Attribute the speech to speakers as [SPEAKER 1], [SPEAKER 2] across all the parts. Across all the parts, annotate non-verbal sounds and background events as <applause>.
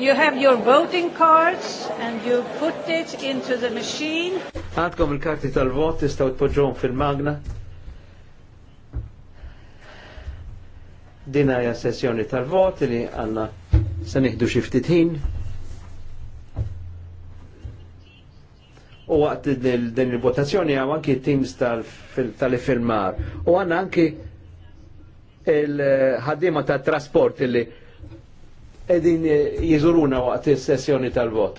[SPEAKER 1] You have your voting cards and you put it into the machine.
[SPEAKER 2] Għandkom il-karti tal-vot tistgħu tpoġġhom fil-magna. Din hija sessjoni tal-vot li għandna se nieħdu xi ftit ħin. U waqt din il-votazzjoni għaw anki teams tal-filmar. U għanna anki il-ħaddima tat trasport illi edin jizuruna waqt il-sessjoni tal-vot.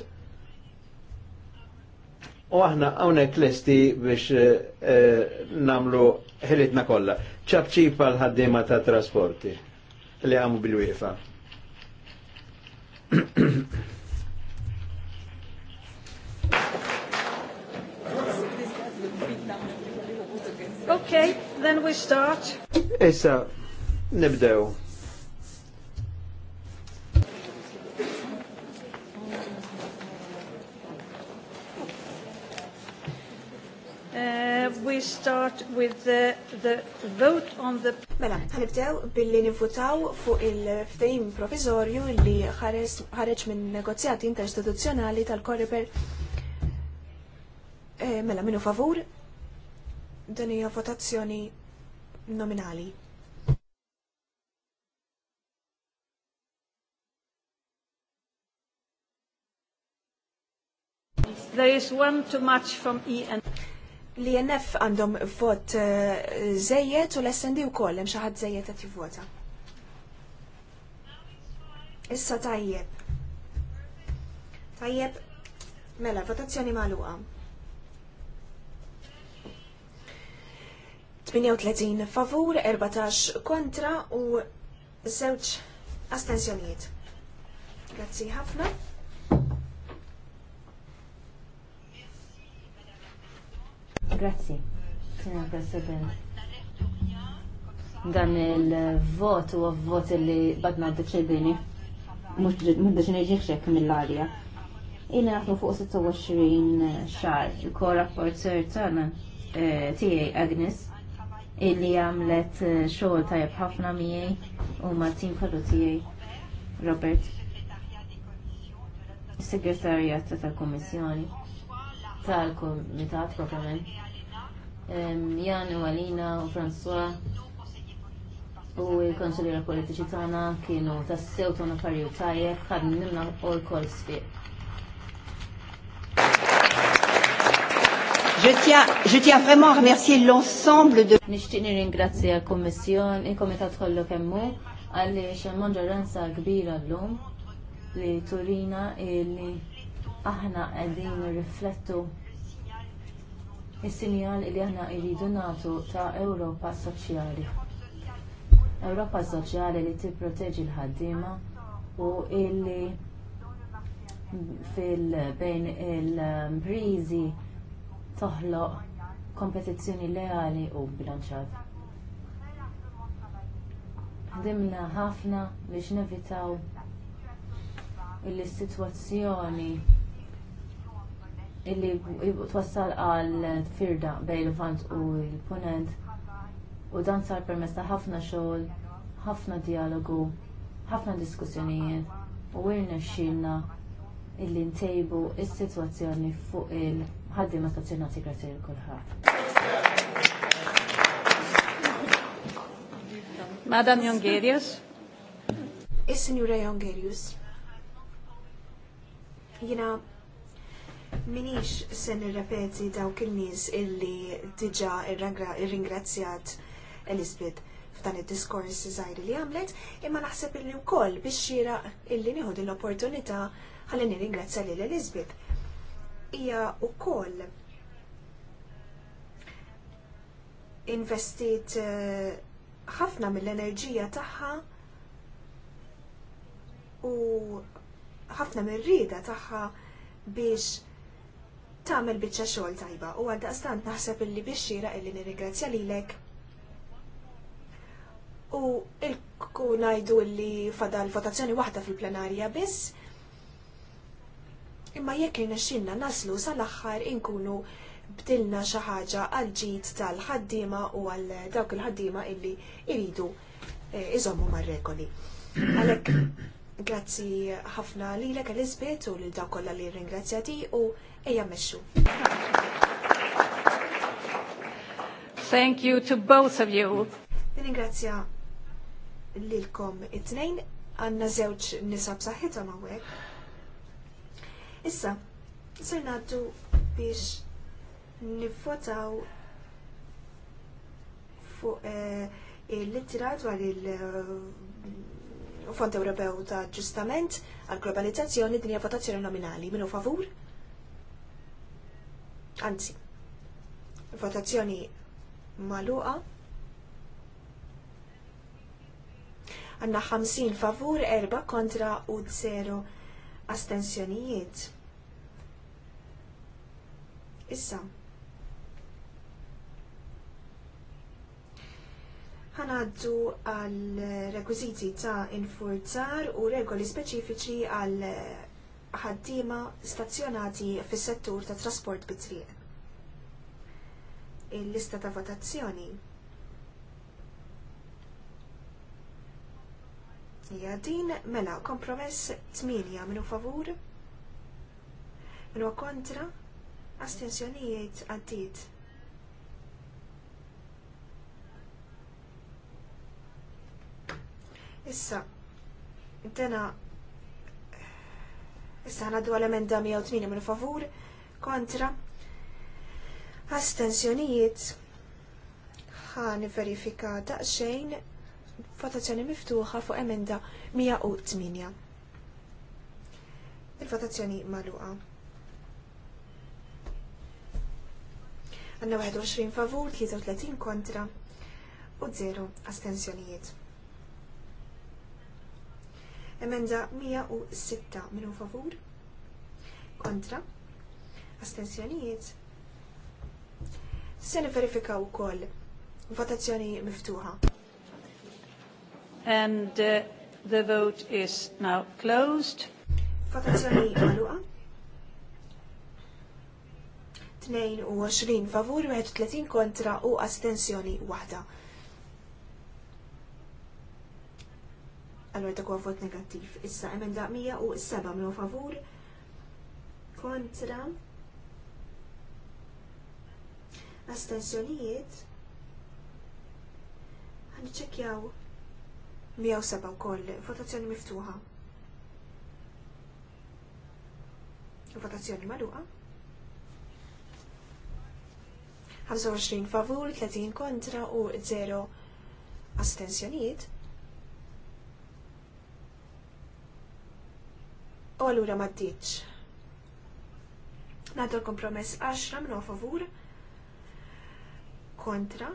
[SPEAKER 2] U aħna l-esti biex eh, eh, namlu ħelitna kolla. ċabċib għal ħaddima ta' trasporti li għamu bil-wifa.
[SPEAKER 1] <coughs> okay, then we start.
[SPEAKER 2] Issa, nibdew.
[SPEAKER 3] Uh, we start with the, the vote on the... Mela, ħanibdew billi nivvutaw fuq il-ftehim provizorju li ħareġ minn negozjati interistituzzjonali tal-Koriber. Eh, mela, minu favur, dan hija votazzjoni nominali. There is one too much from E and li jennef għandhom vot eh, zejiet u l-SND u koll, mxaħat zejiet għati vota. Issa tajjeb. Tajjeb, mela, votazzjoni maluqa. 38 favur, 14 kontra u zewċ astensjonijiet. Grazzi ħafna.
[SPEAKER 4] Grazie, signor Presidente. Dan il-vot u vot li badna d-deċedini, mux d-deċedini ġiħxek mill-arja. Ina naħlu fuq 26 xar, il-korrapporter tana eh, tijaj Agnes, illi għamlet eh, xogħol tajjeb ħafna miegħi u ma' tim kollu tijaj Robert. Segretarjat ta' komissjoni tal-komitat propament. Jan u Alina u François u il-konsulira politiċi tagħna kienu tassew tona parju tajjeb nimna u l-kol sfiq. Je tiens, je tiens vraiment à remercier l'ensemble de... Nishtiq nirringrazzja l-Kommissjon, il-Komitat kollu kemmu, għalli xemmonġa ranza kbira l-lum li turina illi aħna qegħdin nirriflettu is-sinjal li aħna jridu nagħtu ta' Ewropa Soċjali. Ewropa Soċjali li tipproteġi l-ħaddiema u illi fil-bejn il-brizi toħloq kompetizzjoni leali u bilanċat. Dimna ħafna biex nevitaw il-situazzjoni illi twassal għal firda bejn il-vant u l-punent u dan sar permess ta' ħafna xogħol, ħafna dialogu, ħafna diskussjonijiet u irna xilna illi ntejbu is-sitwazzjoni fuq il-ħaddiema stazzjonati grazzi lil kulħadd.
[SPEAKER 3] Madam Jongerius. is Jongerius. Jina Minix se nirrepeti dawk il-nies illi diġa irringrazzjat Elisabeth f'dan id-diskors zaħri li għamlet, imma naħseb illi wkoll biex xira illi nieħu din l-opportunità ħalli nirringrazzja lil Ija Hija wkoll investit eh, ħafna mill-enerġija tagħha u ħafna mir-rieda tagħha biex tagħmel biċċa xogħol tajba u għal daqstant naħseb illi biex xira illi nirringrazzja lilek. U ilku ngħidu li fadal votazzjoni waħda fil-plenarja biss, imma jekk irnexxinna naslu sal-aħħar inkunu bdilna xi ħaġa għal ġid tal-ħaddiema u għal dawk il-ħaddiema illi iridu e, iżommu mar-regoli. Għalhekk grazzi ħafna lilek Elizabeth u lil dawk kolla li ringrazzjati u ejja mmexxu.
[SPEAKER 1] Thank you to both of you.
[SPEAKER 3] Ringrazzja lilkom it-tnejn għanna zewċ nisab saħħitom għawek. Issa, sir naddu biex nifotaw fuq eh, il ittira eh, dwar il-Fond Ewropew ta' Ġustament għal-Globalizzazzjoni dinja votazzjoni nominali. Minu favur? Anzi, votazzjoni maluqa. Għanna 50 favur, 4 kontra u 0 astensjonijiet. Issa. ħanaddu għal rekwiziti ta' infurzar u regoli speċifiċi għal ħaddiema stazzjonati fis-settur tat trasport bit-triq. Il-lista ta' votazzjoni hija din mela kompromess 8 minu favur minu kontra astensjonijiet għaddit. Issa, dena Issa dwa l emenda 108 minn favur kontra astensjonijiet ħani verifika daqxejn votazzjoni miftuħa fuq emenda 108. Il-votazzjoni maluqa. Għanna 21 favur, 33 kontra u 0 astensjonijiet. Emenda 106 minu favur. Kontra. Astenzjonijiet. Se u ukoll votazzjoni miftuħa.
[SPEAKER 1] And uh, the vote is now closed.
[SPEAKER 3] Votazzjoni maluqa. 22 favur, 30 kontra u astenzjoni waħda. Allora ta' vot negativ. Issa emenda 107 minu favur kontra astensjonijiet ħanċekjaw 107 koll. votazzjoni miftuħa. Votazzjoni magħluqa. 25 favur, 30 kontra u 0 astensjonijiet. u għallura ma t-tiċ. Nadu l-kompromess 10 minn favur kontra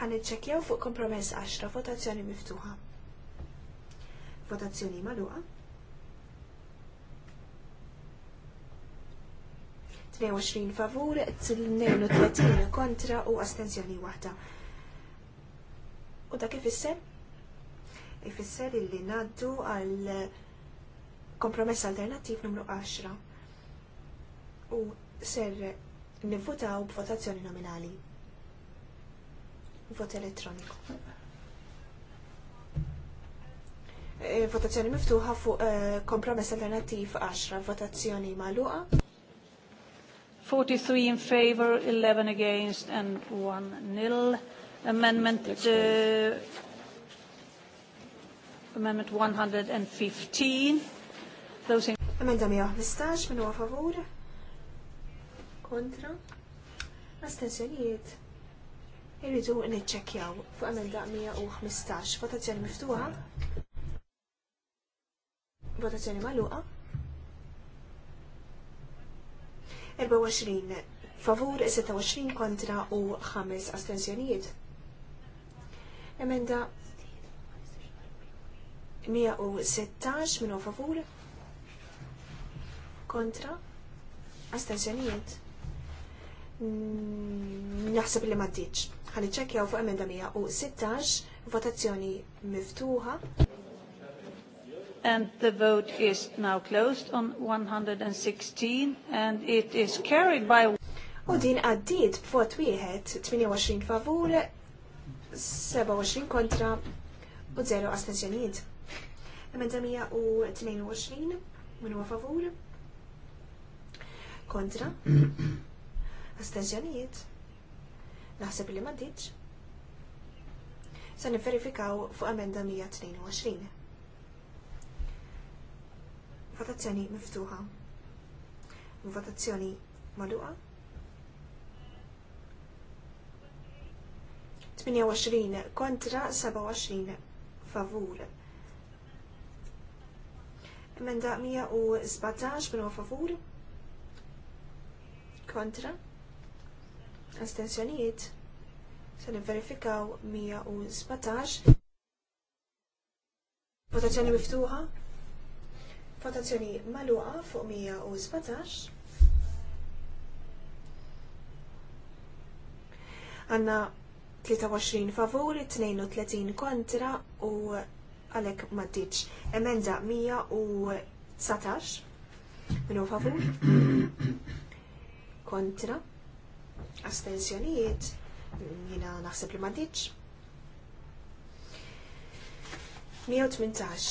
[SPEAKER 3] ħan iċċekjaw fuq kompromess 10 votazzjoni miftuħa. Votazzjoni maluqa. 22 favur, 32 kontra u astenzjoni waħda. U da kif isser? ifisser illi naddu għal kompromess alternattiv numru 10 u ser nivvotaw b'votazzjoni nominali. Vot elettroniku. E, votazzjoni miftuħa fuq e, kompromess alternattiv 10, votazzjoni magħluqa.
[SPEAKER 1] 43 in favor, 11 against and 1 nil. Amendment uh, Amendment
[SPEAKER 3] 115. Those in Emenda 115 minn huwa favur. Kontra. Astenzjonijiet. Irridu niċċekkjaw fuq emenda 115. Votazzjoni miftuħa. Votazzjoni magħluqa. 24 favur, 26 kontra u 5 astenzjonijiet. Emenda 116 minu favur kontra astenzjonijiet mm, naħseb li maddiċ. Għan iċċekjaw fuq emenda 116 votazzjoni miftuħa.
[SPEAKER 1] And the vote is now closed on 116 and it
[SPEAKER 3] is carried by U din għaddit b'vot wieħed 28 favur, 27 kontra u 0 astenzjonijiet u 28 min huwa favur kontra <clears throat> astenzjonijiet naħseb li ma ditx se nifverifikaw fuq emenda 122. Votazzjoni miftuħa. Votazzjoni maluqa. 28 kontra 27 favur Emenda 117 minu favur kontra astensjonijiet se nivverifikaw 117 votazzjoni miftuħa votazzjoni maluqa fuq 117 għanna 23 favur, 32 kontra u għalek ma tiċ. Emenda 119, minu favur, kontra, astensjonijiet, jina naħseb li ma tiċ. 118.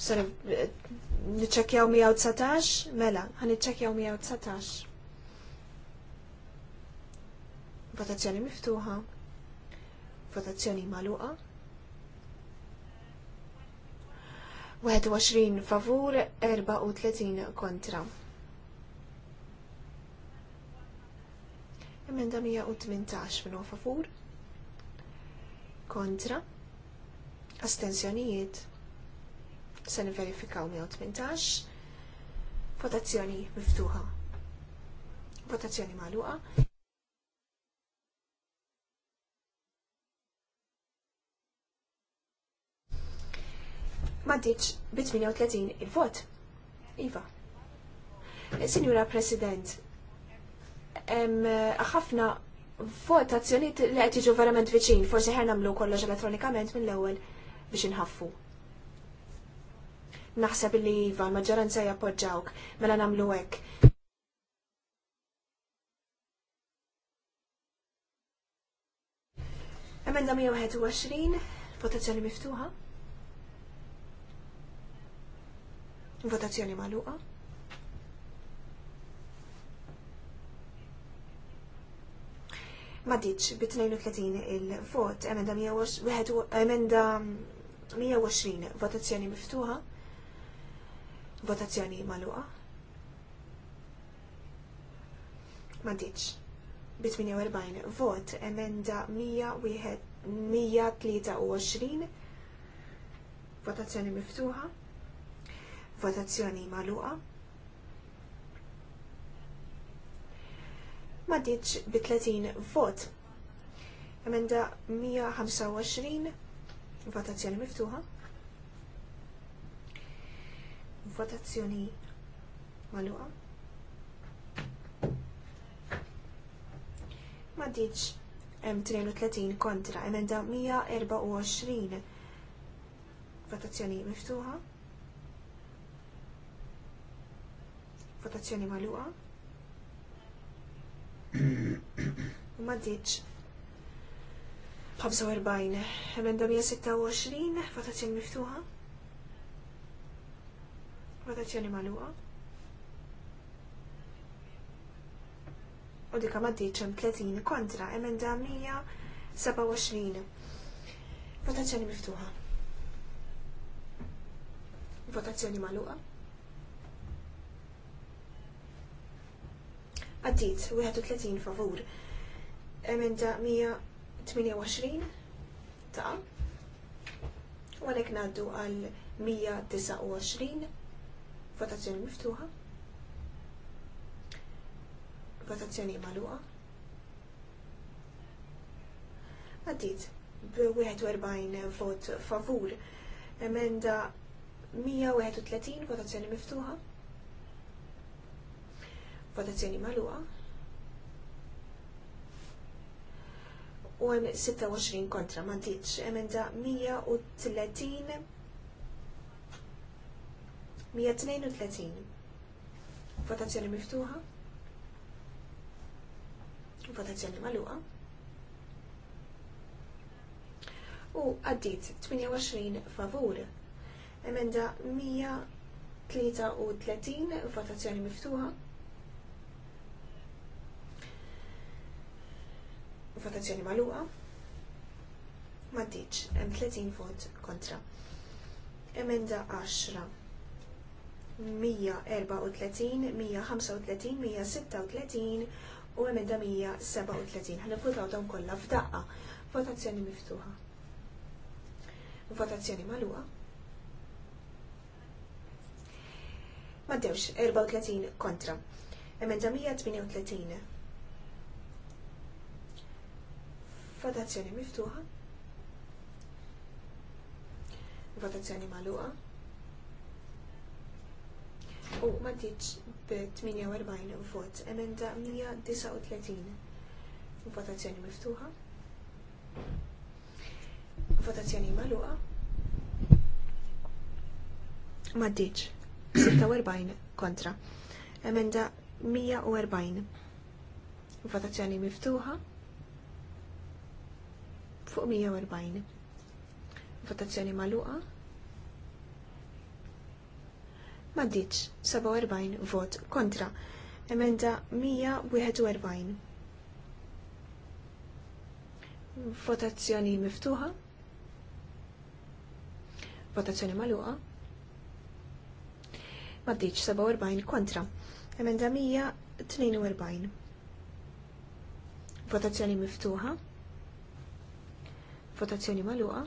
[SPEAKER 3] Sorry, nitċekjaw 119? Mela, għan nitċekjaw 119. Votazzjoni miftuħa votazzjoni maluqa. 21 favur, 34 kontra. Emenda 118 minu favur, kontra, astenzjonijiet, se verifikaw 118, votazzjoni miftuħa, votazzjoni maluqa. ma ditx bi 38 il-vot. Iva. Eh, Signora President, eh, ħafna votazzjoniet li qed jiġu verament viċin, forsi ħer nagħmlu kollox elettronikament mill-ewwel biex inħaffu. Naħseb li iva l-maġġoranza jappoġġawk mela nagħmlu hekk. Emenda 121, votazzjoni miftuħa. Votazzjoni maluqa. Ma ditx bi 32 il-vot, emenda 120, votazzjoni miftuħa, votazzjoni maluqa. Ma ditx bi 48 vot, emenda 123, votazzjoni miftuħa, Votazzjoni maluqa. Ma ditx bi 30 vot. Emenda 125. Votazzjoni miftuħa. Votazzjoni maluqa. Ma ditx hemm 32 kontra, emenda 124 votazzjoni miftuħa. Votazzjoni maluqa.
[SPEAKER 5] <clears throat>
[SPEAKER 3] U ma ddiċ. 45. Emenda 126. Votazzjoni miftuħa. Votazzjoni maluqa. U dikka ma diċ, hemm 30 kontra. Emenda 127. Votazzjoni miftuħa. Votazzjoni maluqa. għaddit 31 favur. Emenda 128 ta' u għalek naddu għal 129 votazzjoni miftuħa votazzjoni maluqa għaddit b-41 vot favur emenda 131 votazzjoni miftuħa votazzjoni magħluqa. U hemm 26 kontra ma ditx emenda 130 132 votazzjoni miftuħa votazzjoni magħluqa. u għaddit 28 favur. Emenda 133 votazzjoni miftuħa. votazzjoni maluqa, ma tiċ, hemm 30 vot kontra. Emenda 10, 134, 135, 136 u emenda 137. Ħan votaw dawn kollha f'daqqa. Votazzjoni miftuħa. Votazzjoni maluqa. Maddewx, 34 kontra. Emenda 138 Votazzjoni miftuħa. Votazzjoni magħluqa. U ma tiġ b'48 vot, emenda 139. Votazzjoni miftuħa. Votazzjoni magħluqa. Ma tiġ 46 kontra. Emenda 140. Votazzjoni miftuħa fuq 140. Votazzjoni maluqa. Maddiċ, 47 vot kontra. Emenda 141. Votazzjoni miftuħa. Votazzjoni maluqa. Maddiċ, 47 kontra. Emenda 142. Votazzjoni miftuħa. Votazzjoni maluqa.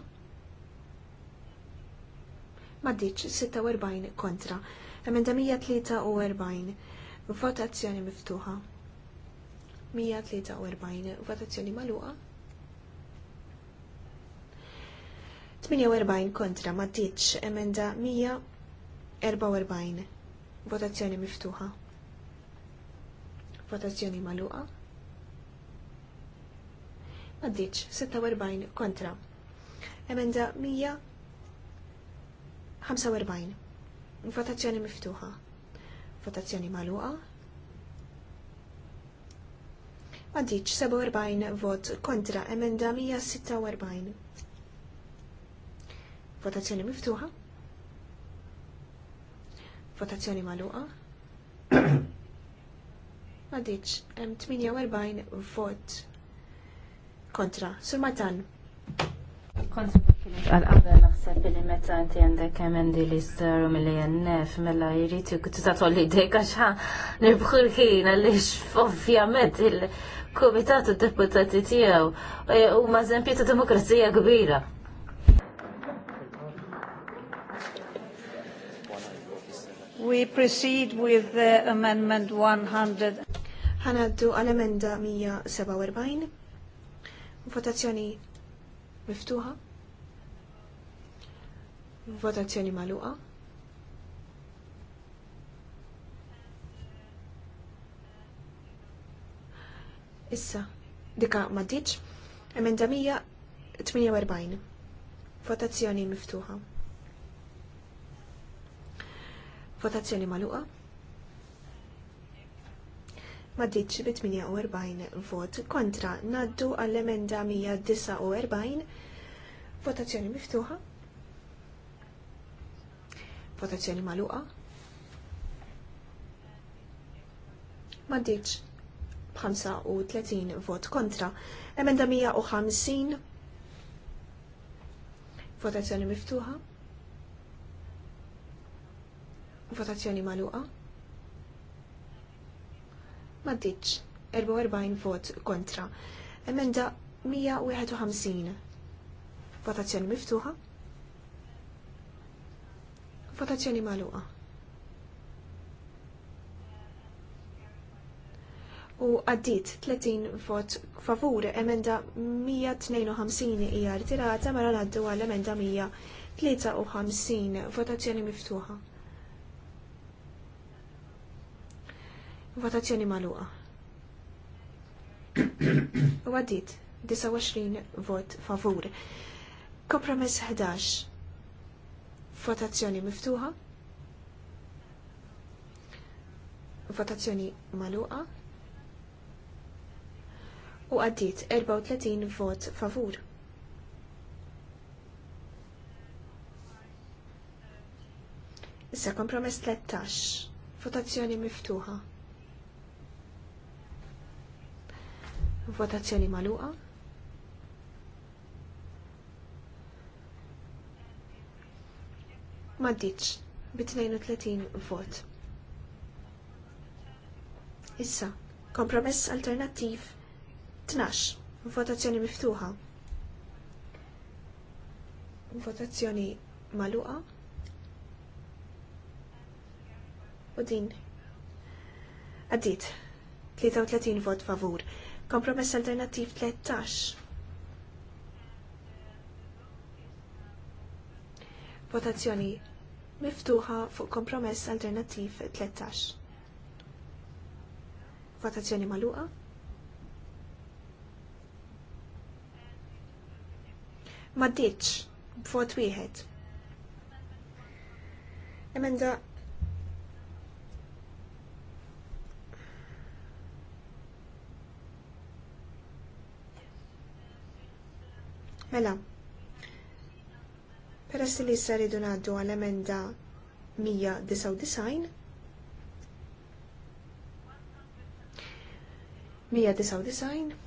[SPEAKER 3] Maddiċ 46 kontra. Emenda 143. Votazzjoni miftuħa. 143. Votazzjoni maluqa. 48 kontra. Maddiċ emenda 144. Votazzjoni miftuħa. Votazzjoni maluqa għaddiċ 46 kontra. Emenda 145. Votazzjoni miftuħa. Votazzjoni maluqa. Għaddiċ 47 vot kontra. Emenda 146. Votazzjoni miftuħa. Votazzjoni maluqa. <coughs> Għaddiċ 48 vot kontra. Sur Matan. Kontra kienet għal-qabel naħseb li meta
[SPEAKER 4] inti għandek emendi li staru mill jennef mela jrid tista' dejk għax nirbħu l-ħin għaliex ovvjament il-Kumitat u deputati tiegħu
[SPEAKER 1] e, huma eżempju ta' demokrazija kbira. We proceed with the
[SPEAKER 3] amendment 100. Hanaddu għal-emenda 147. Votazzjoni miftuħa. Votazzjoni maluqa. Issa, dika maddiċ, emenda 148. Votazzjoni miftuħa. Votazzjoni maluqa ma bi 48 vot kontra naddu għall-emenda 149 votazzjoni miftuħa votazzjoni maluqa ma 35 vot kontra emenda 150 votazzjoni miftuħa votazzjoni maluqa ma ditx 44 vot kontra. Emenda 151. Votazzjoni miftuħa. Votazzjoni maluqa. U għaddit 30 vot favur emenda 152 hija ritirata mara ngħaddu għall emenda 153 votazzjoni miftuħa. Votazzjoni maluqa. <coughs> U għaddit, 29 vot favur. Kompromess 11. Votazzjoni miftuħa. Votazzjoni maluqa. U għaddit 34 vot favur. Issa kompromess 13. Votazzjoni miftuħa. Votazzjoni maluqa. Maddiċ, bi 32 vot. Issa, kompromess alternattiv 12, votazzjoni miftuħa. Votazzjoni maluqa. U din. Għaddit, 33 vot favur. Kompromess alternattiv 13. Votazzjoni miftuħa fuq kompromess alternattiv 13. Votazzjoni maluqa. Maddiċ, vot wieħed. Emenda Mela, peress li issa rridu ngħaddu għal emenda 199 199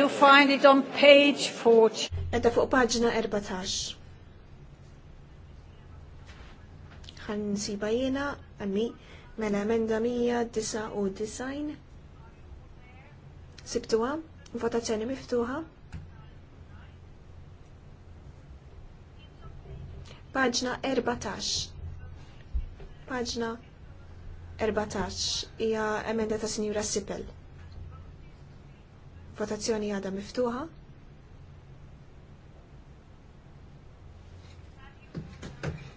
[SPEAKER 5] You find it on
[SPEAKER 3] page 40. Edda fuq pagina 14. Għan nsiba jena, għammi, mela emenda 199. Sibtuha, votazzjoni miftuħa. Pagina 14. Pagina 14 Ija emenda ta' Sinjura Sipel votazzjoni għada miftuħa.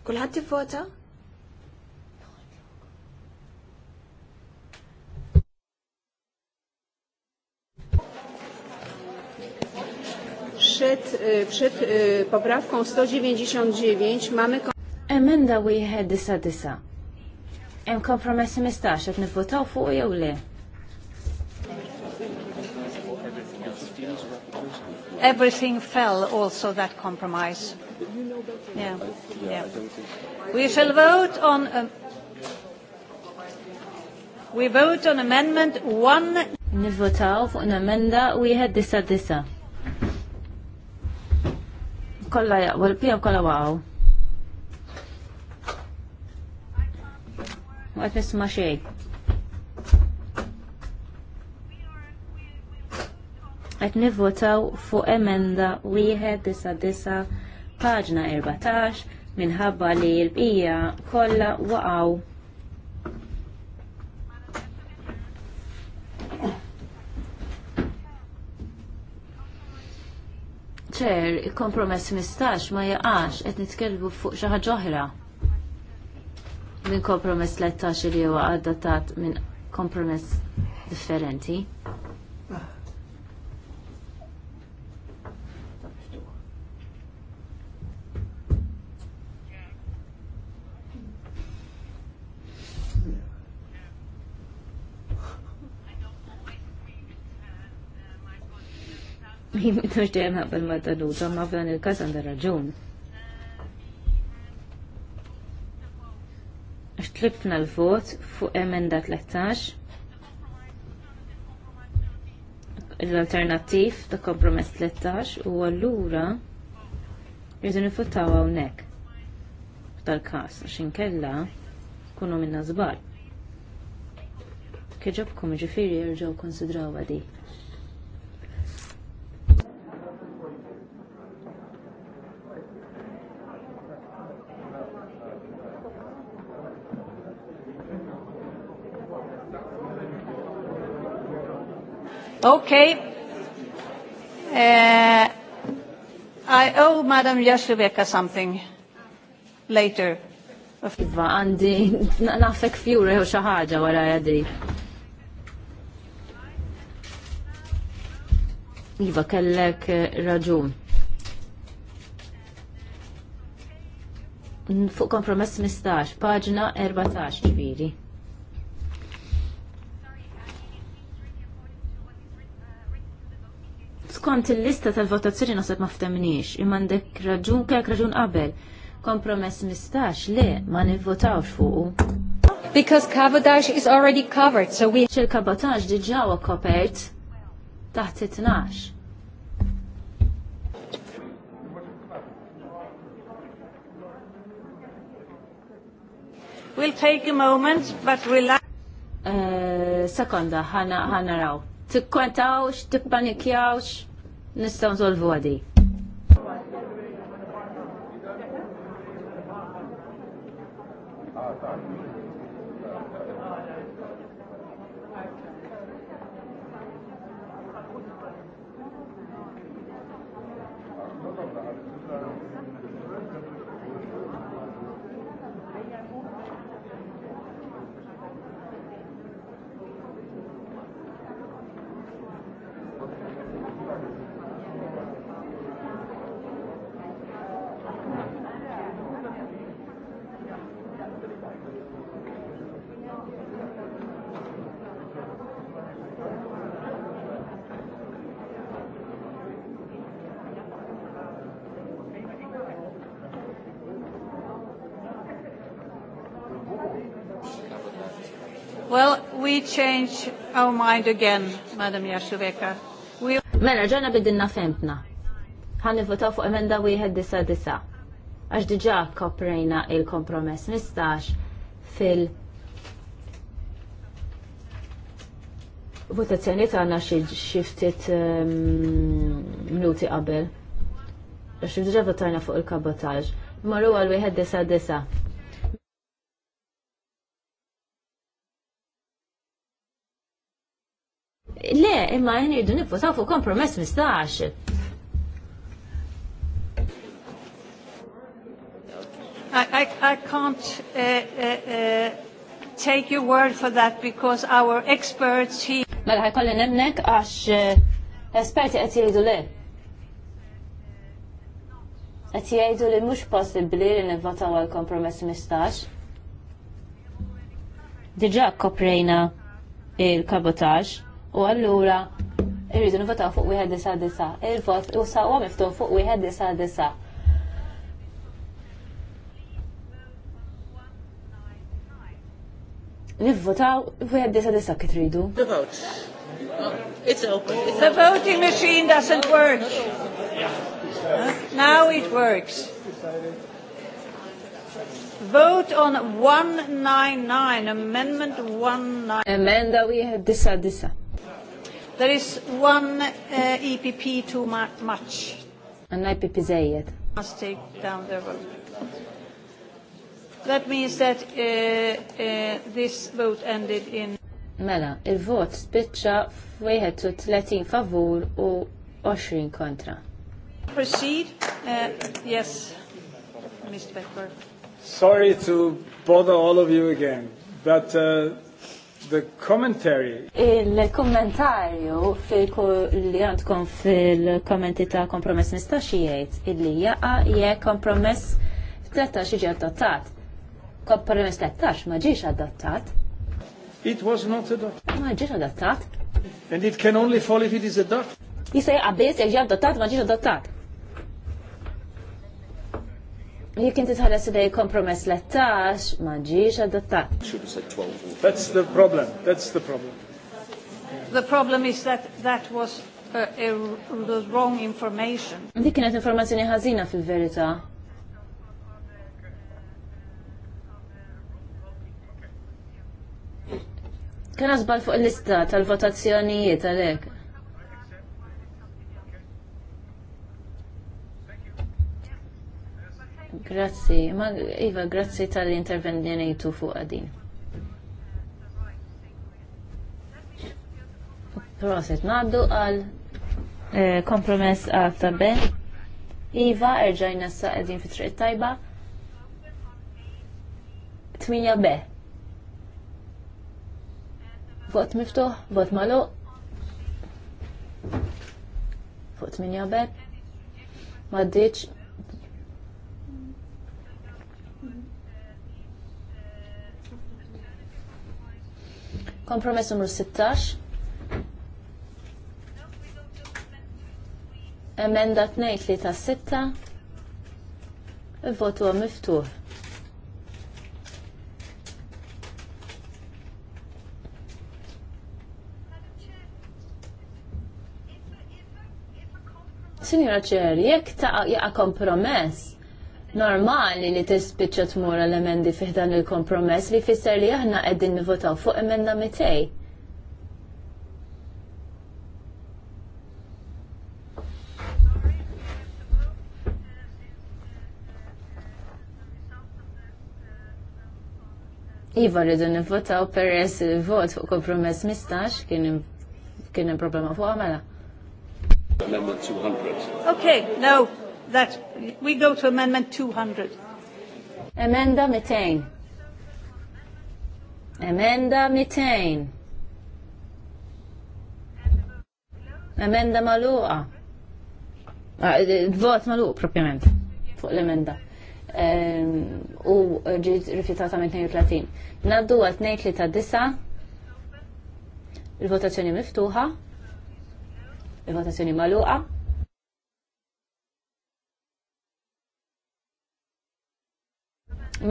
[SPEAKER 3] Kulħadd vota?
[SPEAKER 4] Przed, e, przed e, poprawką 199 mamy... Emenda wieħed disa disa. Hemm kompromessi mistax qed nivvotaw fuq jew le?
[SPEAKER 5] everything
[SPEAKER 1] fell also that compromise. Yeah. yeah. We shall vote on A, um, we vote on amendment one. Nivotaw fuq un
[SPEAKER 4] amenda wieħed disa disa. Kolla jaqbel pija kolla waqgħu. Waqt nisma' xejn. qed nivvotaw fuq emenda wieħed disa' disa' paġna 14 minħabba li l-bqija kollha waqgħu ċer, il-kompromess mistax ma jaqax, qed nitkelbu fuq xaħġa oħra. Minn kompromess 13 li huwa għaddatat minn kompromess differenti. Mux dejjem ħabel ma tanuta, ma f'dan il-kas għandha raġun. Xtlibna l-vot fuq emenda 13. L-alternattiv ta' kompromess 13 u allura rridu nifutaw hawnhekk tal-kas għax inkella kunu minna żball. Kieġobkom ġifieri jerġgħu konsidraw għadi.
[SPEAKER 1] Okay. Uh, I owe Madam Jasloveka something later.
[SPEAKER 4] Iva, għandi, nafek fjure u xaħġa wara għadi. Iva, kellek eh, raġun. Fuq kompromess 15, paġna 14 ġviri. skont il-lista tal-votazzjoni naħseb ma ftemniex, imandek raġun kek raġun qabel. Kompromess mistax, le, ma nivvotawx fuq. Because cabotage is already covered, so we... ċil cabotage diġawa kopert taħt it 12.
[SPEAKER 1] We'll take a moment, but we'll... Uh, sekonda,
[SPEAKER 4] ħana raw tikkwentawx, tippanikjawx nistaw nsolvu għadi.
[SPEAKER 1] change our mind again, Madam Yashuveka. Mela, ġana bidinna fempna.
[SPEAKER 4] Għan votaw fuq emenda wieħed disa disa. Għax diġa koprejna il-kompromess nistax fil- votazzjoni tagħna xi xiftit ehm, minuti qabel. Għax diġa votajna fuq il-kabotaġ. Marru għal wieħed disa disa. imma jen irdu nifutaw fuq kompromess mistax.
[SPEAKER 1] I, I, can't uh, uh, uh, take your word for that because our experts here... Mela ħajkolli nemnek għax uh, esperti qed li
[SPEAKER 4] li għal kompromess mistax. koprejna il U għallura, irridu nivotaw fuq wieħed disa disa. Il-vot u sawa miftuħ fuq wieħed disa disa. Nivvotaw wieħed disa disa kif tridu.
[SPEAKER 1] The vote. Oh, it's open. the voting machine doesn't work. Now it works. Vote on 199, amendment 199. Amenda wieħed disa disa. There is one uh, EPP too much.
[SPEAKER 4] An EPP Zayed.
[SPEAKER 1] Must take down their vote. That means that uh, uh, this vote ended in...
[SPEAKER 4] Mela, il-vot spiċċa f-31 favur u 20 kontra.
[SPEAKER 1] Proceed. Uh, yes, Mr. Becker.
[SPEAKER 4] Sorry to bother all of you again, but uh, the commentary. Il-kommentarju li għandkom fil-kommenti ta' kompromess nistax jgħid illi jaqa jekk kompromess 13 iġi adattat. Kompromess 13 ma ġiex adattat. It was not adopted. Ma ġiex adattat.
[SPEAKER 2] And it can only fall if it is adopted.
[SPEAKER 4] Jisa jaqa biss jekk ġi adattat ma ġiex adattat. Jek inti tħares idej kompromess l-ettax, ma ġiex adottat.
[SPEAKER 2] That's the problem, that's the problem.
[SPEAKER 1] The problem is that that was uh, the wrong information.
[SPEAKER 4] Dik kienet informazzjoni ħażina fil-verità. Kena zbal fuq l-lista tal-votazzjonijiet għalek. Grazzi, ma Iva, grazzi tal tu fuq għadin. Proset, naddu għal eh, kompromess għal tabben. Iva, erġajna sa' għedin fit-triq tajba. 8 be. Vot miftuħ, vot malu. Fuq be. B. Maddiċ. Kompromess numru 16. Emenda 236. Il-votu huwa miftuħ. Signora ċer, jekk ta' jaqa kompromess, normali li tispiċċa tmur l-emendi fih dan il-kompromess li fisser li aħna qegħdin nivotaw fuq emenda mitej. Iva rridu nivvotaw peress il-vot fuq kompromess mistax kien
[SPEAKER 1] hemm problema fuq għamela. Okay, no. That, we go to amendment 200. Emenda 200.
[SPEAKER 4] Emenda 200. Emenda maluqa. Ah, vot maluq propjament fuq l-emenda. U ġiet rifjutata minn 32. Naddu għal disa. Il-votazzjoni miftuħa. Il-votazzjoni maluqa.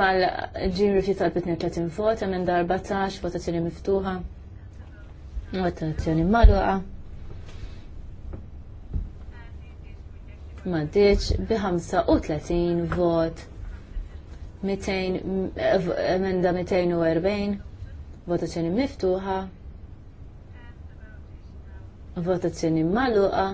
[SPEAKER 4] mal ġim rifjut tal-bitni 30 vot, emenda 14, votazzjoni miftuħa, votazzjoni maluqa. Maddiċ bi 35 vot, 200, emenda 240, votazzjoni miftuħa, votazzjoni maluqa.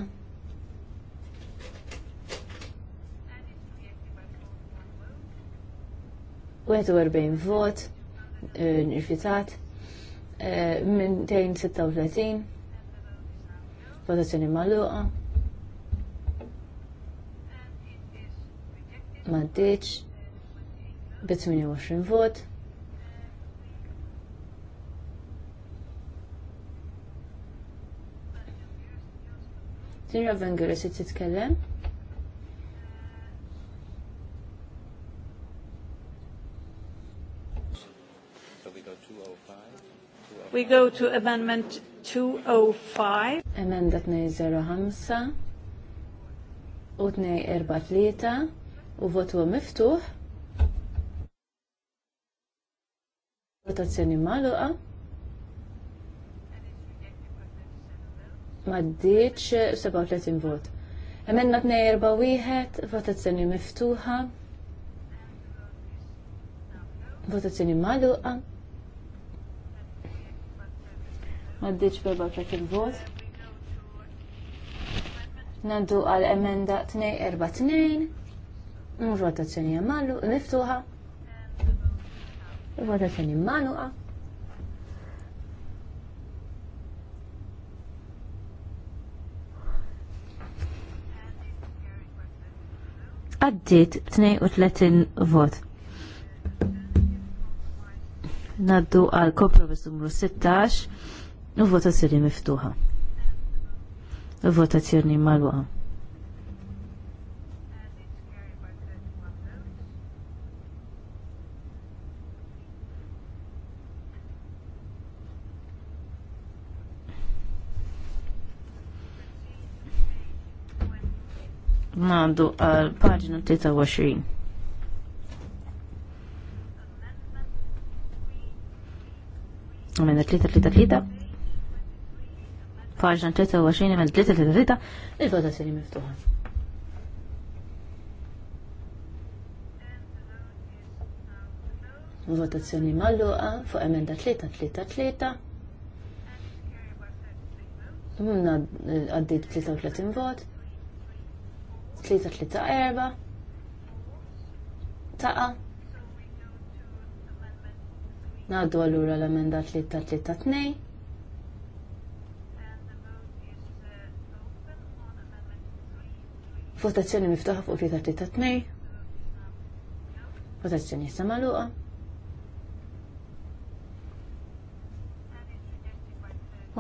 [SPEAKER 4] 41 vot eh, nirfitat eh, minn 236 votazzjoni magħluqa m'għaddiċ bi 28 vot Tinra Vengera se titkellem?
[SPEAKER 5] We go to amendment
[SPEAKER 1] 205. Amendment 205 u
[SPEAKER 4] 243 u votu miftuħ. Votazzjoni maluqa. Maddiċ 37 vot. Amendment 241, votazzjoni miftuħa. Votazzjoni maluqa maddiċ beba pet il-vot. Naddu għal emenda 242, mux votazzjoni għamallu, miftuħa, votazzjoni manuqa. għaddit 32 vot. Naddu għal bis numru 16 u votazzjoni miftuħa. U votazzjoni malwaqa. għandu għal paġna 23. Għamena 3-3-3 paġna 23 minn 3 il-votazzjoni miftuħa. Votazzjoni malluqa fuq emenda 3-3-3. Mumna eh, għaddit 33 vot. 3-3-4. Taqa. Naddu għallura l-emenda 3-3-2. Votazzjoni miftuħa fuq fit tlieta tnej. Votazzjoni issa magħluqa.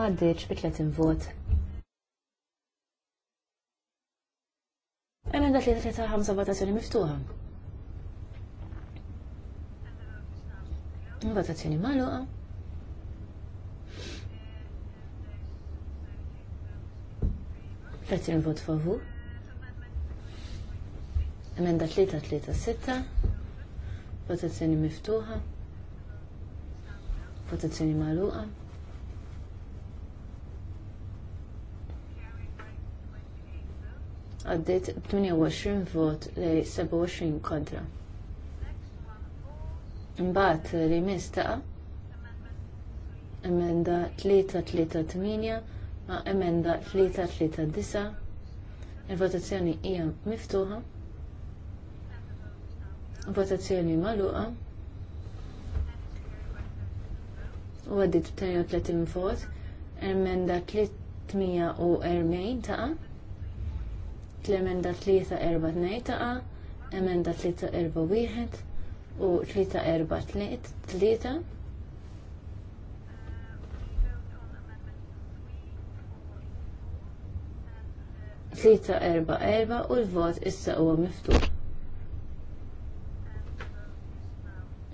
[SPEAKER 4] Għaddiċ bi tletin vot. Emenda tlieta tlieta ħamsa votazzjoni miftuħa. Votazzjoni magħluqa. Grazzi vot favur. Emenda 336. Votazzjoni miftuħa. Votazzjoni magħluqa. Għaddit 28 vot li 27 kontra. Imbagħad rimis taqa emenda 338 ma' emenda 339 il-votazzjoni hija miftuħa. Votazzjoni magħluqa. U għaddit 32 vot. Emenda 340 taqa. emenda 342 taqa. Emenda 341 u 343. Tlieta erba u l-vot issa huwa miftuħ.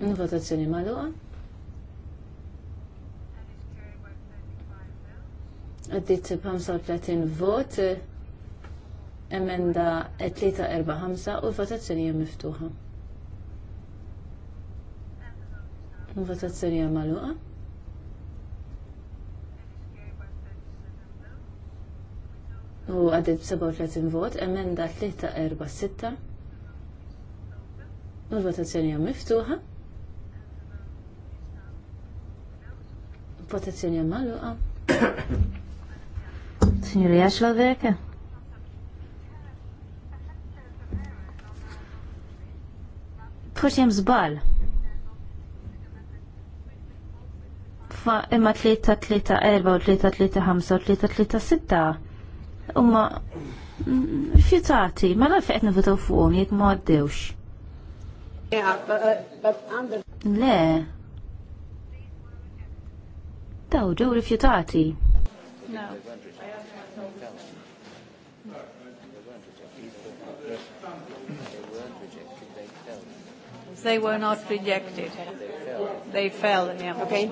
[SPEAKER 4] Votazzjoni maluqa. Għaddit 35 vot, emenda 345 u l-votazzjoni hija miftuħa. Votazzjoni hija maluqa. U għaddit 37 vot, emenda 346 u l-votazzjoni hija miftuħa. votazzjoni għamaluqa. <coughs> Signori la Veke. Forsi jem zbal. Fa imma tlita tlita erba u tlita tlita 5 u tlita tlita sitta. umma mm, fjutati, ma la fejt nivotaw fuqom, jek ma għaddewx.
[SPEAKER 1] Uh,
[SPEAKER 4] Le, daw ġew rifjutati.
[SPEAKER 1] They were not rejected. They fell, yeah. Okay.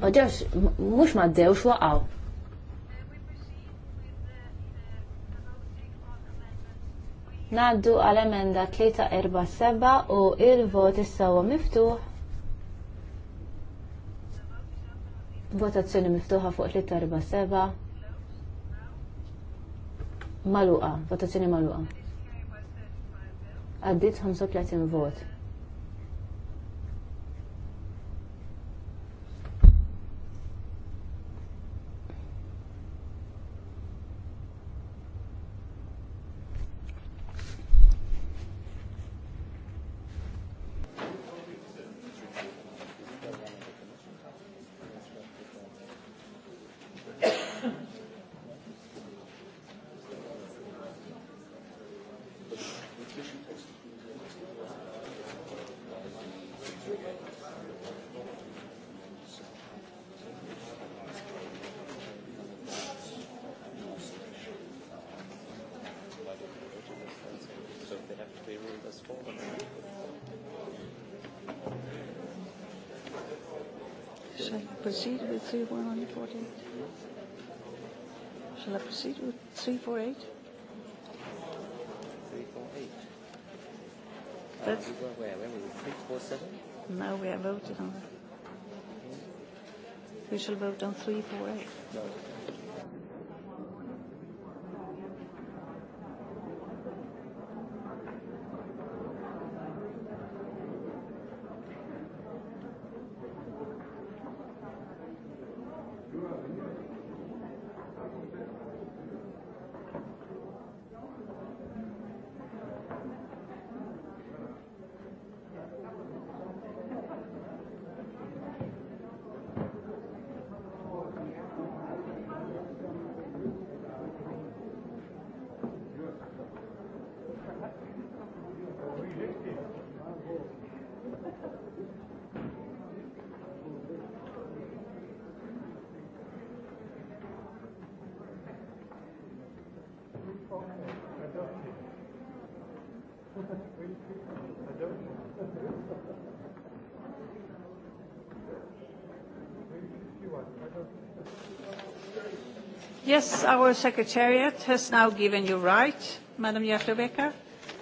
[SPEAKER 4] Ma ġewx, mux ma ġewx waqaw. Naddu għal-emenda 347 u il-vot issawa miftuħ. Votazzjoni miftuħa fuq 347. Maluqa, votazzjoni maluqa. Għaddit 35 vot.
[SPEAKER 1] does with 348?
[SPEAKER 5] 348. That's, uh, we Where were we? 347?
[SPEAKER 1] No, we are voting on that. We shall vote on 348. No. Yes, our secretariat has now given you right, Madam Jaklobeka.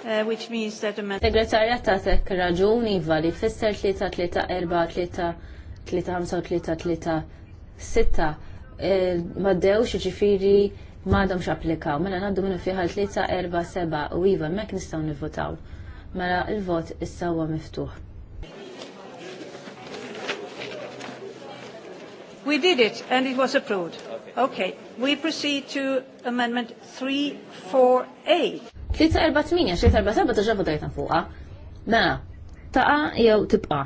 [SPEAKER 4] Uh, which means that the Segretarja ta' tek raġuni vali fisser 3-3-4-3-3-5-3-3-6 xie ġifiri madhom x'applikaw. Mela ngħaddu minu fiħal 3-4-7 u iva mek nistgħu nivvotaw. Mela il-vot issa huwa miftuħ.
[SPEAKER 1] We did it, and it was approved. Okay. We proceed to amendment 348. 348, 347 taġa votajna fuqa. Mela, taqa jew tibqa.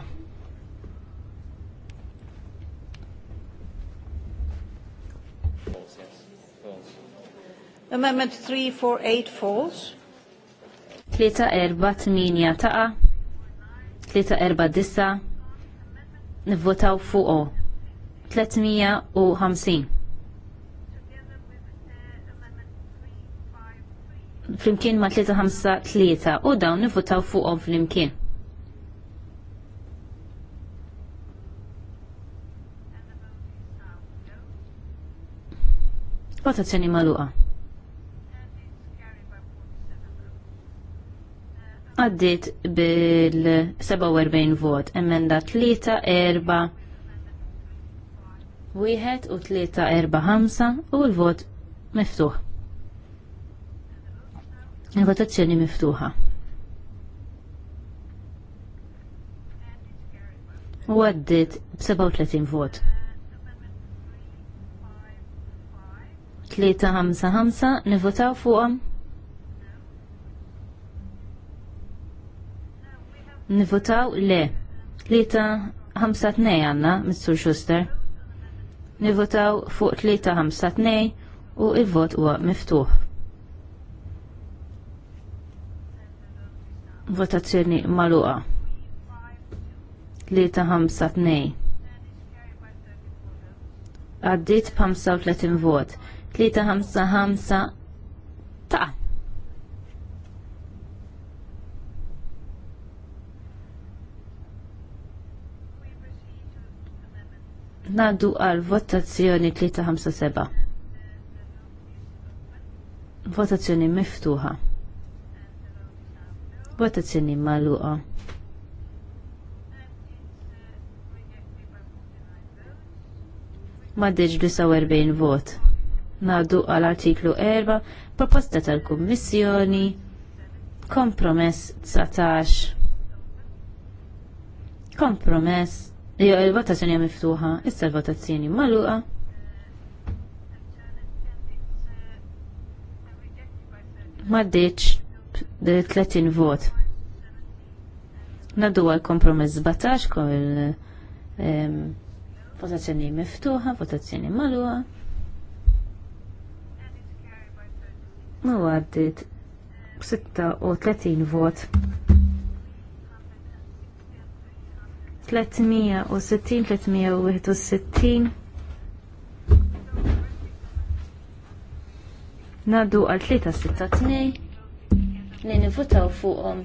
[SPEAKER 1] Amendment 348 falls.
[SPEAKER 4] 348 taqa. 349 nivvotaw fuqo. 350. Flimkien ma' 353 u dawn nifutaw fuqhom flimkien. Votazzjoni maluqa. Għaddit bil-47 vot, emenda 3, 4, wieħed u tlieta erba' ħamsa u l-vot miftuħ. Il-votazzjoni miftuħa. U għaddit b-37 vot. 3-5-5 nivotaw fuqom. Nivotaw le. 3-5-2 għanna, Mr. Schuster. Nivvotaw fuq 352 u il-vot huwa miftuħ. Votazzjoni maluqa. 352. Għaddit 35 vot. 355 Naddu għal votazzjoni 357. Votazzjoni miftuħa. Votazzjoni maluqa. Maddeġ 49 vot. Naddu għal artiklu 4, proposta tal-Kummissjoni, kompromess 19. Kompromess Il-votazzjoni hija miftuħa, issa l-votazzjoni magħluqa. Maddiċ 30 vot. Naddu għal kompromess 17 kol votazzjoni miftuħa, votazzjoni maluqa. Ma għaddit 36 vot. 360-361 Naddu għal 362 li nivutaw fuqhom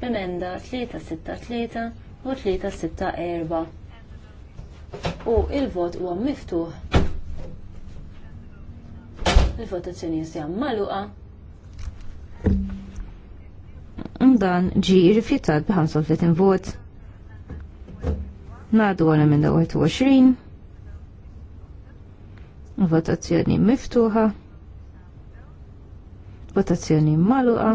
[SPEAKER 4] b'emenda 363 u 364. U il-vot huwa miftuħ. Il-votazzjoni jisja maluqa. Dan ġi rifjutat b'35 vot. Nadu għal emenda 21. Votazzjoni miftuħa. Votazzjoni maluqa.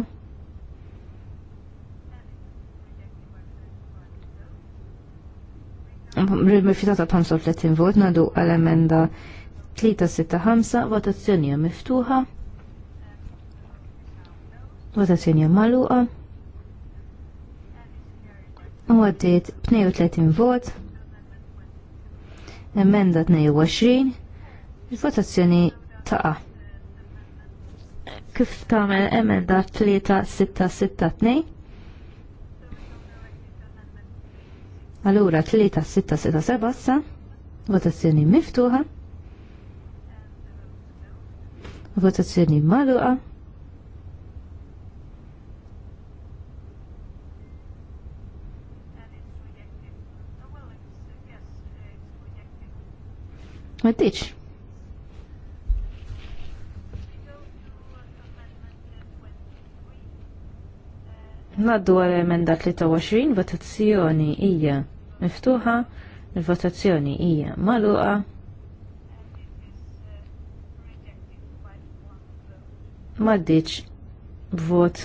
[SPEAKER 4] Rridmi Mifitata 35 vot nadu għal emenda 365 votazzjoni miftuħa. Votazzjoni maluqa u għaddit 32 vot, emenda 22, il-votazzjoni taqa. Kif tagħmel emenda 3662? Allura 3667 sa, votazzjoni miftuħa, votazzjoni maluqa. Maddiċ. Naddu għal emenda 23, votazzjoni hija miftuħa, il-votazzjoni hija maluqa. Maddiċ vot.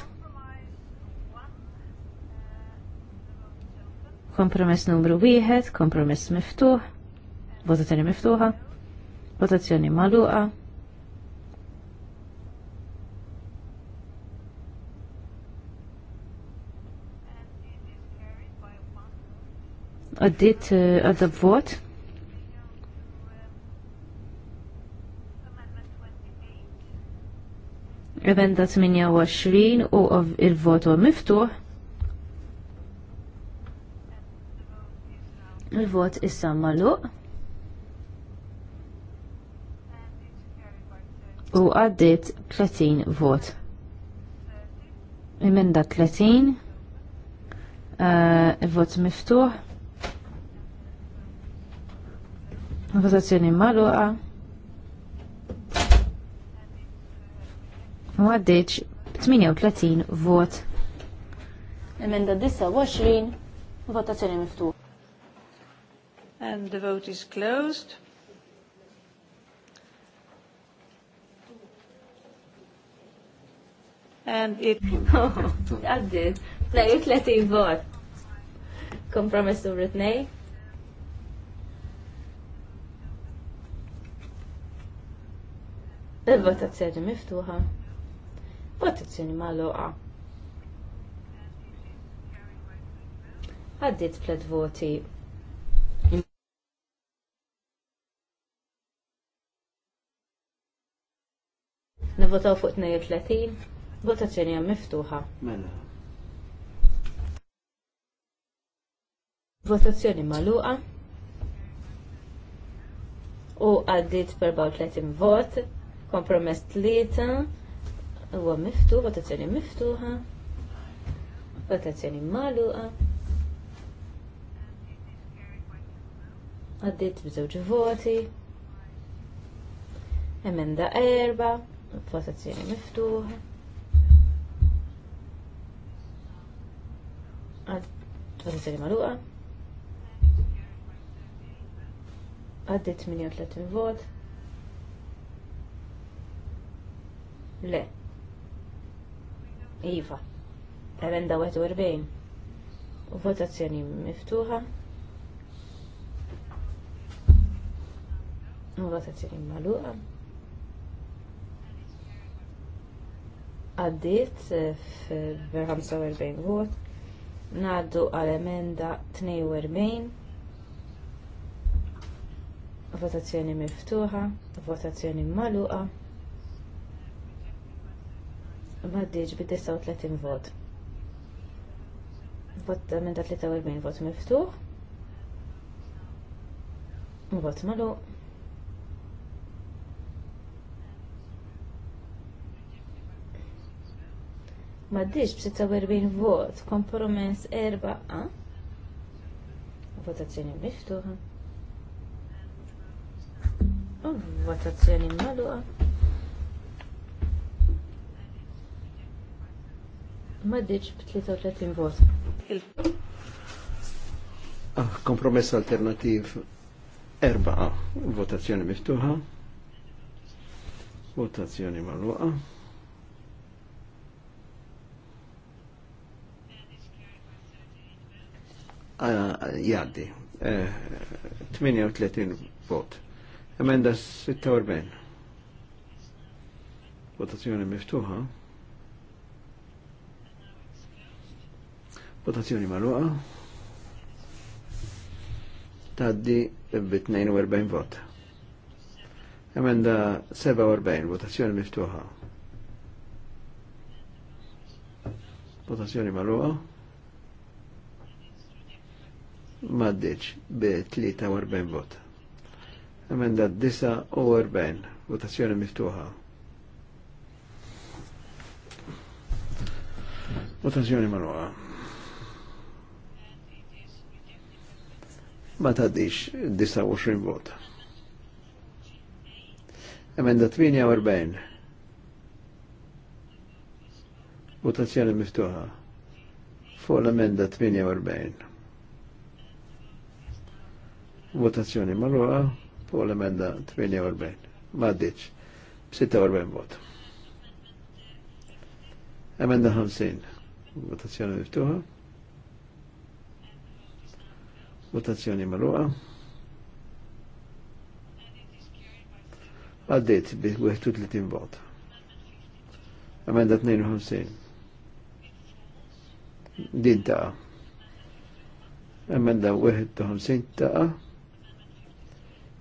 [SPEAKER 4] Kompromess numru 1, kompromess miftuħ, votazzjoni miftuħa. Votazzjoni maluqa. Għaddit eh, għadda vot. Emenda 28 u il-voto miftuħ. Il-vot issa maluq. u għaddit 30 vot. Emenda 30, eh, vot miftuħ, votazzjoni maluqa, u għaddit 38 vot.
[SPEAKER 1] Emenda 29, votazzjoni miftuħ. And the vote is closed. Għaddit,
[SPEAKER 4] tlaqju 30 vot. Kompromess numru 2. Il-votazzjoni miftuħa. Votazzjoni magħluqa. Għaddit flet voti. Nivotaw fuq 32. Votazzjoni hija miftuħa. Mela. Votazzjoni magħluqa. U għaddit per 34 vot, kompromess tlieta, huwa miftuħ, votazzjoni miftuħa. Votazzjoni magħluqa. Għaddit bżewġ voti. Emenda erba, votazzjoni miftuħa Votazzjoni maluqa. Għaddit 38 vot. Le. Iva. Emenda 41. Votazzjoni miftuħa. Votazzjoni maluqa. Għaddit eh, f-45 vot. Ngħaddu għal emenda 42. Votazzjoni miftuħa, votazzjoni magħluqa. Maddiġ bi 39 vot. Vot emenda 43 vot miftuħ. Vot magħluq. ma maddiġ b-46 vot kompromess 4a votazzjoni miftuħa u votazzjoni maluqa maddiġ b-33 vot
[SPEAKER 2] ah, kompromess alternativ 4a votazzjoni miftuħa votazzjoni maluqa Ah, jaddi. 38 eh, vot. Emenda 46. Votazzjoni miftuħa. Votazzjoni maluqa. Taddi b 42 vot. Emenda 47, votazzjoni miftuħa. Votazzjoni maluqa maddiċ bi 43 vot. Emenda 49, votazzjoni miftuħa. Votazzjoni manuħa. Ma taddiċ 29 vot. Emenda 48. Votazzjoni miftuħa. Fu l-emenda 48. Votazzjoni marruqa fuq l-emenda 48. Maddiċ. 46 vot. Emenda 50. Votazzjoni miftuħa. Votazzjoni marruqa. Għaddit bi 31 vot. Emenda 52. Din ta' emenda 51 ta'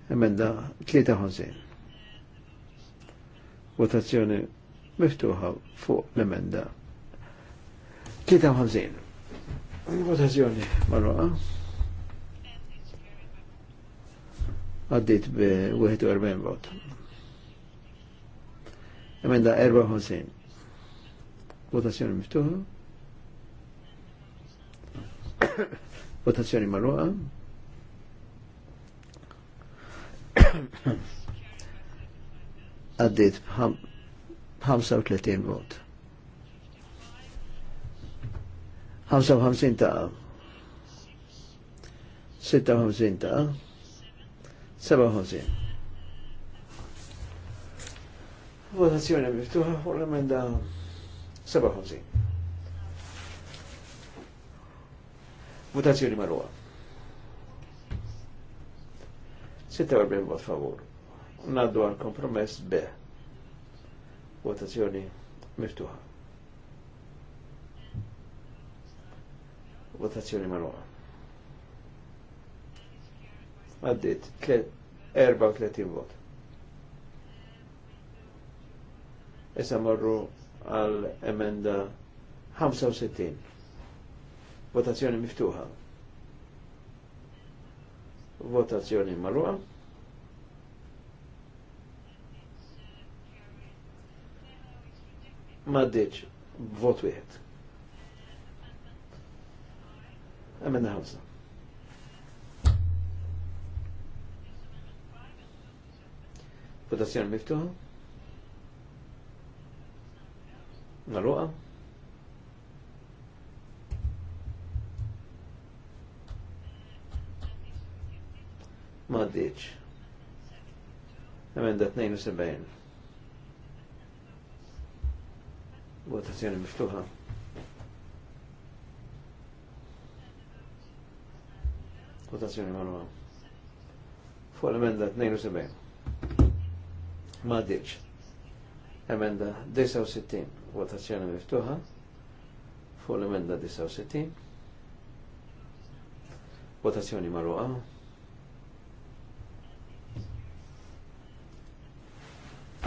[SPEAKER 2] Emenda 53. Votazzjoni miftuħa fuq l-emenda 53. Votazzjoni marruqa. Għaddit bi 41 vot. Emenda 54. Votazzjoni miftuħa. <coughs> Votazzjoni marruqa. Għaddit 35 vot. 55 ta' 56 ta' 57. Votazzjoni miftuħa u l-emenda 57. Votazzjoni marruħa. 46 vot favur. Naddu għal kompromess B. Votazzjoni miftuħa. Votazzjoni marwa. Għaddit 34 vot. Issa marru għal emenda 65. Votazzjoni miftuħa. Votazzjoni maluqa. Maddiċ, vot wieħed. Għamenna ħamsa. Votazzjoni miftuħa. Marwa. Maddiċ. Emenda 72. Votazzjoni miftuħa. Votazzjoni manuwa. Fuq l-emenda 72. Maddiċ. Emenda 69. Votazzjoni miftuħa. Fuq l-emenda 69. Votazzjoni manuwa.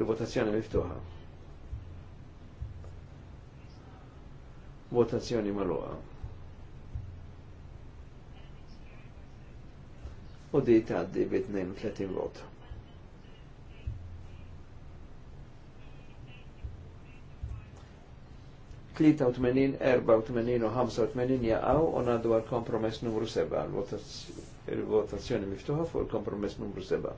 [SPEAKER 2] Il-votazzjoni miftuħa. Votazzjoni maluqa. U di taddi bi 32 vot. Tlita u tmenin, erba u tmenin u u hamsa tmenin jaqaw u naddu għal kompromess numru seba, Il-votazzjoni miftuħa fuq il-kompromess numru seba.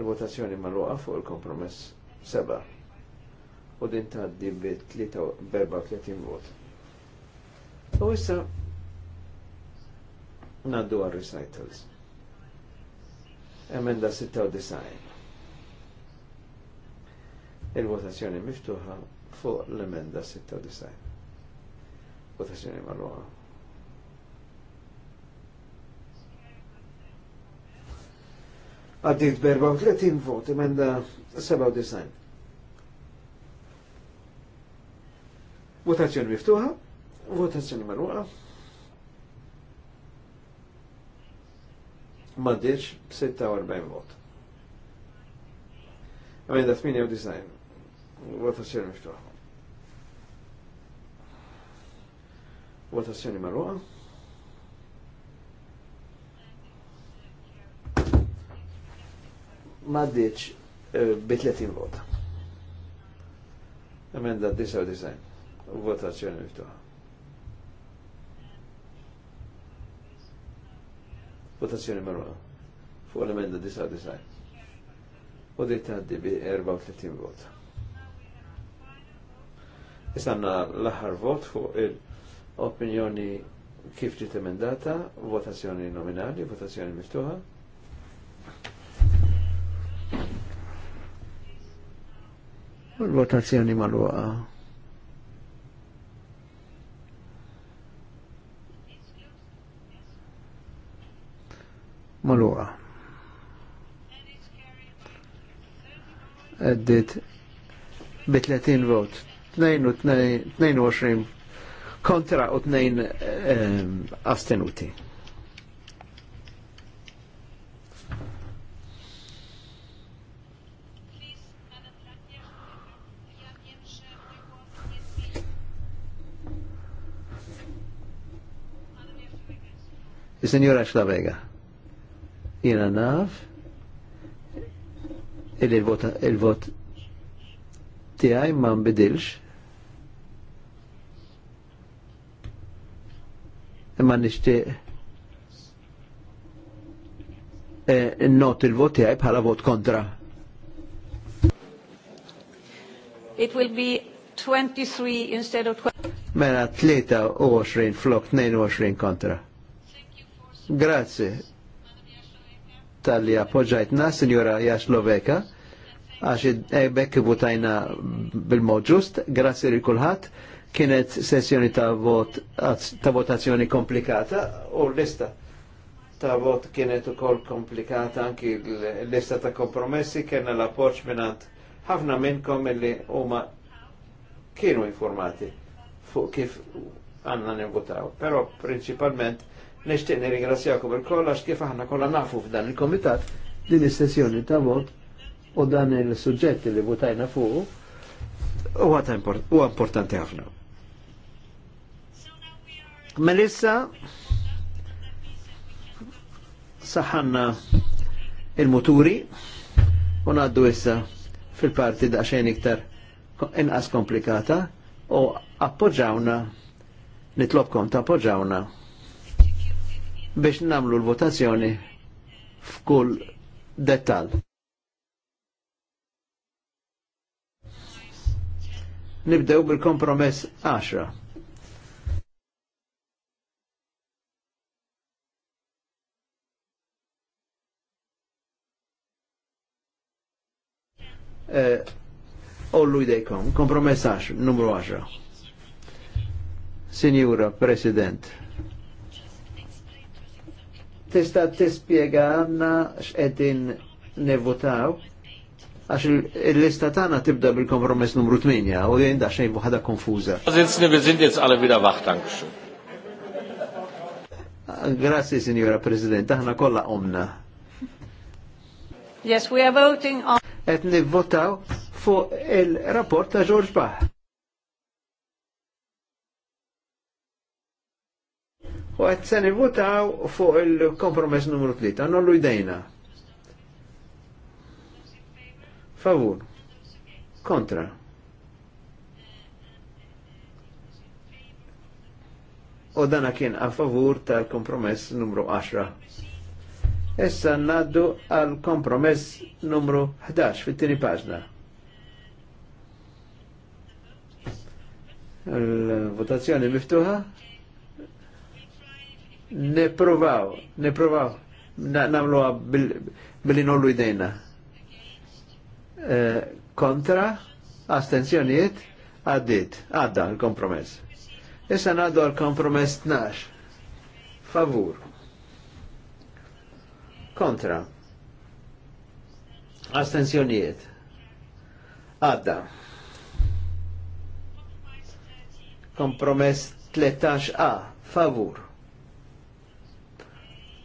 [SPEAKER 2] Il-votazzjoni marruqa fuq il-kompromess 7 u din taddi bi 34 vot. U issa naddu għal recitals. Emenda 96. Il-votazzjoni miftuħa fuq l-emenda 96. Votazzjoni marruqa. għaddit b-34 vot, emenda 97. Votazzjoni miftuħa, votazzjoni marruqa. Maddiċ 46 vot. Emenda 98. Votazzjoni miftuħa. Votazzjoni marruqa. maddiċ uh, eh, bi 30 vota. Emenda 99, votazzjoni miftuħa. Votazzjoni marruna fuq l-emenda 99. U di għaddi bi 34 vota. Isanna l ħar vot fuq il-opinjoni kif ġiet emendata, votazzjoni nominali, votazzjoni miftuħa. U l-votazzjoni mal-waqa. Mal-waqa. Eddit bi 30 vot. 22 kontra u 2 eh, astenuti. Signora Xlavega, jena naf il-vot il -vot tiegħi ma mbidilx imma nishti eh, not il-vot ti għaj bħala vot kontra.
[SPEAKER 1] It will be 23 instead of
[SPEAKER 2] 12. Mela 23 flok 22 kontra. Grazie tal-li appoġġajtna, Signora Jaxloveka, għax ebbek votajna bil-mod ġust, grazzi li kulħat, kienet sessjoni ta' votazzjoni komplikata u l-lista ta' vot kienet u kol komplikata anki l-lista ta' kompromessi kienna la appoġġ minant ħafna minnkom illi huma kienu informati fuq kif għanna nivvotaw. Pero principalment Nishtiq nirringrazzjakom il-kollax kif aħna kollha nafu f'dan il-komitat din is-sessjoni ta' vot u dan il-suġġetti li votajna fuq huwa importanti ħafna. Melissa saħanna il muturi u ngħaddu issa fil-parti daqsxejn iktar inqas komplikata u appoġġawna nitlobkom ta' appoġġawna biex namlu l-votazzjoni f'kull dettal. Nibdew bil-kompromess 10. Eh, ollu idejkom, kompromess 10, numru 10. Signora President, tista tispiega għanna x'qedin nevvotaw għax il-lista tagħna tibda bil-kompromess numru 8 u jien da xejn waħda konfuża. Sitzne wir sind jetzt alle wieder wach, Grazzi, Signora President, aħna kollha omna.
[SPEAKER 1] Yes, we are voting on...
[SPEAKER 2] Et nivvotaw fuq il-rapport ta' George Bach. u għed se nivutaw fuq il-kompromess numru 3, nollu jdejna. Favur. Kontra. U dana kien a favur tal-kompromess numru 10. Issa naddu għal kompromess numru 11 fit-tini paġna. Il-votazzjoni miftuħa? Neprovaw, neprovaw, namlu billi nollu idejna. Eh, kontra, astenzjoniet, għaddit, għadda l-kompromess. Issa għaddu għal-kompromess 12. Favur. Kontra. Astenzjoniet. Għadda. Kompromess 13a. Favur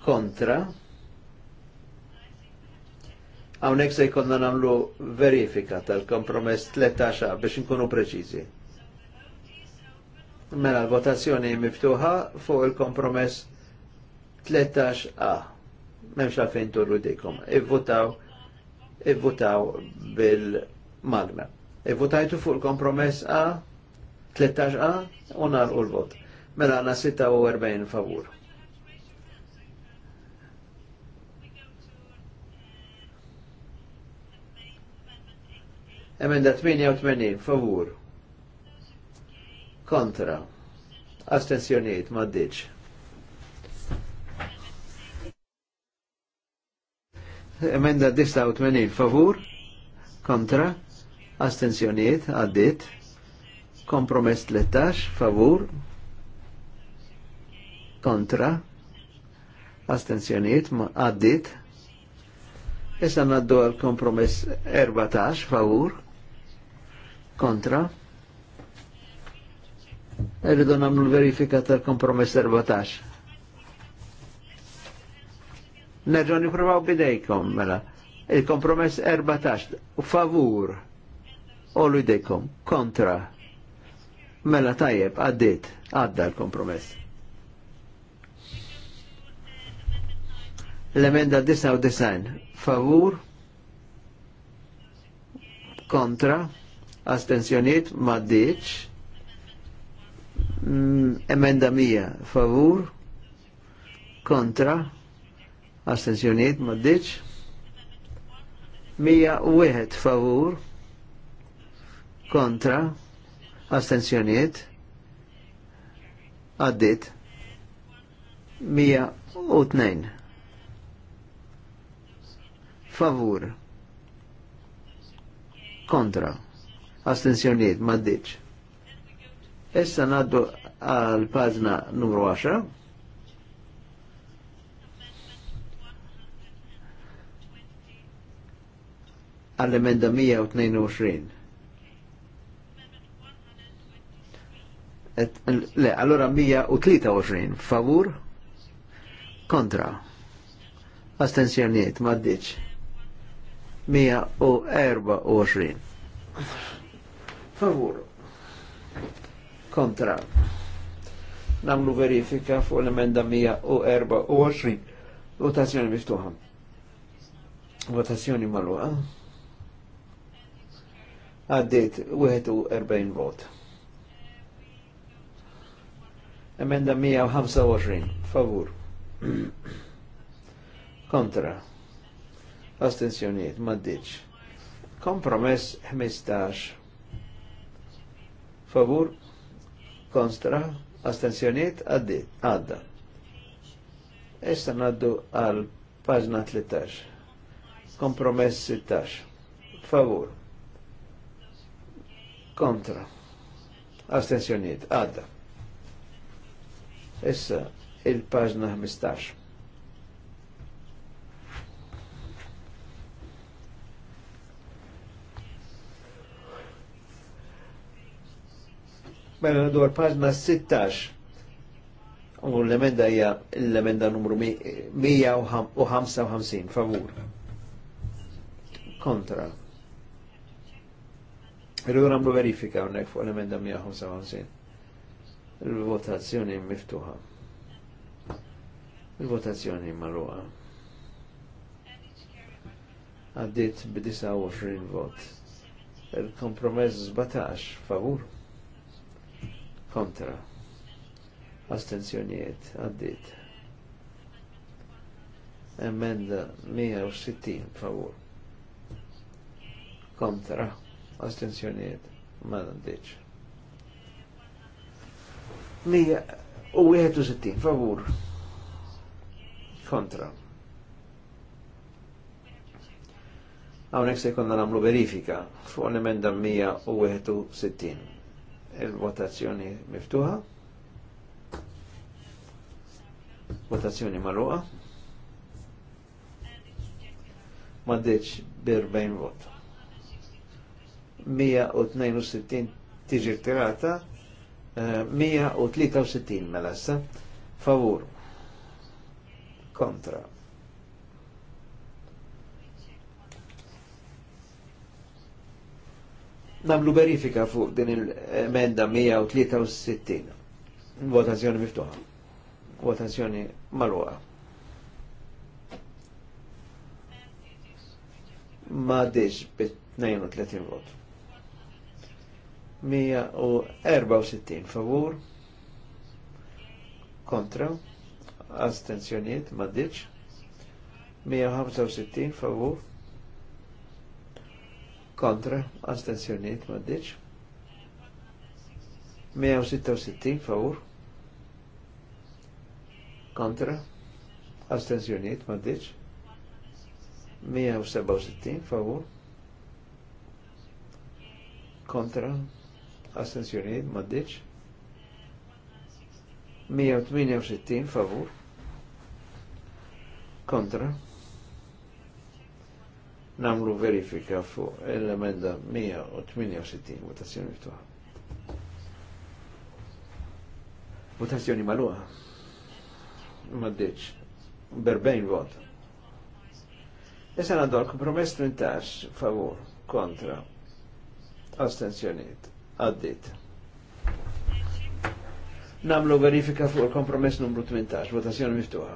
[SPEAKER 2] kontra. Hawnhekk se jkollna nagħmlu verifika tal-kompromess 13 biex inkunu preċiżi. Mela l-votazzjoni miftuħa fuq il-kompromess 13a. Memx għalfejn turru dikom. Ivvutaw, ivvutaw bil-magna. Ivvutajtu fuq il-kompromess A, 13a, unar u l-vot. Mela għana 46 favur. Emenda 88, favur. Kontra. Astensjoniet, maddiċ. Emenda 89, favur. Kontra. Astensjoniet, għaddit. Kompromess 13, favur. Kontra. Astensjoniet, għaddit. Issa naddu għal kompromess 14, favur kontra. Irridu namlu verifika tal-kompromess 14. Nerġu niprovaw bidejkom, mela. Il-kompromess 14, u favur, u l idejkom, kontra. Mela tajjeb, għaddit, għadda l-kompromess. L-emenda 99, favur, kontra, astenzjoniet ma ddiċ mm, emenda mija favur kontra astenzjoniet ma ddiċ mija u favur kontra astenzjoniet għaddit mija u tnejn favur kontra astensjoniet maddiċ. Issa naddu għal pagna numru 10. għal emenda 122. le, allora 123, favur, kontra, astensjoniet, maddiċ, 124. Favur. Kontra. Namlu verifika fuq l-emenda 124. Votazzjoni miftuħa. Votazzjoni marruqa. Għaddit 41 vot. Emenda 125. Favur. Kontra. Astenzjoniet, maddiċ. Kompromess 15 favur kontra astensjoniet għadda. Issa naddu għal pagina 13. Kompromess 16. Favur. Kontra. Astensjoniet għadda. Issa il pagina 15 Mela dwar paġna 16. U l-emenda hija l-emenda numru 155 favur. Kontra. Irridu nagħmlu verifika hawnhekk fuq l-emenda 155. Il-votazzjoni miftuħa. Il-votazzjoni magħluqa. Għaddiet 29 vot. Il-kompromess 17 favur kontra Astenzjoniet, għaddit emenda 160 favur kontra Astenzjoniet, ma għaddiċ 161 favur kontra għawnek se konna namlu verifika fuq l-emenda 161 il-votazzjoni miftuħa, votazzjoni marruqa, maddeċ b-40 vot. 162 tiġi tirata, 163 eh, mela sa, favur, kontra, namlu verifika fuq din il-emenda 163. Votazzjoni miftuħa. Votazzjoni maluqa. Ma diġ bit 32 vot. 164 favur. Kontra. Astenzjoniet ma diġ. 165 favur kontra, astensjoniet ma maddiċ. 166 favur, kontra, astensjoniet ma maddiċ. 167 favur, kontra, astensjoniet ma maddiċ. 168 favur, kontra, namlu verifika fu l-emenda 168 votazzjoni ftuħa. Votazzjoni maluħa. Maddiċ. Berbejn vot. Issa għandu kompromess 13 favor kontra astenzjoniet għaddit. Namlu verifika fuq il-kompromess numru 18, votazzjoni miftuħa.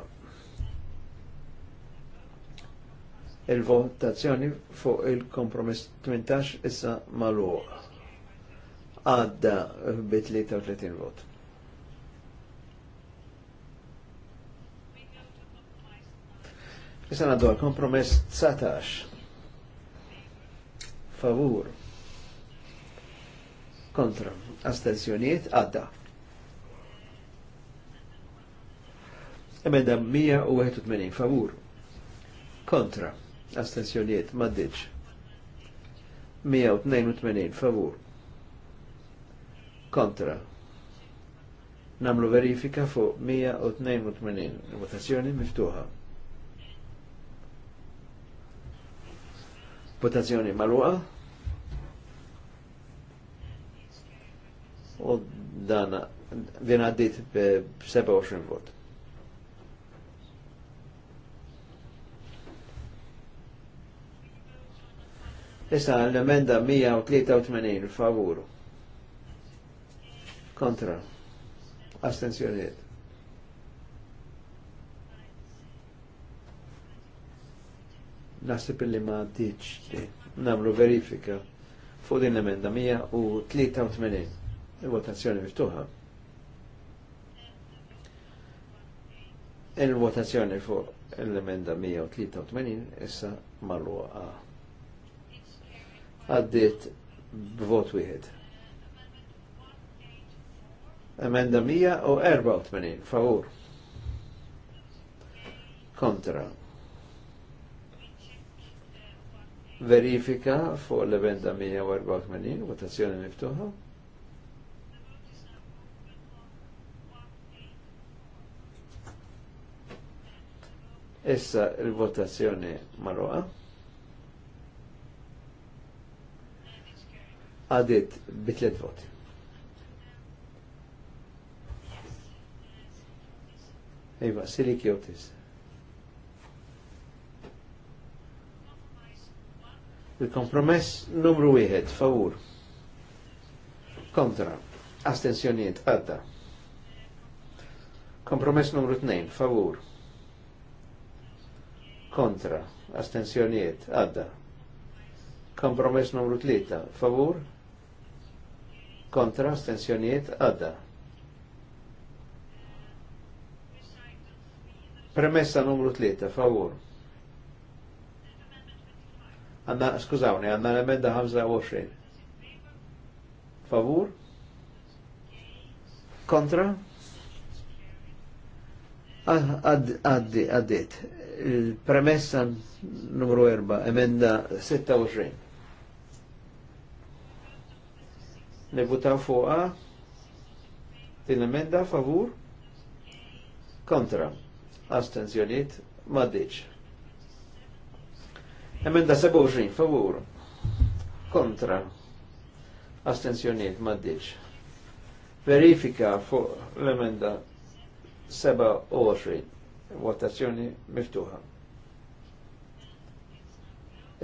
[SPEAKER 2] il-votazzjoni fuq il-kompromess 18 issa maluq. Għadda bi 33 vot. Issa għaddu għal-kompromess 19. Favur. Kontra. Astenzjoniet għadda. Emenda 181 favur. Kontra astensjoniet maddiċ 182 favur kontra namlu verifika fu 182 votazzjoni miftuħa votazzjoni maluqa u dana din għaddit b-27 vot Issa l-emenda 183 favuru. Kontra. Astenzjoniet. Nasib li ma diċ namlu verifika fuq din l-emenda 183. Il-votazzjoni miftuħa. Il-votazzjoni fuq l-emenda 183 issa marruqa għaddiet b'vot wieħed. Emenda 184, favur. Kontra. Verifika fuq l-emenda 184, votazzjoni miftuħa. Issa il-votazzjoni marruqa. għadit bitlet voti. Iva, sili kjotis. Il-kompromess numru 1, favur. Kontra. Astensjoniet, għadda. Kompromess numru 2, favur. Kontra. Astensjoniet, għadda. Kompromess numru 3, favur kontra astensjoniet għadda. Premessa numru 3, favur. Għanna, skużawni, għanna l-emenda 25. Favur? Kontra? Ah, Għaddi, għaddit. Premessa numru 4, emenda 26 nevutaw fuqa il-emenda favur kontra astenzjoniet maddiċ. Emenda 27 favur kontra astenzjoniet maddiċ. Verifika fuq l-emenda 27 votazzjoni miftuħa.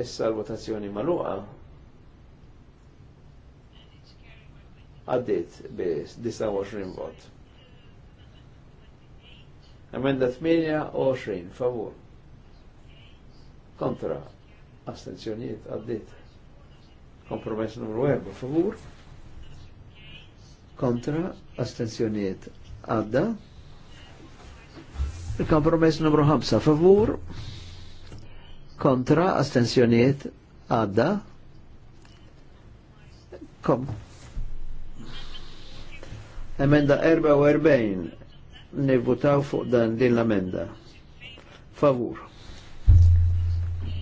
[SPEAKER 2] Issa l-votazzjoni maluqa għaddit bi 29 vot. Emenda 28 favur. Kontra. Astenzjoniet għaddit. Kompromess numru 1, favur. Kontra. Astenzjoniet għadda. kompromess numru 5 favur. Kontra. Astenzjoniet għadda. Kom Emenda 44. Nivvutaw fuq dan din l-emenda. Favur.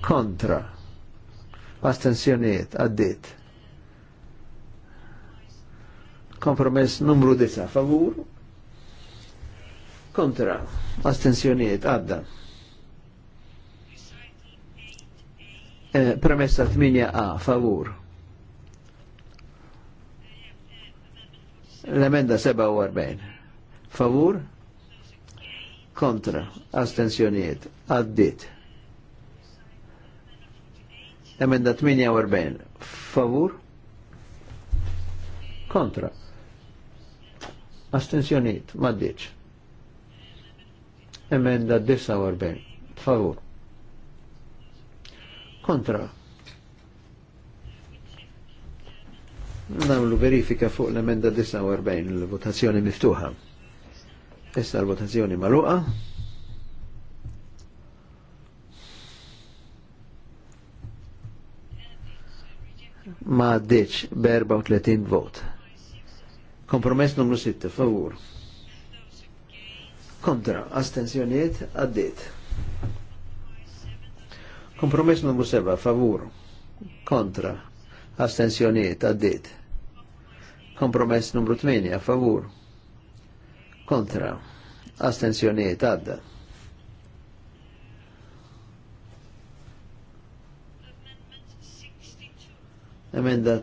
[SPEAKER 2] Kontra. Astensjoniet. Għaddit. Kompromess numru 9. Favur. Kontra. Astensjoniet. Għadda. Eh, premessa 8a. Favur L-emenda 47. Favur? Kontra. Astensjoniet. Addit. Emenda 48. Favur? Kontra. Astensjoniet. Maddiċ. Emenda 49. Favur? Kontra Namlu verifika fuq l-emenda 49, l-votazzjoni miftuħa. Issa l-votazzjoni maluqa. Ma ddiċ b-34 vot. Kompromess numru 6, favur. Kontra, astensjoniet, għaddit. Kompromess numru 7, favur. Kontra, Astenzjoniet għaddit. Kompromess numru 8 a favur kontra Astenzjoniet għadda. Emenda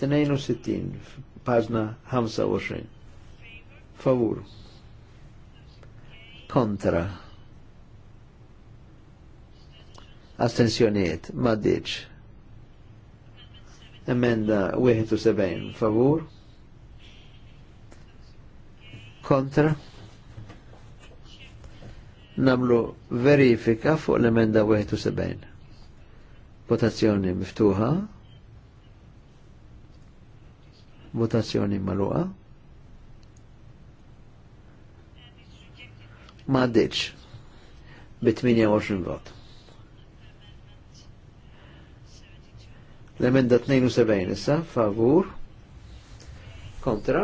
[SPEAKER 2] 62 pagina 25. Favur. Kontra. Astenzjoniet, maddiċ. Emenda 71 favur. Kontra. Namlu verifika fuq l-emenda 71. Votazzjoni miftuħa. Votazzjoni maluqa. Ma ditx. bit 28 vot. L-emenda 72 issa, favur, kontra,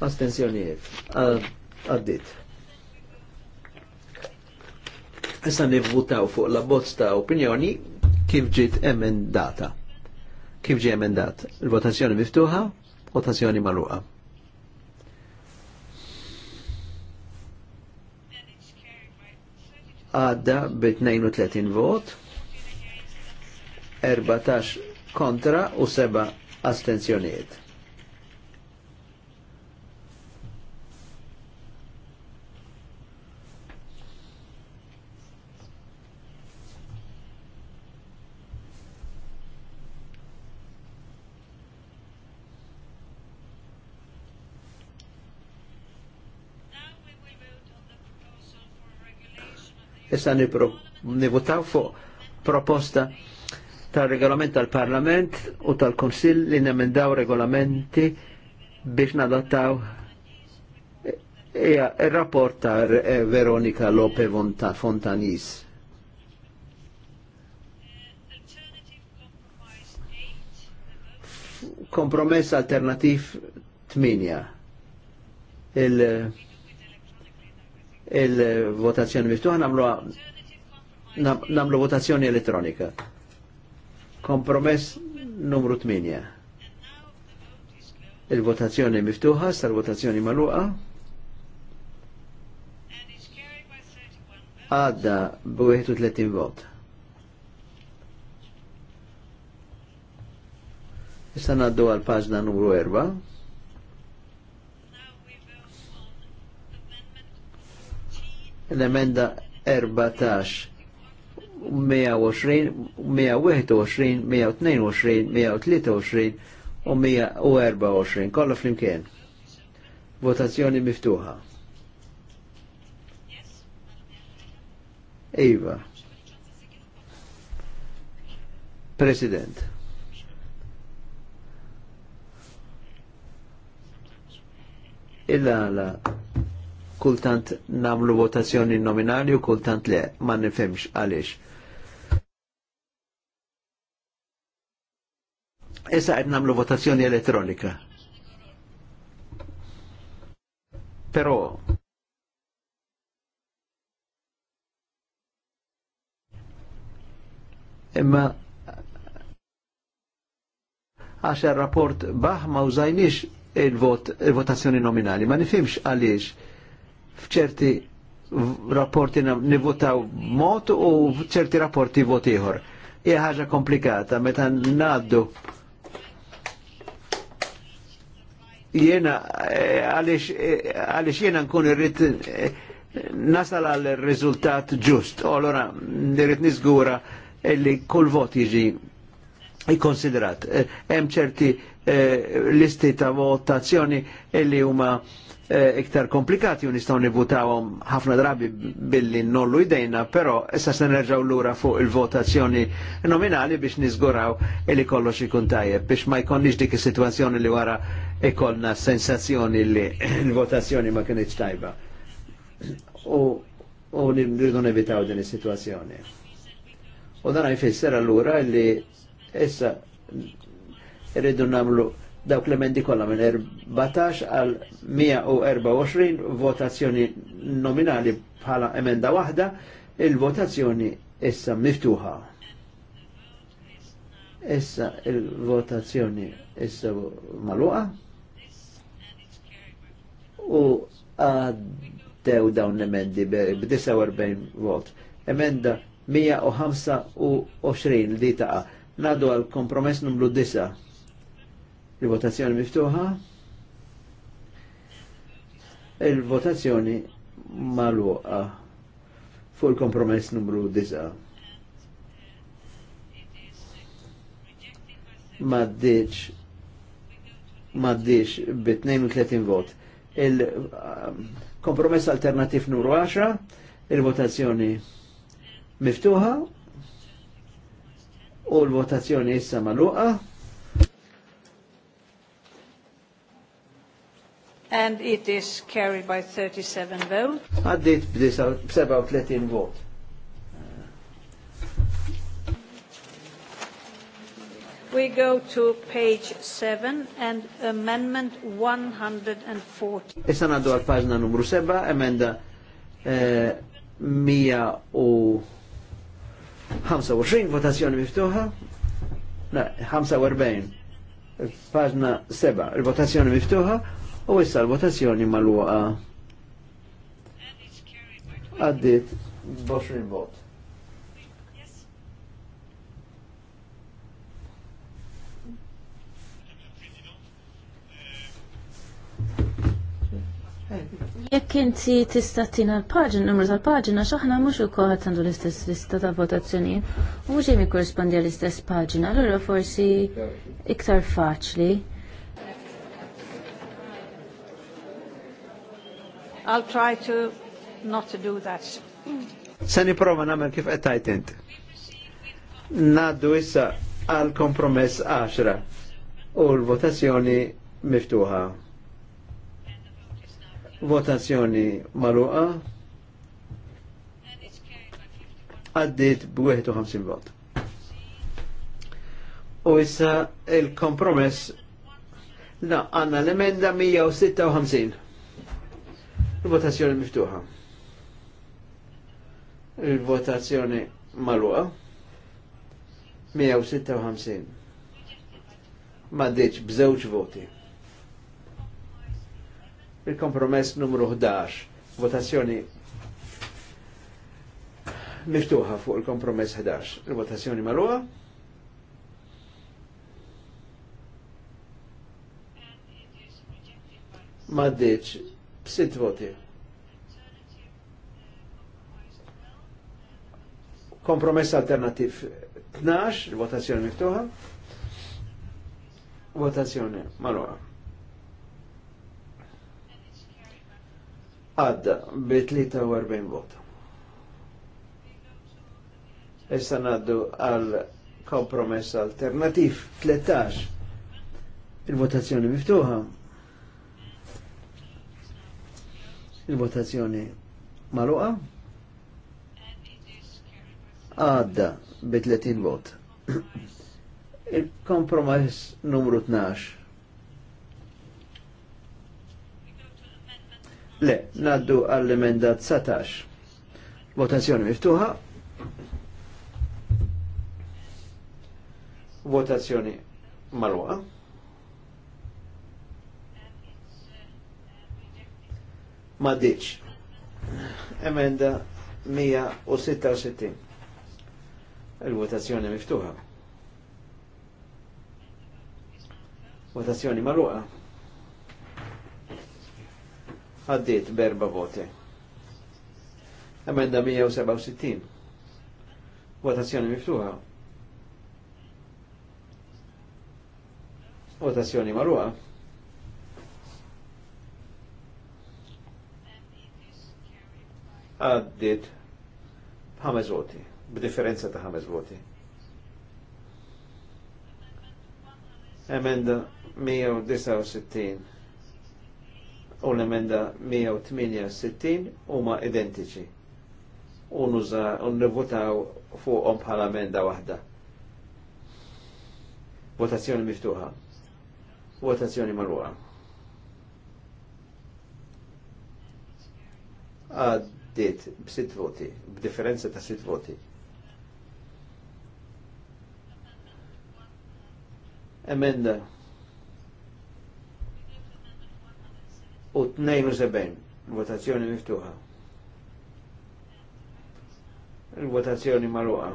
[SPEAKER 2] astensjonijiet, għaddit. Issa nivvutaw fuq la bozz ta' opinjoni kif ġiet emendata. Kif ġi emendat? Il-votazzjoni miftuħa, votazzjoni maluqa. Għadda bi 32 vot. 14 kontra u 7 astenzjoniet. Issa nivutaw fuq proposta tal-regolament tal-Parlament u tal-Konsil li nemendaw regolamenti biex nadattaw e- e- il-rapport ta' eh, Veronika Lope Fontanis. Kompromess alternativ tminja. Il- il-votazzjoni miftuħa namlu namlu votazzjoni elettronika. Kompromess numru 8. Il-votazzjoni miftuħa, sal-votazzjoni maluqa. Għadda b-31 vot. Issa naddu għal paġna numru 4. L-emenda 14 u 124, kollha flimkien. Votazzjoni miftuħa. Iva. President. Illa la kultant namlu votazzjoni nominali u kultant le, ma nifemx għalix Issa qed nagħmlu votazzjoni elettronika. Però imma għax rapport baħ ma użajniex il-votazzjoni nominali, ma nifimx għaliex fċerti rapporti nivotaw mod u fċerti rapporti vot Hija ħaġa komplikata meta ngħaddu jena eh, għalix eh, jena nkun irrit eh, nasal għal rizultat ġust. U allora irrit nizgura illi kull vot jiġi ikkonsiderat. Hemm ċerti listi ta' votazzjoni illi huma iktar komplikati u nistgħu nivutawhom ħafna drabi billi nollu idejna, però issa se nerġgħu lura fuq il-votazzjoni nominali biex niżguraw illi kollox ikun tajjeb biex ma jkollniex dik is-sitwazzjoni li wara ikolna sensazzjoni li <clears throat> l-votazzjoni ma kienieċ tajba. U nirridu nevitaw din is-sitwazzjoni. U dan jfisser allura li issa rridu namlu dawk l-emendi kollha minn 14 għal 124 votazzjoni nominali bħala emenda waħda, il-votazzjoni issa miftuħa. Issa il-votazzjoni issa maluqa u għaddew dawn l-emendi b-49 vot. Emenda 125 li taqa. Nadu għal kompromess numru 9. Il-votazzjoni miftuħa. Il-votazzjoni maluqa fuq il-kompromess numru 9. Maddiċ maddiċ bi 32 vot il-kompromess alternativ numru 10, il-votazzjoni miftuħa u l-votazzjoni issa maluqa.
[SPEAKER 1] And it is carried by 37 votes.
[SPEAKER 2] Għaddit b-37 vot.
[SPEAKER 1] We go to page 7 and amendment 140.
[SPEAKER 2] Issa nadu għal pagina numru 7, emenda 125, eh, votazzjoni miftuħa. Na, 45, pagina 7, il-votazzjoni miftuħa u issa l-votazzjoni mal-waqa. Għaddit 20 vot.
[SPEAKER 4] Jekk inti tista' tina l-paġina, numru tal-paġina, x'aħna mhux ukoll qed għandu l-istess lista ta' votazzjoni u mhux hemm jikkorrispondi għall-istess paġina, allura forsi iktar faċli.
[SPEAKER 1] I'll try to not to do
[SPEAKER 2] that. Se niprova namel kif qed tajt int. Naddu issa għal kompromess 10 u l-votazzjoni miftuħa. Votazzjoni maluqa. Għaddit b-51 vot. U issa il-kompromess na għanna l-emenda 156. Il-votazzjoni miftuħa. Il-votazzjoni maluqa. 156. Ma b bżewġ voti. Il-kompromess numru 11, votazzjoni miftuħa fuq il-kompromess 11, il-votazzjoni marruħa. Maddiċ, b'sitt voti. Kompromess alternativ 12, votazzjoni miftuħa. Votazzjoni marruħa. għadda bi 43 vota. Issa naddu għal kompromess alternativ 13 il-votazzjoni miftuħa il-votazzjoni maluqa għadda bi 30 vot il-kompromess numru 12 Le, naddu għall-emenda 19. Votazzjoni miftuħa. Votazzjoni malwa. Ma diċ. Emenda 166. Il-votazzjoni miftuħa. Votazzjoni marwa għaddit berba voti. Emenda 167. Votazzjoni miftuħa. Votazzjoni marruħa. Għaddit ħames voti, b'differenza ta' ħames voti. Emenda 169 u l-emenda 168 huma identiċi. U nivvotaw fuqhom bħala emenda waħda. Votazzjoni miftuħa. Votazzjoni marwa. Għaddit b'sit voti, b'differenza ta' sit voti. Emenda 168. u 72 votazzjoni miftuħa. Il-votazzjoni maruqa.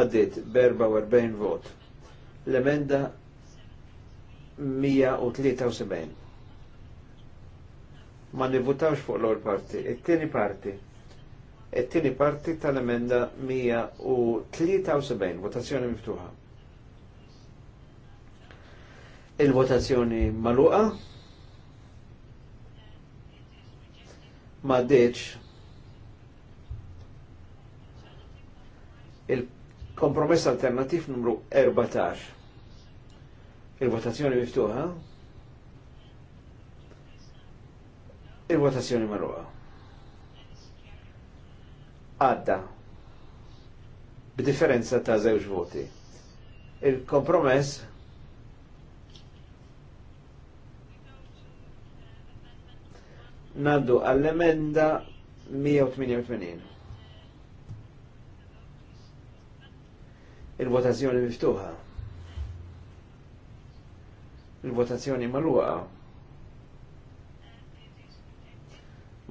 [SPEAKER 2] Għaddit 44 vot. L-emenda 173. Ma nivutawx fuq l-ol parti. It-tieni parti it-tieni parti tal-emenda 173, votazzjoni miftuħa. Il-votazzjoni maluqa. Ma deċ. Il-kompromess alternativ numru 14. Il-votazzjoni miftuħa. Il-votazzjoni maluqa. Għadda. B'differenza ta' zewġ voti. Il-kompromess Naddu għall-emenda 188. Il-votazzjoni miftuħa. Il-votazzjoni maluqa.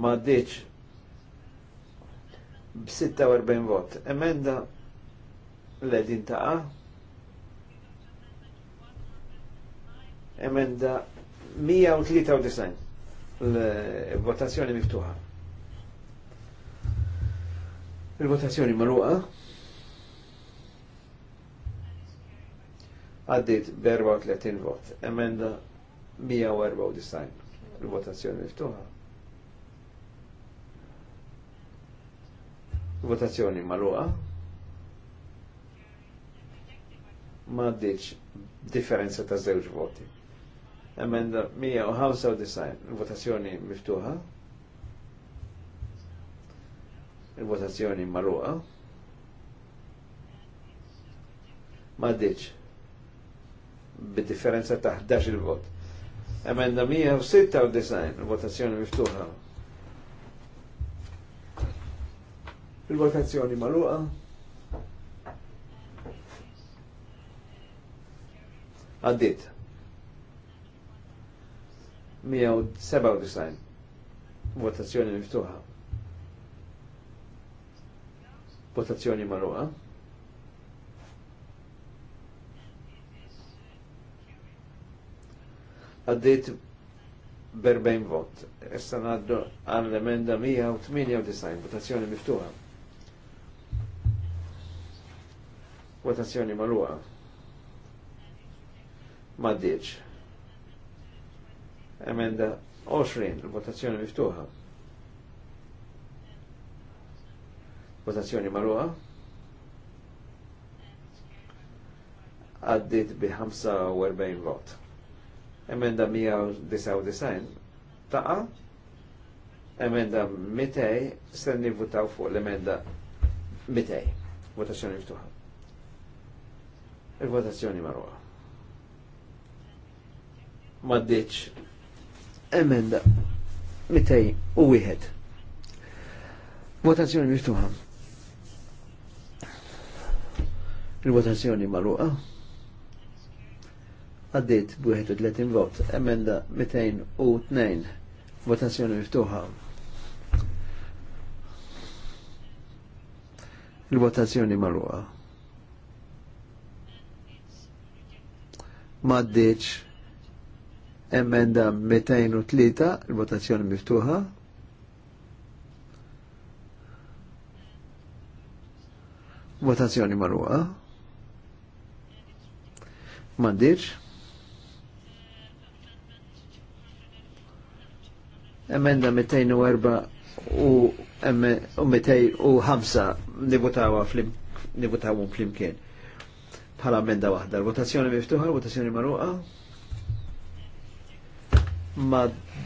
[SPEAKER 2] Ma ddiċ b-46 vot. Emenda l-edin taqa. Emenda 193 l-votazzjoni miftuħa. Il-votazzjoni maluqa għaddit b-34 vot, emenda 194. Il-votazzjoni miftuħa. votazzjoni marruqa. ma għaddit differenza ta' żewġ voti. Emenda 195, votazzjoni miftuħa. Il-votazzjoni marruqa. Ma ditx. Bid-differenza ta' 11 il-vot. Emenda 196, il votazzjoni miftuħa. Il-votazzjoni marruqa. Għaddit. 197. Votazzjoni miftuħa. Votazzjoni marruqa. Għaddit berbejn vot. Issa għaddu għal l-emenda 198. Votazzjoni miftuħa. Votazzjoni marruqa. Ma' diċ Emenda 20, il-votazzjoni miftuħa. Votazzjoni marruħa. Għaddit bi 45 vot. Emenda 199 taqa. Emenda 200 stenni votaw fuq l-emenda 200. Votazzjoni miftuħa. Il-votazzjoni marruħa. Maddiċ Emenda. Mitej u wieħed. Votazzjoni miftuħa. Il-votazzjoni magħluqa. Għaddiet b'31 vot. Emenda 202. Votazzjoni miftuħa. il-votazzjoni marruqa. Maddiċ Emenda 203, il-votazzjoni miftuħa. Votazzjoni marruqa. Mandirġ. Emenda 204 u ħamsa nivutawa flim nivutawu flimkien. Bħala emenda waħda. Votazzjoni miftuħa, votazzjoni maruqa ma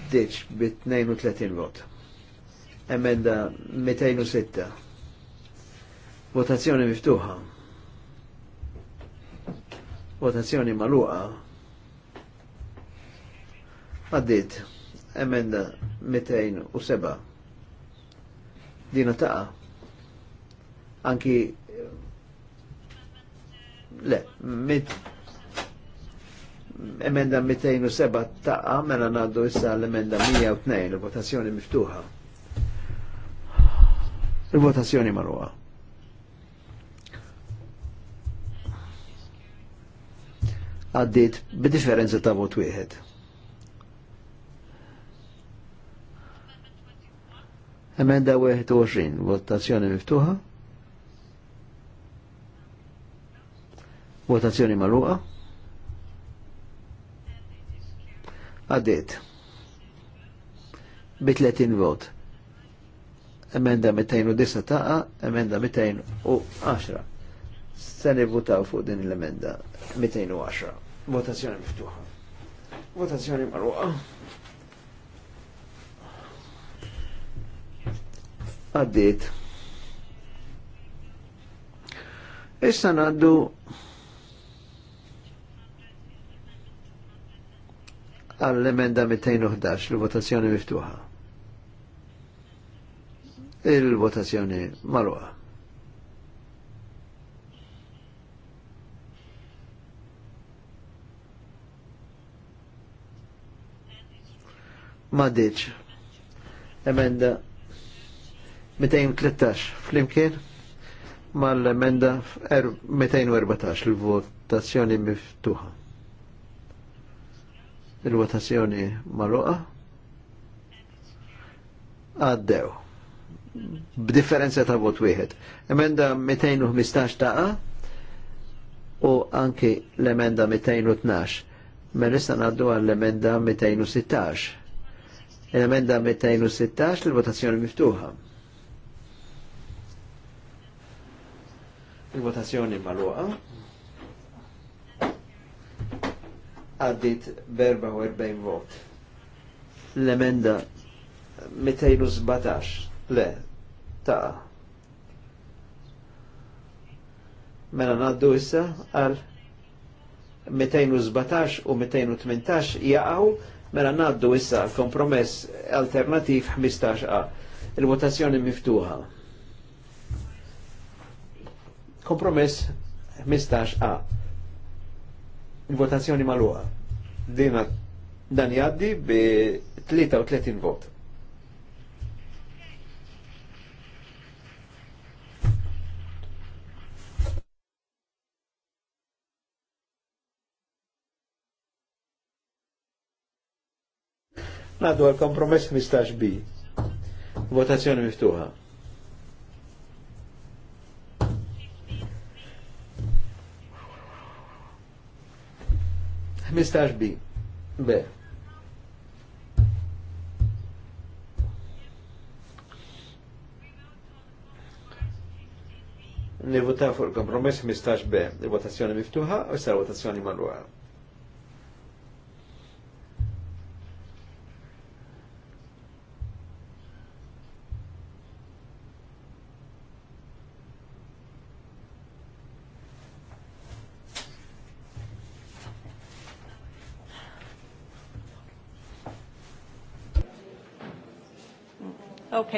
[SPEAKER 2] ddiċ bi 32 vot. Emenda 206. Votazzjoni miftuħa. Votazzjoni maluqa. Għaddit. Emenda 207. Dina taqa. Anki le, mit emenda 207 taqa mela naddu issa l-emenda 102 il-votazzjoni miftuħa. Il-votazzjoni marwa. Għaddit b'differenza ta' vot wieħed. Emenda 21, votazzjoni miftuħa. Votazzjoni marruqa. għadiet bi 30 vot. Emenda 209 taqa, emenda 210. Se nivvutaw fuq din l-emenda 210. Votazzjoni miftuħa. Votazzjoni marruqa. Għaddit. Issa naddu għall-emenda 211, l-votazzjoni miftuħa. Il-votazzjoni marwa. Madiċ. Emenda 213 flimkien mal-emenda 214 er, l-votazzjoni miftuħa il-votazzjoni maluqa għaddew b'differenza ta' vot wieħed. Emenda 215 taqa u anki l-emenda 212. Ma nista' ngħaddu għall-emenda 216. L-emenda 216 l-votazzjoni miftuħa. Il-votazzjoni maluqa. għaddit 44 vot. L-emenda 217 le ta' mela naddu issa għal 217 u 218 jaqaw mela naddu issa kompromess alternativ 15a il-votazzjoni miftuħa. Kompromess 15a votazzjoni maluqa. Dina dan jaddi bi 33 vot. Nadu għal kompromess 15 bi. Votazzjoni miftuħa. 15 B. B. Nivota fuq il-kompromess 15 B. Il-votazzjoni miftuħa u s-sar votazzjoni marruħa.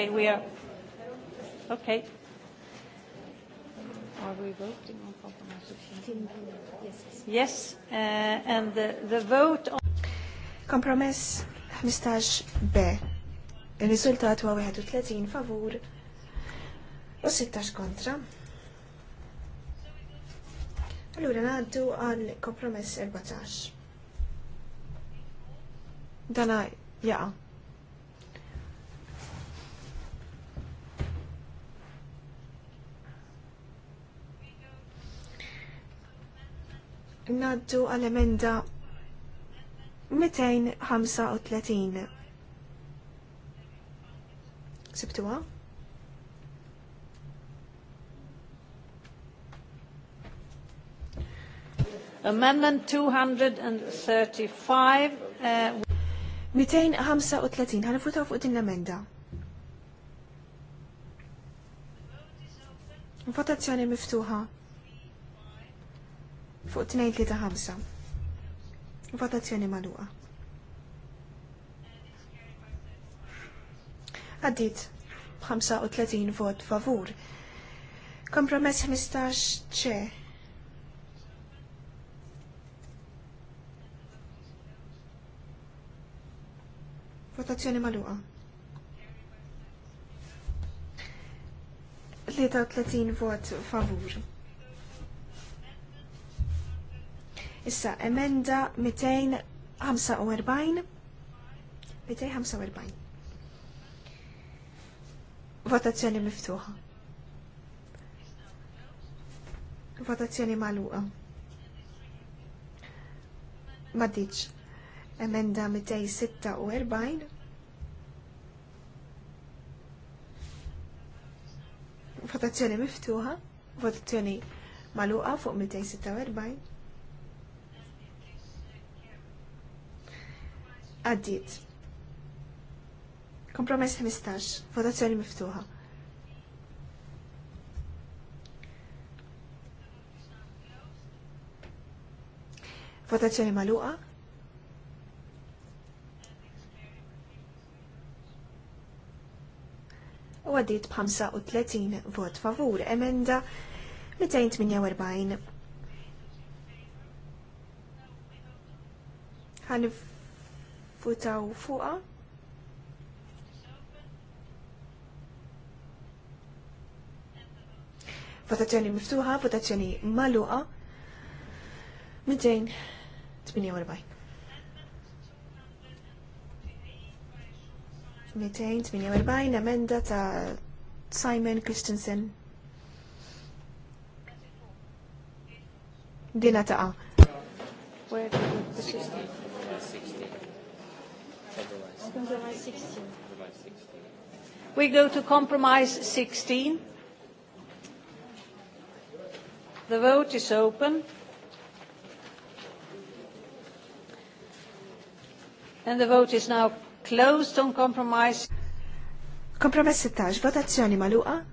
[SPEAKER 1] Okay, we are. Okay. Are we voting on compromise 15? Yes. Yes, uh, and the, the vote on.
[SPEAKER 3] Compromise 15B. Il-riżultat huwa 31 favur u 16 kontra. Allura ngħaddu għal kompromess 14. Dana jaqa' Naddu għal-emenda 235. Sibtuwa?
[SPEAKER 1] Amendment 235. Uh,
[SPEAKER 3] 235, ħan fuq din l-emenda. Votazzjoni miftuħa fuq 235. Votazzjoni maluqa. Għaddit 35 vot favur. Kompromess 15 ċe. Votazzjoni maluqa. 33 vot favur. Issa, emenda 245. 245. Votazzjoni miftuħa. Votazzjoni maluqa. Maddiċ. Emenda 246. Votazzjoni miftuħa. Votazzjoni maluqa fuq 246. għaddit. Kompromess 15, votazzjoni miftuħa. Votazzjoni maluqa. U għaddit 35 vot favur, emenda 248. Ħanif nivvutaw fuqa. Votazzjoni miftuħa, votazzjoni maluqa. 248. 248 emenda ta' Simon Christensen. Dina ta'
[SPEAKER 5] Where
[SPEAKER 4] 16.
[SPEAKER 1] We go to compromise 16. The vote is open. And the vote is now closed on compromise.
[SPEAKER 3] Compromise 16, votazioni maluqa.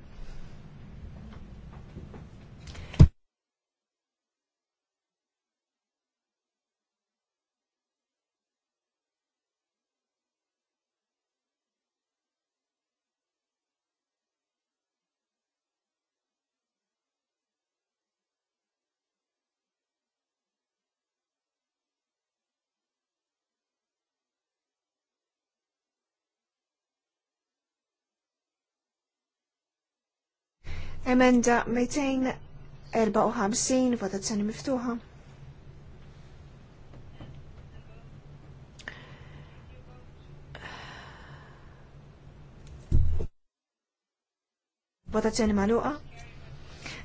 [SPEAKER 3] Emenda 254 votazzjoni miftuħa. Votazzjoni maluqa.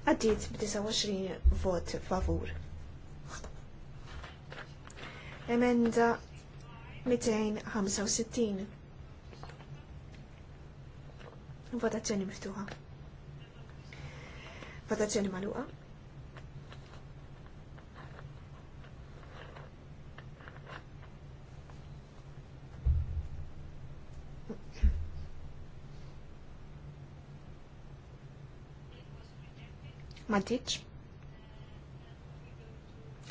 [SPEAKER 3] Għaddit b-29 vot favur. Emenda 265. Votazzjoni miftuħa. Votazzjoni maluqa. Ma ditx.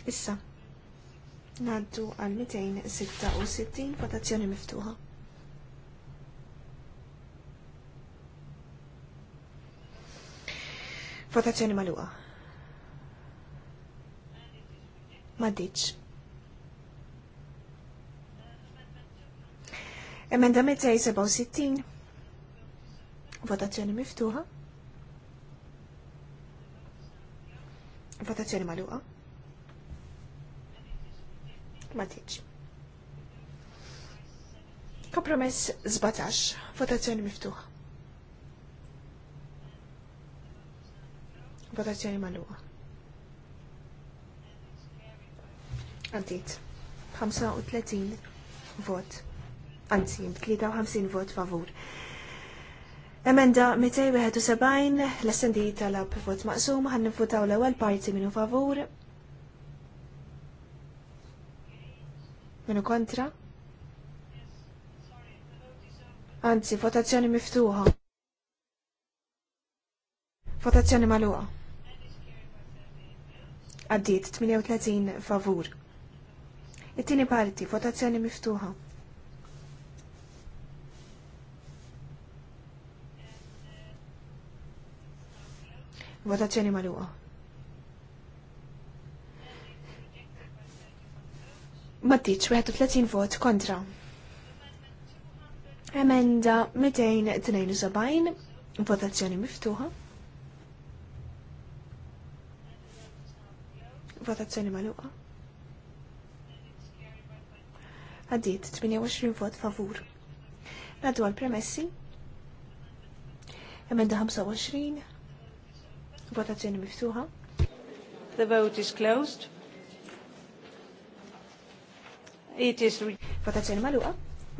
[SPEAKER 3] Issa. Naddu għal 266 votazzjoni miftuħa. Votazzjoni maluqa. ditx. Emenda 67. Votazzjoni miftuħa. Votazzjoni maluqa. ditx. Kompromess 17. Votazzjoni miftuħa. Votazzjoni maluqa. Għaddit. 35 vot. Anzi, 53 vot favur. Emenda 271 l assendi talab vot maqsum ħan nifutaw l-ewwel parti minu favur. Minu kontra? Anzi, votazzjoni miftuħa. Votazzjoni maluqa. Għaddiet 38 favur. It-tieni parti, votazzjoni miftuħa. Votazzjoni maluqa. Mattiċ 31 vot kontra. Emenda 272 votazzjoni miftuħa. Votazzjoni maluqa. Għaddit 28 vot favur. Naddu għal-premessi. Emenda 25. Votazzjoni miftuħa. The vote is closed. It is Votazzjoni maluqa.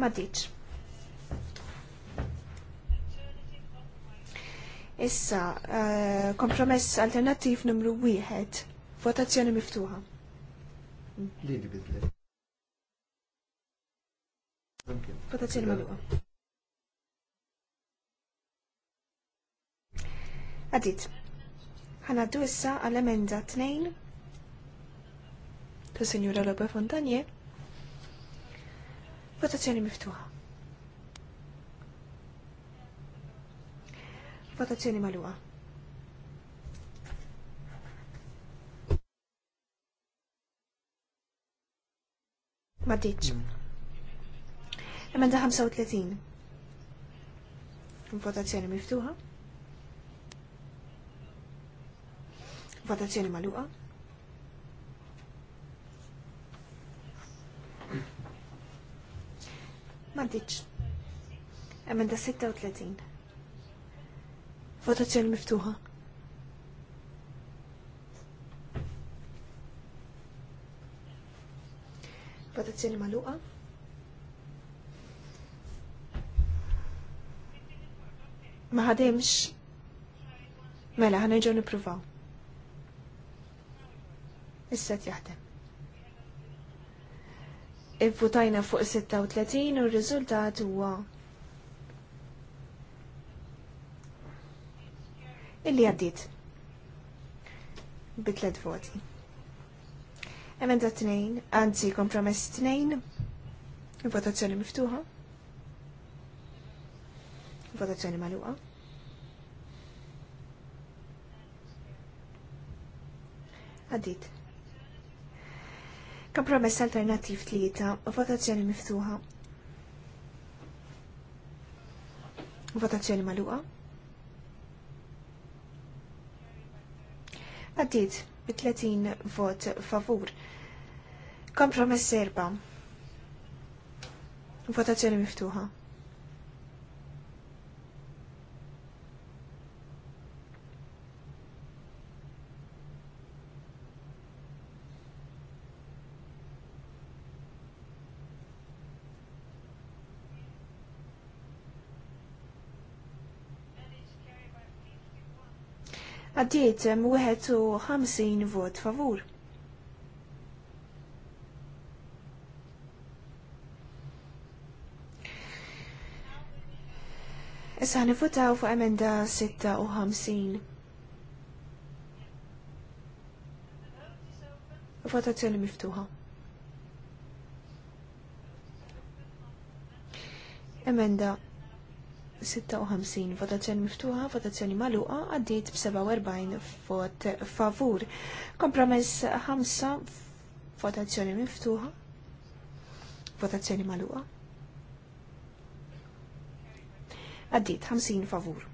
[SPEAKER 3] Maddiċ. Issa, uh, kompromess alternativ numru 1. Votazzjoni miftuħa. Lili bidli. Votazzjoni magħluqa. Għadit. Ħanaddu issa għal emenda 2 ta' Sinjura Lobe Fontanje. Votazzjoni miftuħa. Votazzjoni magħluqa. ما tiċ. Mm. Emenda 35. Votazzjoni miftuħa. Votazzjoni maluqa. ما tiċ. Emenda 36. Votazzjoni miftuħa. votazzjoni maluqa. Ma ħadimx. Mela, ħanerġgħu nippruvaw. Issa qed jaħdem. Ivvutajna fuq 36 u r-riżultat huwa illi għaddit bitlet voti. Emenda t-nejn, anzi kompromess t-nejn, votazzjoni miftuħa. Votazzjoni maluqa. Għaddit. Kompromess alternativ t-lieta, votazzjoni miftuħa. Votazzjoni maluqa. Għaddit 30 vot favur Kompromess serba. Votazzjoni miftuħa. Għaddiet 50 vot favur. Issa nifutaw fuq emenda 56. Votazzjoni miftuħa. Emenda 56, votazzjoni miftuħa, votazzjoni maluqa, għaddit b-47 vot favur. Kompromess 5, votazzjoni miftuħa, votazzjoni maluqa. Għaddit 50 favur.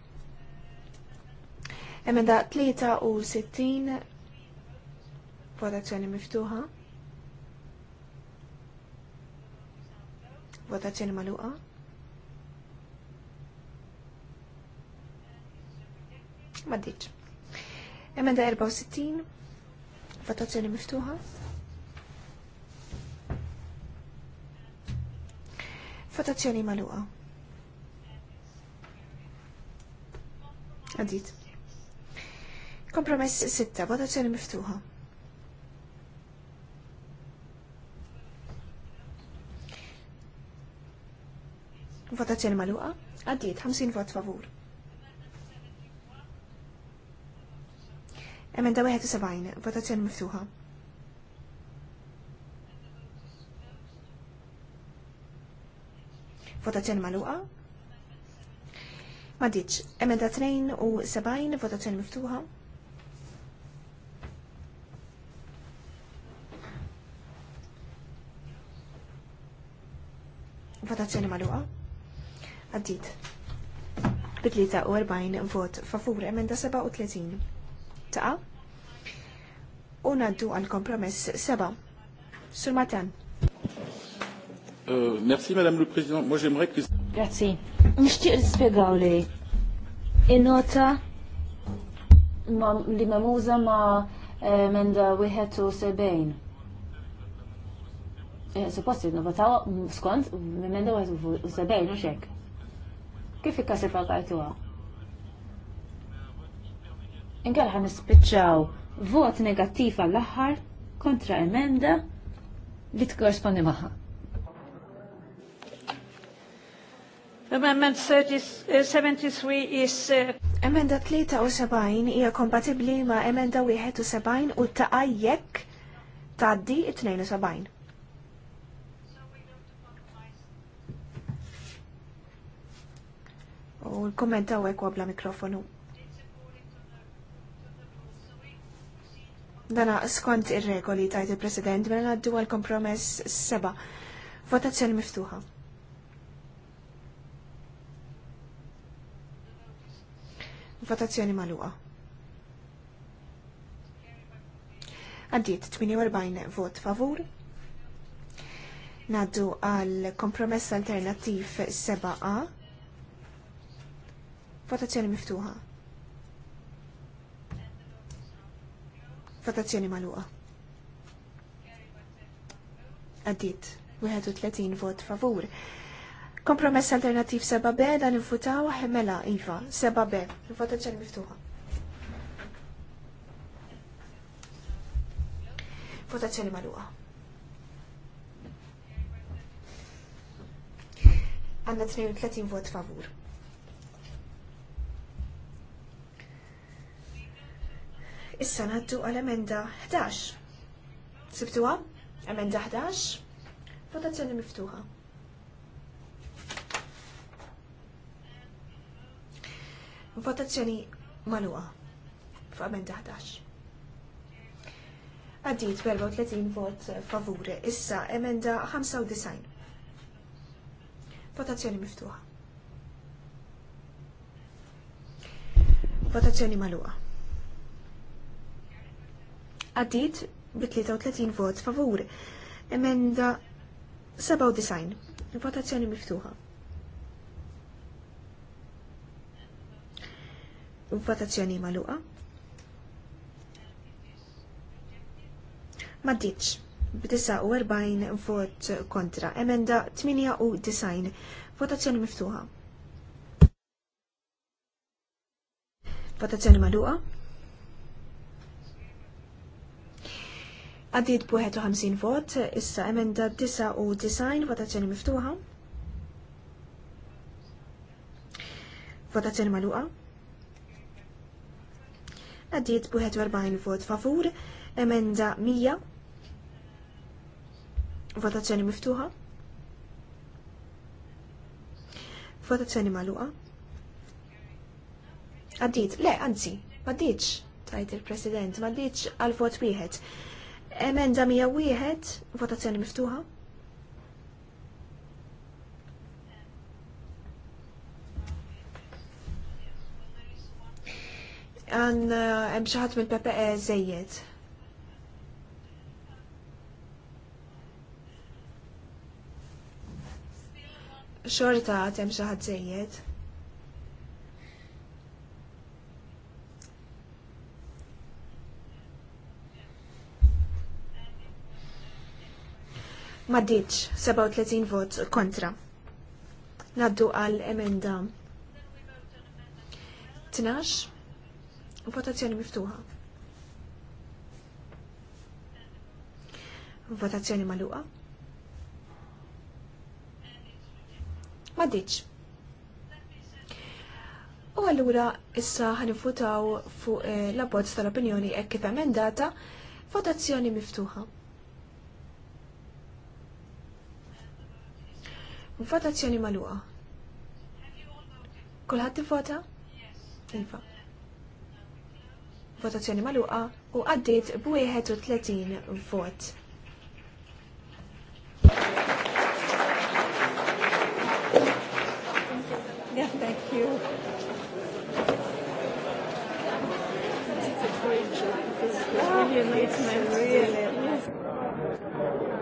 [SPEAKER 3] Emenda 63 votazzjoni miftuħa. Votazzjoni maluqa. Maddiċ. Emenda 64 votazzjoni miftuħa. Votazzjoni maluqa. Għadid. Kompromess sitta, votazzjoni miftuħa. Votazzjoni maluqa, Għadid, 50 vot favur. Emenda 71, votazzjoni miftuħa. Votazzjoni maluqa, Ma diċ, emenda 72, votazzjoni miftuħa. Votazzjoni maluqa. Għaddit. Bitlita u 40 vot favur emenda 37. Taqa. U naddu għal kompromess 7. Sur Matan.
[SPEAKER 2] Euh, merci Madame le Président. Moi j'aimerais que...
[SPEAKER 3] Merci. Nixtieq nispjegaw li Inota
[SPEAKER 4] li memuża ma' emenda eh, wieħed u sebejn. Eh, supposti jinnovataw skont menda wieħed sebejn u xek. Kif ikkasir faqajtuha? Inkella ħan nispiċċaw vot negattiv għall-aħħar kontra emenda li tkorrespondi magħha.
[SPEAKER 3] Amendment
[SPEAKER 1] 73 uh, is... Uh,
[SPEAKER 3] emenda 73 hija kompatibbli ma' emenda 71 u ta' jekk tgħaddi 72. U l-kommenta u ekwa bla mikrofonu. Dana skont ir-regoli tajt il-President, mela għaddu għal-kompromess seba. Votazzjoni miftuħa. Votazzjoni maluqa. Għaddit 48 vot favur. Naddu għal kompromess alternattiv 7a. Votazzjoni miftuħa. Votazzjoni maluqa. Għaddit 31 vot favur. Kompromess alternativ seba' b dan infutaw ħemela Iva, Seba b votazzjoni miftuħa. Votazzjoni maluqa. Għanna 32 vot favur. Issa naddu għal-emenda 11. Sibtuwa? Emenda 11? Votazzjoni miftuħa. Votazzjoni maluqa. Fuq amenda 11. Għaddit 34 vot favuri. Issa emenda 95. Votazzjoni miftuħa. Votazzjoni maluqa. Għaddit bi 33 vot favur. Emenda 97. Votazzjoni miftuħa. votazzjoni maluqa. Ma ditx, b-49 vot kontra, emenda 98, votazzjoni miftuħa. Votazzjoni maluqa. Għaddit bu 51 vot, issa emenda 99, votazzjoni miftuħa. Votazzjoni maluqa għaddiet b'41 vot favur, emenda 100, votazzjoni miftuħa, votazzjoni maluqa. Għaddiet, le, anzi, maddiċ, tajt il-President, maddiċ għal vot wieħed. Emenda 101, votazzjoni miftuħa, għan eh, hemm xi ħadd mill-PPE żejjed. Xorta għad hemm xi ħadd 37 vot kontra. Naddu għal emenda 12 Votazzjoni miftuħa. Votazzjoni maluqa. Ma ditx. U għallura issa ħanifutaw fuq eh, l-abbozz tal-opinjoni hekk kif emendata, votazzjoni miftuħa. Votazzjoni maluqa. Kulħadd ivvota? Iva votazzjoni maluqa u għaddit b-31 vot.
[SPEAKER 1] Yeah, thank you. It's a great job because it's really a nice memory. Really.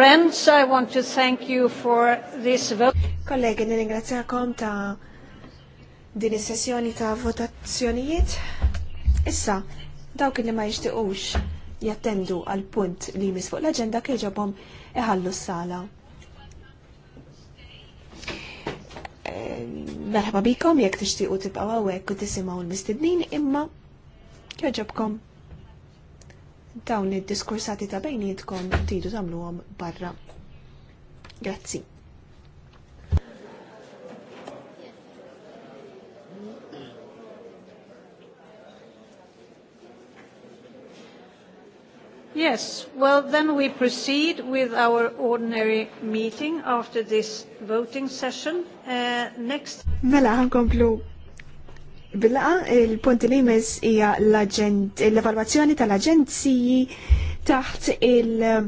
[SPEAKER 1] Friends, I want to thank
[SPEAKER 3] you for this vote. Kollegi, nirringrazzjakom ta' din is-sessjoni ta' votazzjonijiet. Issa, dawk li ma jixtiqux jattendu għal punt li jmiss fuq l-aġenda kieġobhom iħallu s-sala. Eh, merħba bikom jekk tixtiequ tibqgħu hawnhekk u tisimgħu l-mistednin imma jogħġobkom dawn id-diskursati ta' bejnietkom tidu tagħmluhom barra. Grazzi.
[SPEAKER 1] Yes, well then we proceed with our ordinary meeting after this voting session. Uh, next.
[SPEAKER 3] Mela, għankomplu Billaqa, il punti li jmiss hija l-evalwazzjoni tal-aġenziji taħt il-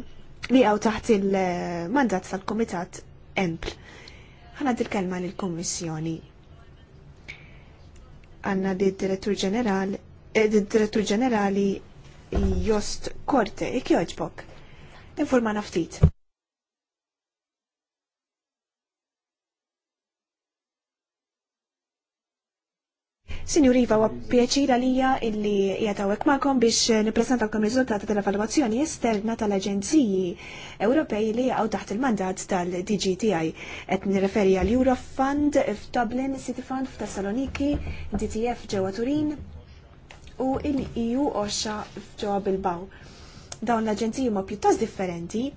[SPEAKER 3] li għaw taħt il-mandat tal-Komitat EMPL. Għanad dil kelma l komissjoni Għanna dil direttur ġenerali, eh, direttur ġenerali Jost Korte, ik joġbok. informa ftit. Sinjur Iva, wa pjaċira lija illi jatawek ma'kom biex niprezentalkom riżultati tal-evaluazzjoni esterna tal-Aġenziji Ewropej li jaqgħu taħt il-mandat tal-DGTI. Qed nirreferi għal Eurofund f'Dublin, City Fund f'Thessaloniki, DTF ġewwa Turin u il-EU OSHA f'ġewwa Bilbao. Dawn l-aġenziji huma pjuttost differenti.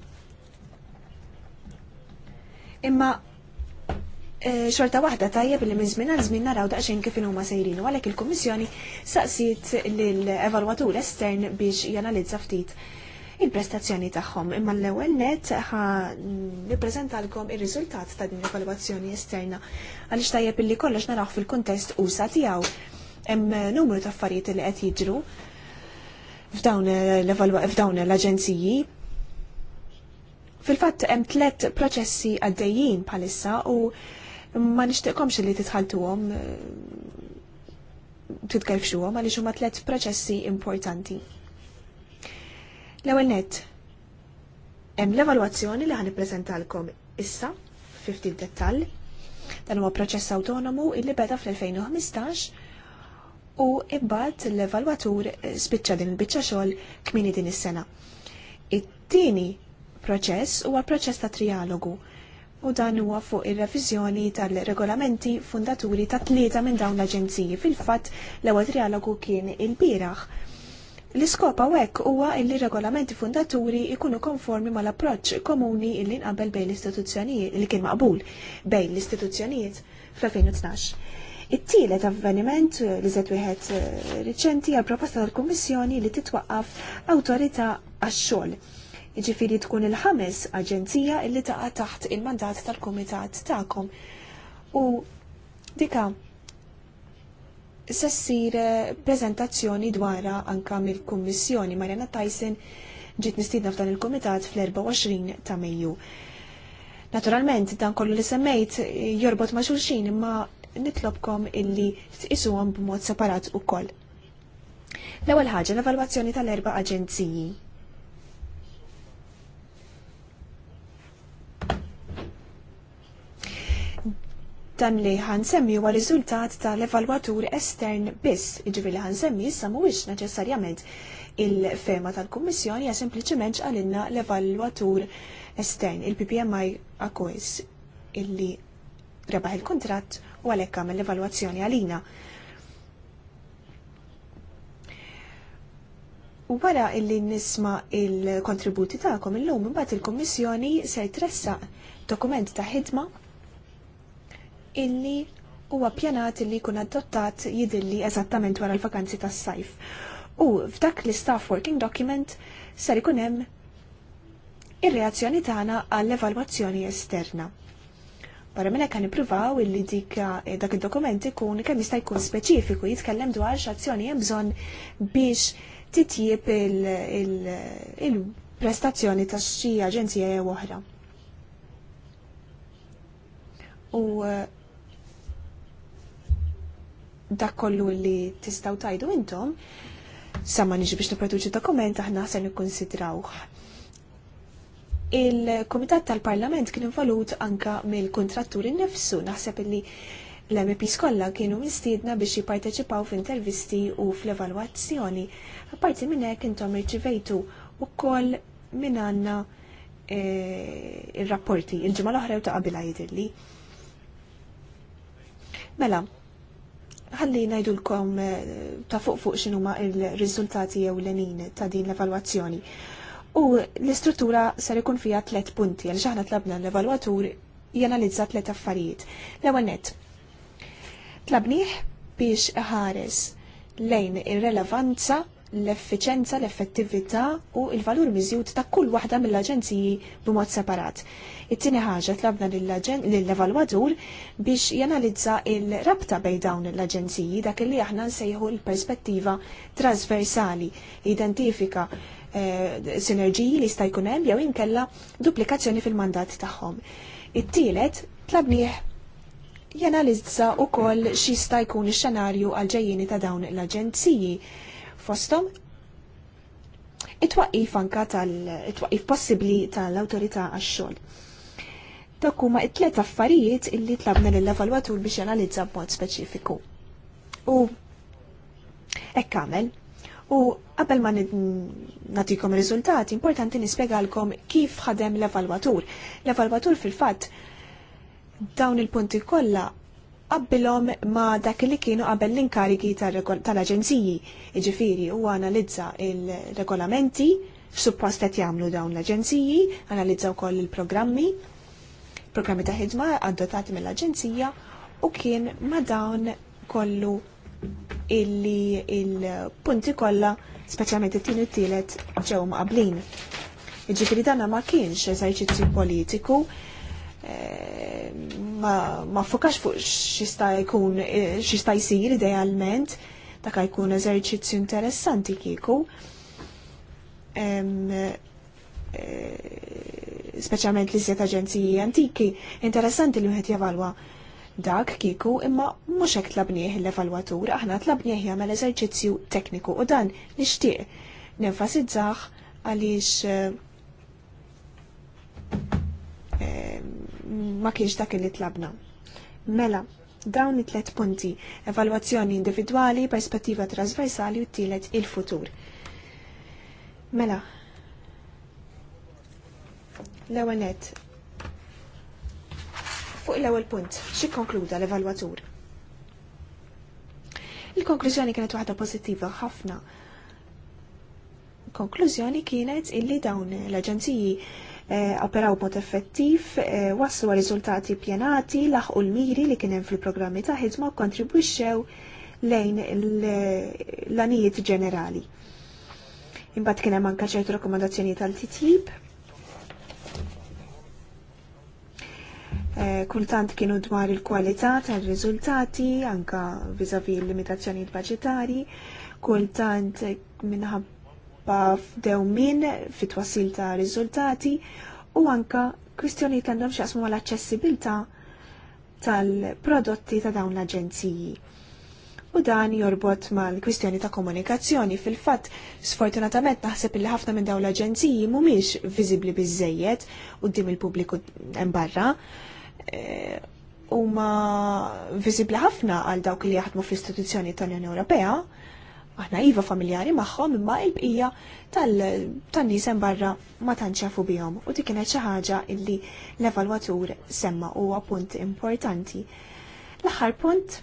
[SPEAKER 3] Imma Eh, xorta waħda tajjeb li minn żmien żmien naraw daqsxejn kif huma sejrin u għalhekk il-Kummissjoni saqsiet lill-evalwatur estern biex janalizza ftit il-prestazzjoni tagħhom. Imma l-ewwel net ħa nippreżentalkom ir-riżultat ta' din l-evalwazzjoni esterna għaliex tajjeb illi kollox naraw fil-kuntest usa tiegħu. Hemm numru ta' affarijiet li qed jiġru f'dawn l-aġenziji Fil-fatt hemm tliet proċessi għaddejjin bħalissa u ma nixtieqkomx li titħaltuhom għom eh, għaliex huma tliet proċessi importanti. L-ewwel nett hemm l-evalwazzjoni li ħanippreżentalkom issa fi ftit dettall. Dan huwa proċess awtonomu illi beda fl-2015 u imbagħad l-evalwatur eh, spiċċa din il-biċċa xogħol kmini din is-sena. It-tieni proċess huwa proċess ta' trialogu u dan huwa fuq ir-reviżjoni tal-regolamenti fundaturi ta' tlieta minn dawn l-aġenziji. Fil-fatt l-ewwel trialogu kien il-bieraħ. L-iskop hawnhekk huwa li regolamenti fundaturi jkunu konformi mal-approċċ komuni li inqabel bejn l-istituzzjonijiet li kien maqbul bejn l-istituzzjonijiet fl-2012. It-tielet avveniment li zed wieħed eh, riċenti għal proposta tal-Kummissjoni li titwaqqaf awtorità għax-xogħol iġifiri tkun il-ħames aġenzija illi taqa taħt il-mandat tal-komitat ta'kom. U dika sessir eh, prezentazzjoni dwara anka mill-Kummissjoni Marjana Tyson ġiet nistidna f'dan il-komitat fl-24 ta' Mejju. Naturalment, dan kollu li semmejt jorbot ma' xulxin imma nitlobkom illi tqisuhom b'mod separat ukoll. L-ewwel ħaġa l-evalwazzjoni tal-erba' aġenziji. Dan li ħansemmi huwa riżultat tal-evalwatur estern biss, iġifieri li ħansemmi issa mhuwiex neċessarjament il-fema tal-Kummissjoni hija sempliċement għalilna l-evalwatur estern, il-PPMI Aquis, illi rebaħ il-kontratt u għalhekk għamel l-evalwazzjoni għalina. U wara illi nisma il-kontributi il-lum, imbagħad il-Kummissjoni se tressaq dokument ta' ħidma illi huwa pjanat illi jkun adottat jidilli eżattament wara l-vakanzi tas-sajf. U f'dak l-staff working document ser ikun hemm ir-reazzjoni tagħna għall-evalwazzjoni esterna. Barra minna hekk nippruvaw illi dik eh, dak id-dokument ikun kemm jista' jkun speċifiku jitkellem dwar x'azzjoni hemm bżonn biex titjib il-prestazzjoni ta' xi aġenzija jew oħra. U eh, dak kollu li tistaw tajdu intom, samma niġi biex niproduċi dokument aħna se nikkonsidraw. Il-Komitat tal-Parlament kien involut anka mill-kontratturi nifsu, naħseb li l-MPs kollha kienu mistiedna biex jipparteċipaw f'intervisti u fl-evalwazzjoni. Apparti minn hekk intom irċivejtu wkoll minn għandna eh, ir-rapporti il-ġimgħa l-oħra u ta' qabilha jidhirli. Mela, ħalli ngħidulkom eh, ta' fuq fuq x'inhuma il-riżultati enin ta' din l-evalwazzjoni. U l-istruttura ser ikun fiha tliet punti għal xaħna tlabna l-evalwatur janalizza tliet affarijiet. L-ewwel nett. Tlabnieh biex ħares lejn ir-relevanza l-effiċenza, l-effettività u il-valur miżjut ta' kull waħda mill-aġenziji b'mod separat. It-tieni ħaġa tlabna lill-evalwatur biex janalizza il-rabta bejn dawn l-aġenziji dak li aħna nsejħu l-perspettiva trasversali, identifika eh, sinerġiji li sta' jkun hemm jew inkella duplikazzjoni fil-mandat tagħhom. It-tielet tlabniħ janalizza wkoll x'jista' jkun ix-xenarju għal ġejjini ta' dawn l-aġenziji fosthom it twaqif anka tal-it-twaqqif possibbli tal-awtorità għax-xogħol. Dak huma t tlet affarijiet illi tlabna lill-evalwatur biex janalizza b'mod speċifiku. U hekk għamel. U qabel ma nagħtikom riżultati, importanti nispjegalkom kif ħadem l-evalwatur. L-evalwatur fil-fatt dawn il-punti kollha qabbilhom ma dak li kienu qabel l-inkarigi tal-aġenziji. jiġifieri huwa analizza il-regolamenti, suppost qed jagħmlu dawn l-aġenziji, analizza wkoll il-programmi, programmi ta' ħidma adottati mill-Aġenzija u kien ma' dawn kollu illi il-punti kollha speċjalment it-tieni u t-tielet ġew maqablin. Iġifieri dana ma kienx eżerċizzju politiku, eh, ma fukax fuq xista jkun, eh, xista jsir idealment, dak jkun eżerċizzju interessanti kieku. Eh, speċjalment li set aġenziji antiki, interessanti li wieħed jevalwa dak kiku imma mhux hekk tlabnieh l-evalwatur, aħna tlabnieh jagħmel eżerċizzju tekniku u dan nixtieq nenfasizzah għaliex eh, eh, ma kienx dak li tlabna. Mela, dawn it-tlet punti, evalwazzjoni individwali, perspettiva trasversali u t-tielet il-futur. Mela, L-ewwel nett Fuq l-ewwel punt, xi konkluda l-evalwatur? Il-konklużjoni kienet waħda pożittiva ħafna. Konklużjoni kienet illi dawn l-aġenziji eh, operaw mod effettiv, eh, waslu riżultati pjenati, laħqu l-miri li kien hemm fil-programmi ta' ħidma kontribwixxew lejn l-anijiet ġenerali. Imbagħad kien hemm anke ċertu rakkomandazzjonijiet tal-titjib Eh, kultant kienu dwar il-kwalità tal-riżultati, anka vis-a-vis il limitazzjonijiet budgetari, kultant eh, minħabba min fit-twasil ta' riżultati u anka kwistjoni għandhom xaqsmu għal-aċċessibilità tal-prodotti ta' dawn l-aġenziji u dan jorbot mal-kwistjoni ta' komunikazzjoni fil-fatt sfortunatament naħseb li ħafna minn dawn l-aġenziji mhumiex viżibbli biżejjed quddiem il-pubbliku hemm barra Eh, huma viżibbli ħafna għal dawk li jaħdmu fl-istituzzjoni tal-Unjoni Ewropea, aħna iva familjari magħhom imma l-bqija tan-nies hemm barra ma tantx jafu bihom. U dik kienet xi ħaġa illi l-evalwatur semma huwa punt importanti. L-aħħar punt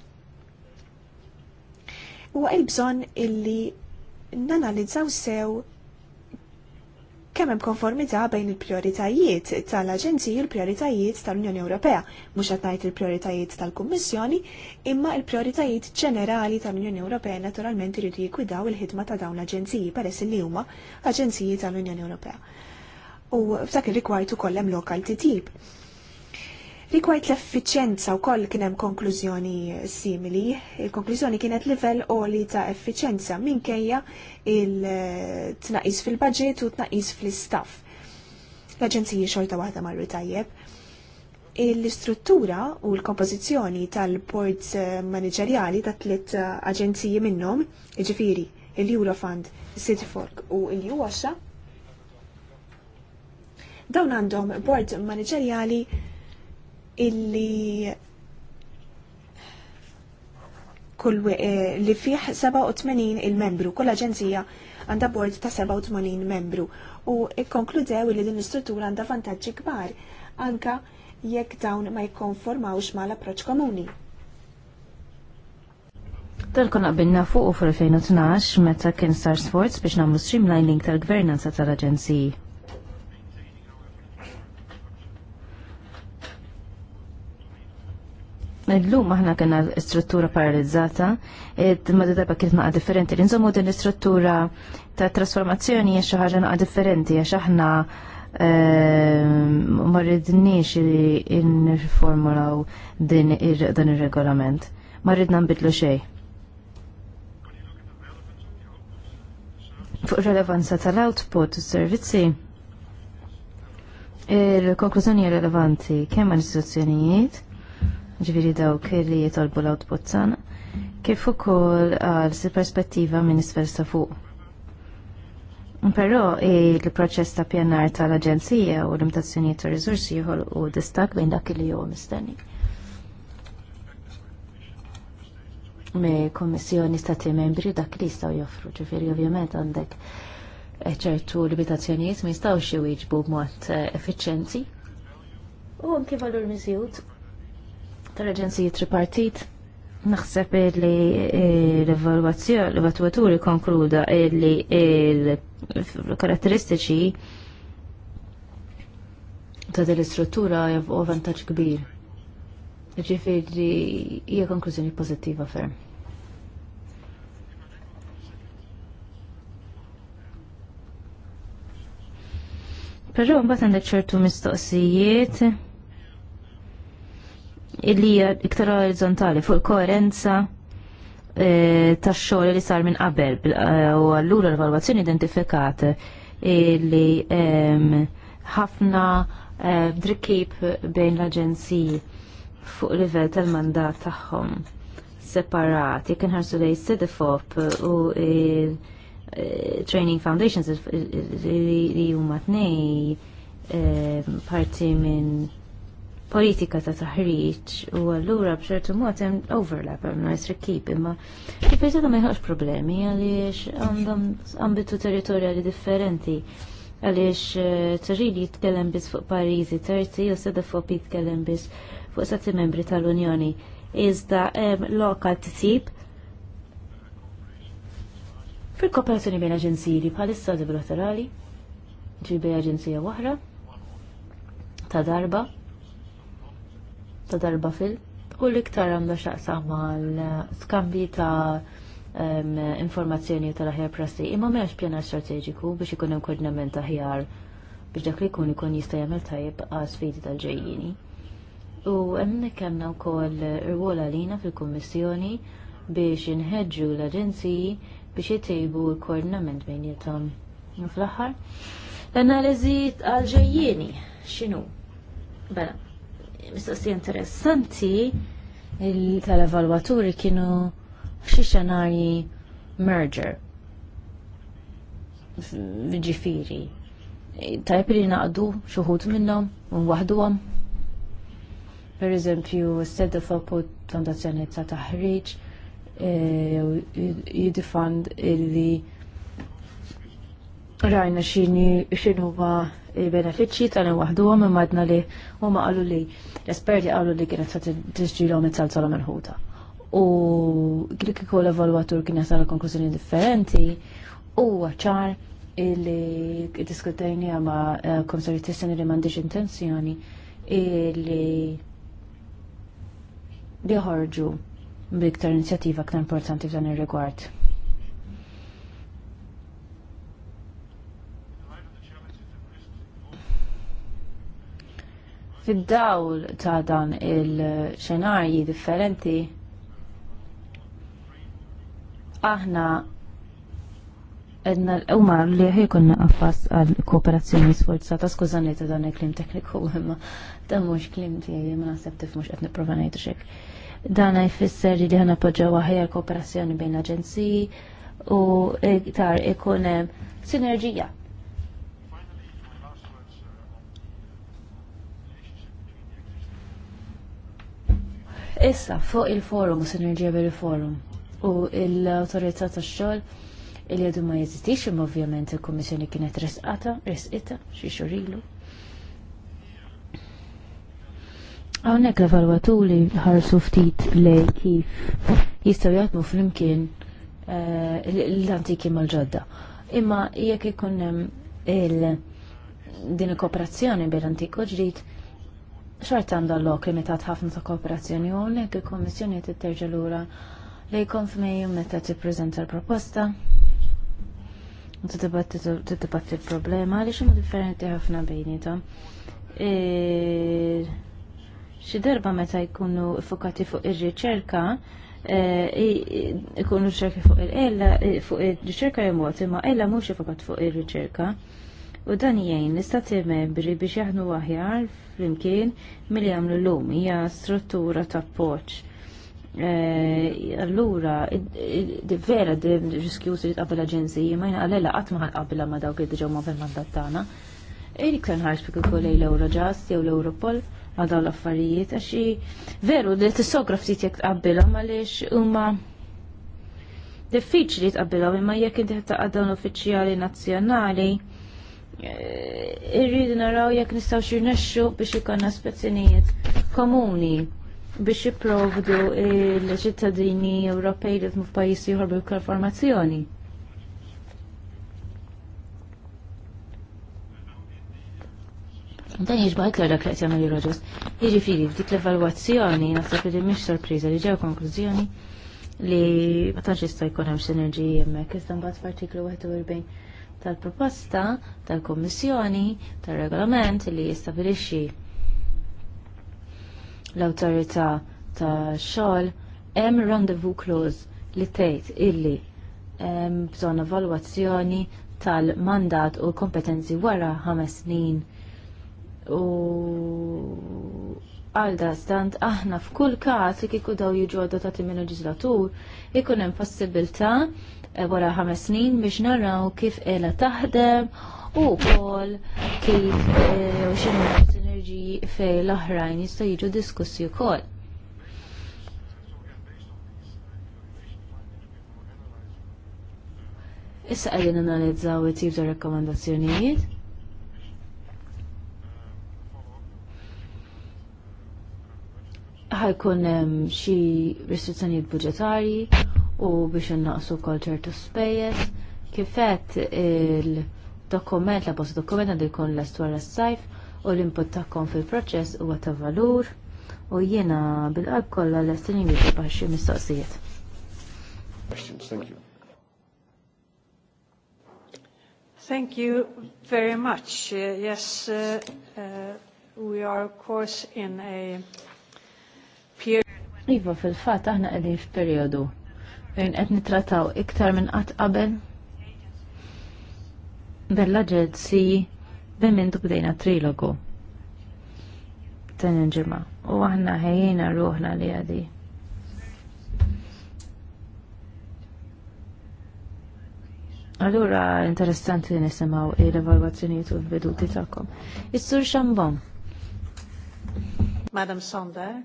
[SPEAKER 3] huwa l-bżonn illi nanalizzaw sew kemm hemm konformità bejn il-prioritajiet tal-Aġenziji u l-prioritajiet tal-Unjoni Ewropea, mhux qed ngħid il-prioritajiet tal-Kummissjoni, imma l-prioritajiet ġenerali tal-Unjoni Ewropea naturalment iridu jikwidaw il-ħidma ta' dawn l-Aġenziji peress li huma Aġenziji tal-Unjoni Ewropea. U f'dak ir-rigward ukoll hemm lokal titjib kwajt l-effiċenza u koll kienem konklużjoni simili, il-konklużjoni kienet livell li ta' effiċenza minkejja il-tnaqis fil-budget u tnaqis fil-staff. L-Aġenziji xorta waħda marru tajjeb. L-istruttura u l-kompożizzjoni tal ports eh, manageriali ta' tliet eh, aġenziji minnhom, iġifiri, il-Eurofund, Sidfork u il-Juwasha, dawn għandhom board manageriali illi kull eh, li fih 87 il-membru, kull aġenzija għandha bord ta' 87 membru u ikkonkludew li din l-istruttura għandha vantaġġi kbar anka jekk dawn ma jikkonformawx mal approċċ komuni.
[SPEAKER 4] Dan konna qbilna fuq fil-2012 meta kien sar sforz biex nagħmlu streamlining tal-gvernanza tal-aġenziji. Illum aħna kena struttura paralizzata, id-madu darba kienet naqa differenti, l nżommu din l-istruttura ta' trasformazzjoni hija ħagġa naqqa naqa differenti, għax aħna ehm, ma rridniex formulaw din il ir-regolament. Ma rridna nbidlu xejn. Fuq relevanza tal-output u servizzi, il-konklużjoni relevanti kemm għall-istituzzjonijiet, ġviri dawk li jitolbu l-output sana, kif ukoll għal si perspettiva minn isfel sa fuq. Però il-proċess ta' pjanar tal-Aġenzija u l-imtazzjonijiet ta' riżorsi jħolqu distak bejn dak li huwa mistenni. me komissjoni stati membri dak li jistaw joffru, ġifiri ovvjament għandek eh, ċertu limitazzjonijiet ma jistawx jwieġbu mod eh, effiċjenzi. U anke valur miżjud tal-Aġenziji Tripartit naħseb li eh, l-evalwaturi konkluda li l-karatteristiċi ta' din istruttura jivqu vantaġġ kbir. Ġifiri, hija konklużjoni pożittiva ferm. Però mbagħad għandek ċertu mistoqsijiet illi hija iktar orizzontali fuq koerenza tax xogħol li sar minn qabel u allura l-valwazzjoni identifikat li ħafna drikib bejn l-aġenziji fuq livell tal-mandat tagħhom separat, jekk inħarsu lej Sidifop u Training Foundations li huma tnej parti minn politika ta' taħriġ u allura b'ċertu mod hemm overlap hemm nice keep imma il-pejżata ma jħarx problemi għaliex għandhom ambitu territorjali differenti għaliex eh, Torili jitkellem biss fuq Pariżi terzi u fuq jitkellem biss fuq sati membri tal-Unjoni. Iżda hemm lokal titjib fil-kooperazzjoni bejn aġenziji bħalissa bilaterali ġibi aġenzija waħra ta' darba ta' darba fil u l-iktar għandha xaqsaħ mal-skambi eh, ta' informazzjoni tal-ħjar prassi. Imma m'hemmx pjena strateġiku biex ikun hemm koordinament ħjar biex dak li jkun ikun jista' jagħmel tajjeb għal sfidi tal-ġejjini. U hemmhekk għandna wkoll rwol għalina fil-Kummissjoni biex inħeġġu l-aġenziji biex jitejbu l-koordinament bejnietom. Fl-aħħar, l-analiżi għal ġejjini x'inhu? Bella, mistoqsija interessanti tal-evalwaturi kienu xie xenarji merger ġifiri. Tajb li naqdu xuħud minnom, un għam. Per eżempju, s-sedda fopu fondazzjoni ta' taħriġ, jidifand e, illi rajna xinu ma' il-benefiċċji tal waħduhom imma għadna li huma qalu li l-esperti qalu li kienet se tiġġilhom it-salzolhom il-ħuta. U kien ikun l-evalwatur kien jasal konklużjoni differenti u ċar illi diskutajni għama t tessani li mandiġ intenzjoni illi li ħorġu b'iktar inizjativa ktar importanti f'dan ir-rigward. fid-dawl ta' dan il-xenarji differenti aħna edna l-umma li ħikunna għaffas għal-kooperazzjoni sforzata, skużani ta' dan il-klim tekniku, <laughs> imma dan mux klim tijaj, ma nasib tif mux għetni t xek. Dan jfisser li ħana poġġaw għahja kooperazzjoni bejn l-aġenziji u iktar ikunem sinerġija Issa fuq il-forum u sinerġija bil forum u l-autorità tax-xogħol il jedu ma jeżistix imma ovvjament il-Kummissjoni kienet resqata, resqita xi xurilu. Hawnhekk l li ħarsu ftit li kif jistgħu jaħdmu flimkien eh, l-antiki mal-ġodda. Imma jekk ikun hemm il- din il-kooperazzjoni bil-antiku ġdid xart għandha l-lok limitat ħafna ta' kooperazzjoni u l-ek il-Kommissjoni titterġa lura li jkun f'mejju meta tippreżenta l-proposta u titibatti l-problema li xumma differenti ħafna bejnita. E, xi darba meta jkunu fokati fuq ir-riċerka e, ikunu riċerka fuq il-ella, e, fuq il-riċerka jemot, imma ella mhux fokat fuq ir-riċerka. U dan jgħin l-istati membri biex jaħnu aħjar flimkien milli jagħmlu llum hija struttura ta' appoġġ. E, allura, vera riskjuż li tqabel aġenziji ma jnaqalela qatt ma ħanqabla ma dawk li diġew ma fil-mandat tagħna. Irik kan ħarġ bik ukoll l-Eurojust jew l-Europol għal dawn l-affarijiet għaxi veru li tissogra ftit jekk tqabbilhom għaliex huma diffiċli tqabbilhom imma jekk inti ħadd l uffiċjali nazzjonali irridu naraw jekk nistgħu xirnexxu biex ikonna spezzinijiet komuni biex jipprovdu l-ċittadini Ewropej li tmu f'pajjiż ieħor bil-konformazzjoni. Dan jiġba iktar dak li jagħmel Eurojust. Jiġifieri f'dik l-evalwazzjoni naħseb li mhix sorpriża li ġew konklużjoni li ma tantx jista' jkun hemm sinerġiji hemmhekk iżda mbagħad f'artiklu 41 tal-proposta tal-Kommissjoni tal-Regolament li jistabilixxi l-Awtorità ta' xogħol hemm rendezvous clause li tgħid illi hemm bżonn evalwazzjoni tal-mandat u l kompetenzi wara ħames snin u għal dastant aħna f'kull każ li kieku daw jiġu adottati minn leġislatur ikun hemm possibilità eh, wara ħames snin biex naraw kif qiegħda taħdem u wkoll kif eh, x'inhu sinerġiji fej l-oħrajn jista' jiġu diskussi wkoll. Issa għedin analizzaw it-tip ta' rakkomandazzjonijiet ħajkun hemm xi restrizzjonijiet budġetarji u biex innaqsu wkoll ċertu spejjeż kif qed il-dokument la bosta dokument għandu jkun lest wara s-sajf u l-input tagħkom fil-proċess huwa ta' valur u jiena bil-qalb l lest injuri biex xi mistoqsijiet.
[SPEAKER 1] Thank you very much. Uh, yes, uh, uh, we are of course in a
[SPEAKER 4] Iva fil-fat aħna qegħdin f'perjodu fejn qed nitrataw iktar minn qatt qabel bella ġedsi aġenziji bimmintu bdejna trilogu tan ġimgħa u aħna ħejjina ruħna li għadi. Allura, interessanti nisimaw l-evalwazzjoniet u l-veduti tagħkom. Is-sur Xambon.
[SPEAKER 1] Madam Sonder.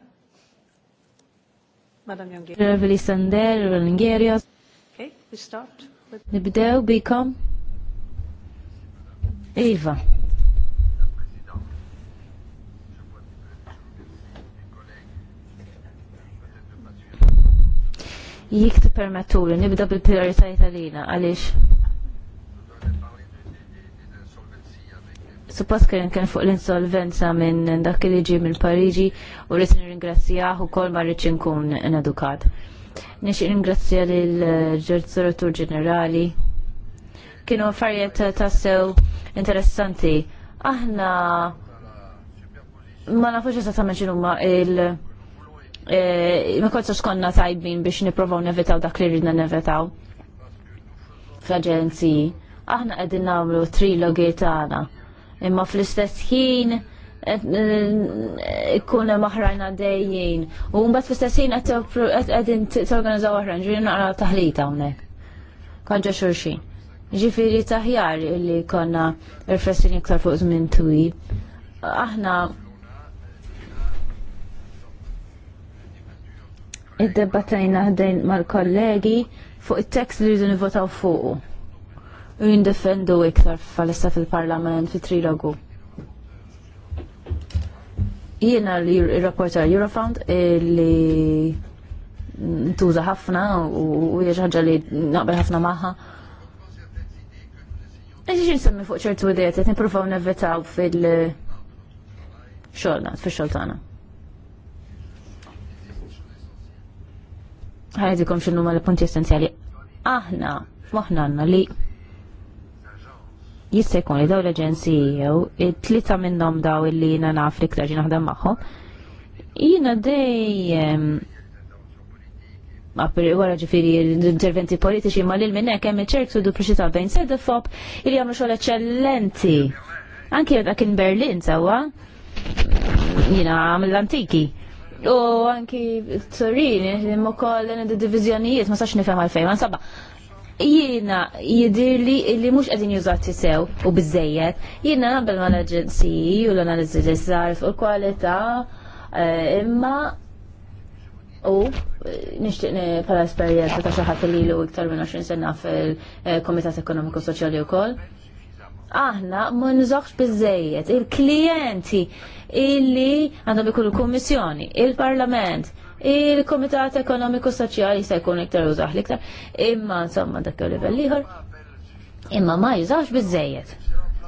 [SPEAKER 1] Madam Jongerius. Reveli Sander,
[SPEAKER 4] Reveli
[SPEAKER 1] Okay, we start. Nibdew
[SPEAKER 4] bikom. Iva. Jik permetturi, nibda bil prioritajt għalina, għalix suppost kien kien fuq l-insolvenza minn dak li ġi minn Pariġi u rrid nirringrazzjah ukoll ma rridx inkun edukat. Nix ringrazzja lil ġurzuratur ġenerali. Kienu affarijiet tassew interessanti. Aħna ma nafux eżatt għamil e, ma il- ma kolta xkonna tajbin biex niprofaw nevetaw dak li rridna nevetaw fl-aġenziji aħna għedin namlu trilogi tagħna imma fl-istess ħin e, ikkun oħrajn għaddejjin U mbagħad fl-istess ħin qegħdin torganizzaw oħrajn, ġiri naqra taħlita hawnhekk. Konġa xurxin. Ġifieri taħjar li konna rifressin iktar fuq żmien twil. Aħna id-debattajna ħdejn mal-kollegi fuq it-tekst li rridu nivotaw fuqu u jindefendu iktar falissa fil-parlament fit trilogu. Jiena l-rapporter Eurofound eh, li ntuża ħafna u jieġħagġa li naqbel ħafna maħħa. Iġiġi nsemmi fuq ċertu idejiet, qed nippruvaw nevitaw fil-xogħolna, fix-xogħol tagħna. xinnu ma l-punti essenzjali. Aħna, maħna għandna li jista' jkun li daw l-aġenziji jew it-tlieta minnhom daw illi jiena naf li ġi naħdem magħhom. Jiena dejjem għapri għara ġifiri interventi politiċi ma lil minnek hemm iċertu dupliċità bejn sedefop il jagħmlu xogħol eċċellenti. Anki dak in Berlin sewwa jiena għamil antiki U anki Torin, hemm ukoll divizjonijiet ma sax nifhem għalfejn, ma sabba jiena jidirli li mhux qegħdin jużati sew u bizzejet, Jiena naqbel mal aġenziji u l-analiżi li sar fuq kwalità eh, imma u eh, nixtieq bħala esperjenza ta' xi ħadd l-u iktar minn 20 sena fil-Kumitat eh, Ekonomiku Soċjali wkoll aħna ma nżoħx bizzejet, il-klienti illi għandhom ikunu komissjoni il-parlament, il-Komitat Ekonomiku Soċjali se jkun iktar użaħ liktar, iktar imma insomma dak il-livell ieħor, imma ma jużax biżejjed.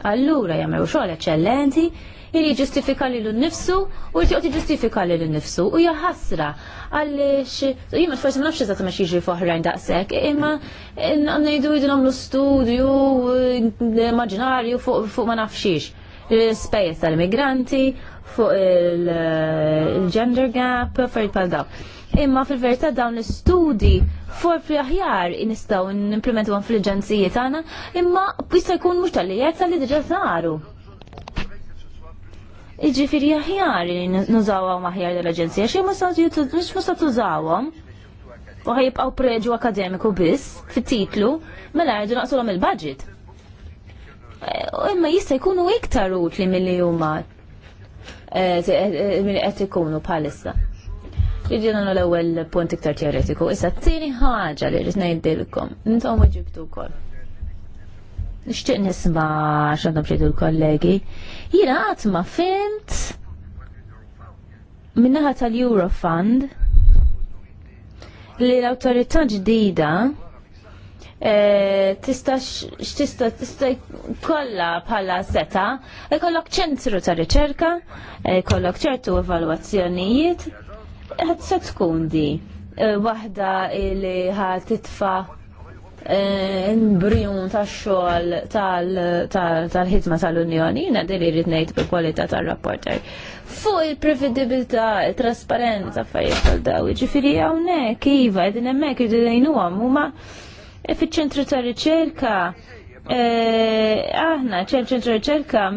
[SPEAKER 4] Allura jagħmlu xogħol eċċellenti, iri ġustifika li l-nifsu u li tiqti ġustifika li l-nifsu u jaħasra għallix jimma forse ma nafx eżatt ma xiġri foħrajn daqshekk imma ngħidu jidu nagħmlu studju immaġinarju fuq ma nafxiex l-spejjeż tal-immigranti fuq il-gender eh, gap, affarijiet bħal dawn. Imma fil-verità dawn l-istudji forsi aħjar nistgħu implementu għan fil-ġenzijiet tagħna, imma jista' jkun mhux tal-lijiet tal-li diġà saru. Iġifieri aħjar li nużawhom aħjar dal-aġenzija, xi mhux mhux tużawhom u ħajibqaw preġu akademiku biss fit-titlu mela jridu naqsulhom il-budget. Eh, imma jista' jkunu iktar utli milli huma minn qed ikunu bħalissa. nagħmlu l-ewwel punt iktar teoretiku. Issa t-tieni ħaġa li rrid ngħidilkom. Intom ġibtu wkoll. Nixtieq nisma' x'għandhom xejdu l-kollegi. Jiena qatt ma fint minnaħa tal-Eurofund li l-awtorità ġdida Eh, tista x'tista tista kollha bħala seta, ikollok ċentru ta' riċerka, eh, ikollok ċertu evalwazzjonijiet, għad se tkun di eh, waħda li ħad titfa' n-brjun ta' xol tal-ħidma tal-Unjoni, jina dili rritnejt bil-kualita tal-rapporter. Fu il-prevedibilta, il-trasparenza, fajja tal-daw, ġifiri għawnek, kiva, id-nemmek, id-dajnu għam, ma' fiċ-ċentru ta' riċerka. Eh, aħna, ċentru ta' riċerka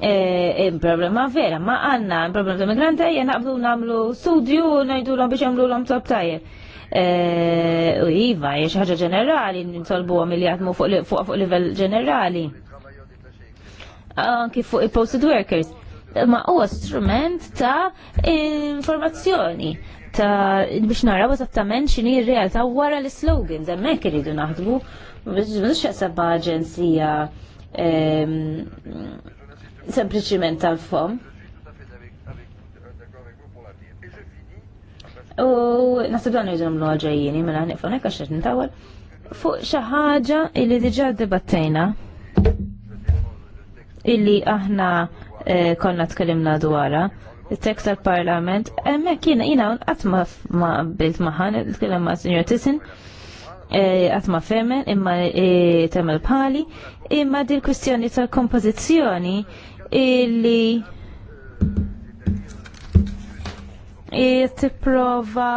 [SPEAKER 4] eh, problema vera, ma għanna problema ta' migranta, ejja naqblu nagħmlu studju eh, u ngħidulhom biex jgħamlu l għom top tajjeb. U jiva, jiex xaħġa ġenerali, nintolbu għom li jgħatmu fuq livell ġenerali. Anki fuq il-posted workers ma huwa strument ta' informazzjoni ta' biex naraw eżattament xini r-realtà wara l-slogans hemmhekk iridu naħdbu, biex xaqsab aġenzija ehm, sempliciment tal-fom. U nasib dan jizum l-ħagġajjini, mela niqfu nekka xet nitawel, fuq xaħġa illi diġa dibattejna, illi aħna eh, konna tkellimna dwarha il-tekst tal-parlament, emmek jina jina għatma ma bilt maħan, il-kellem ma' Signor Tisin, e, għatma femen, imma e, temel pali, imma din kwistjoni tal-kompozizjoni illi jittiprova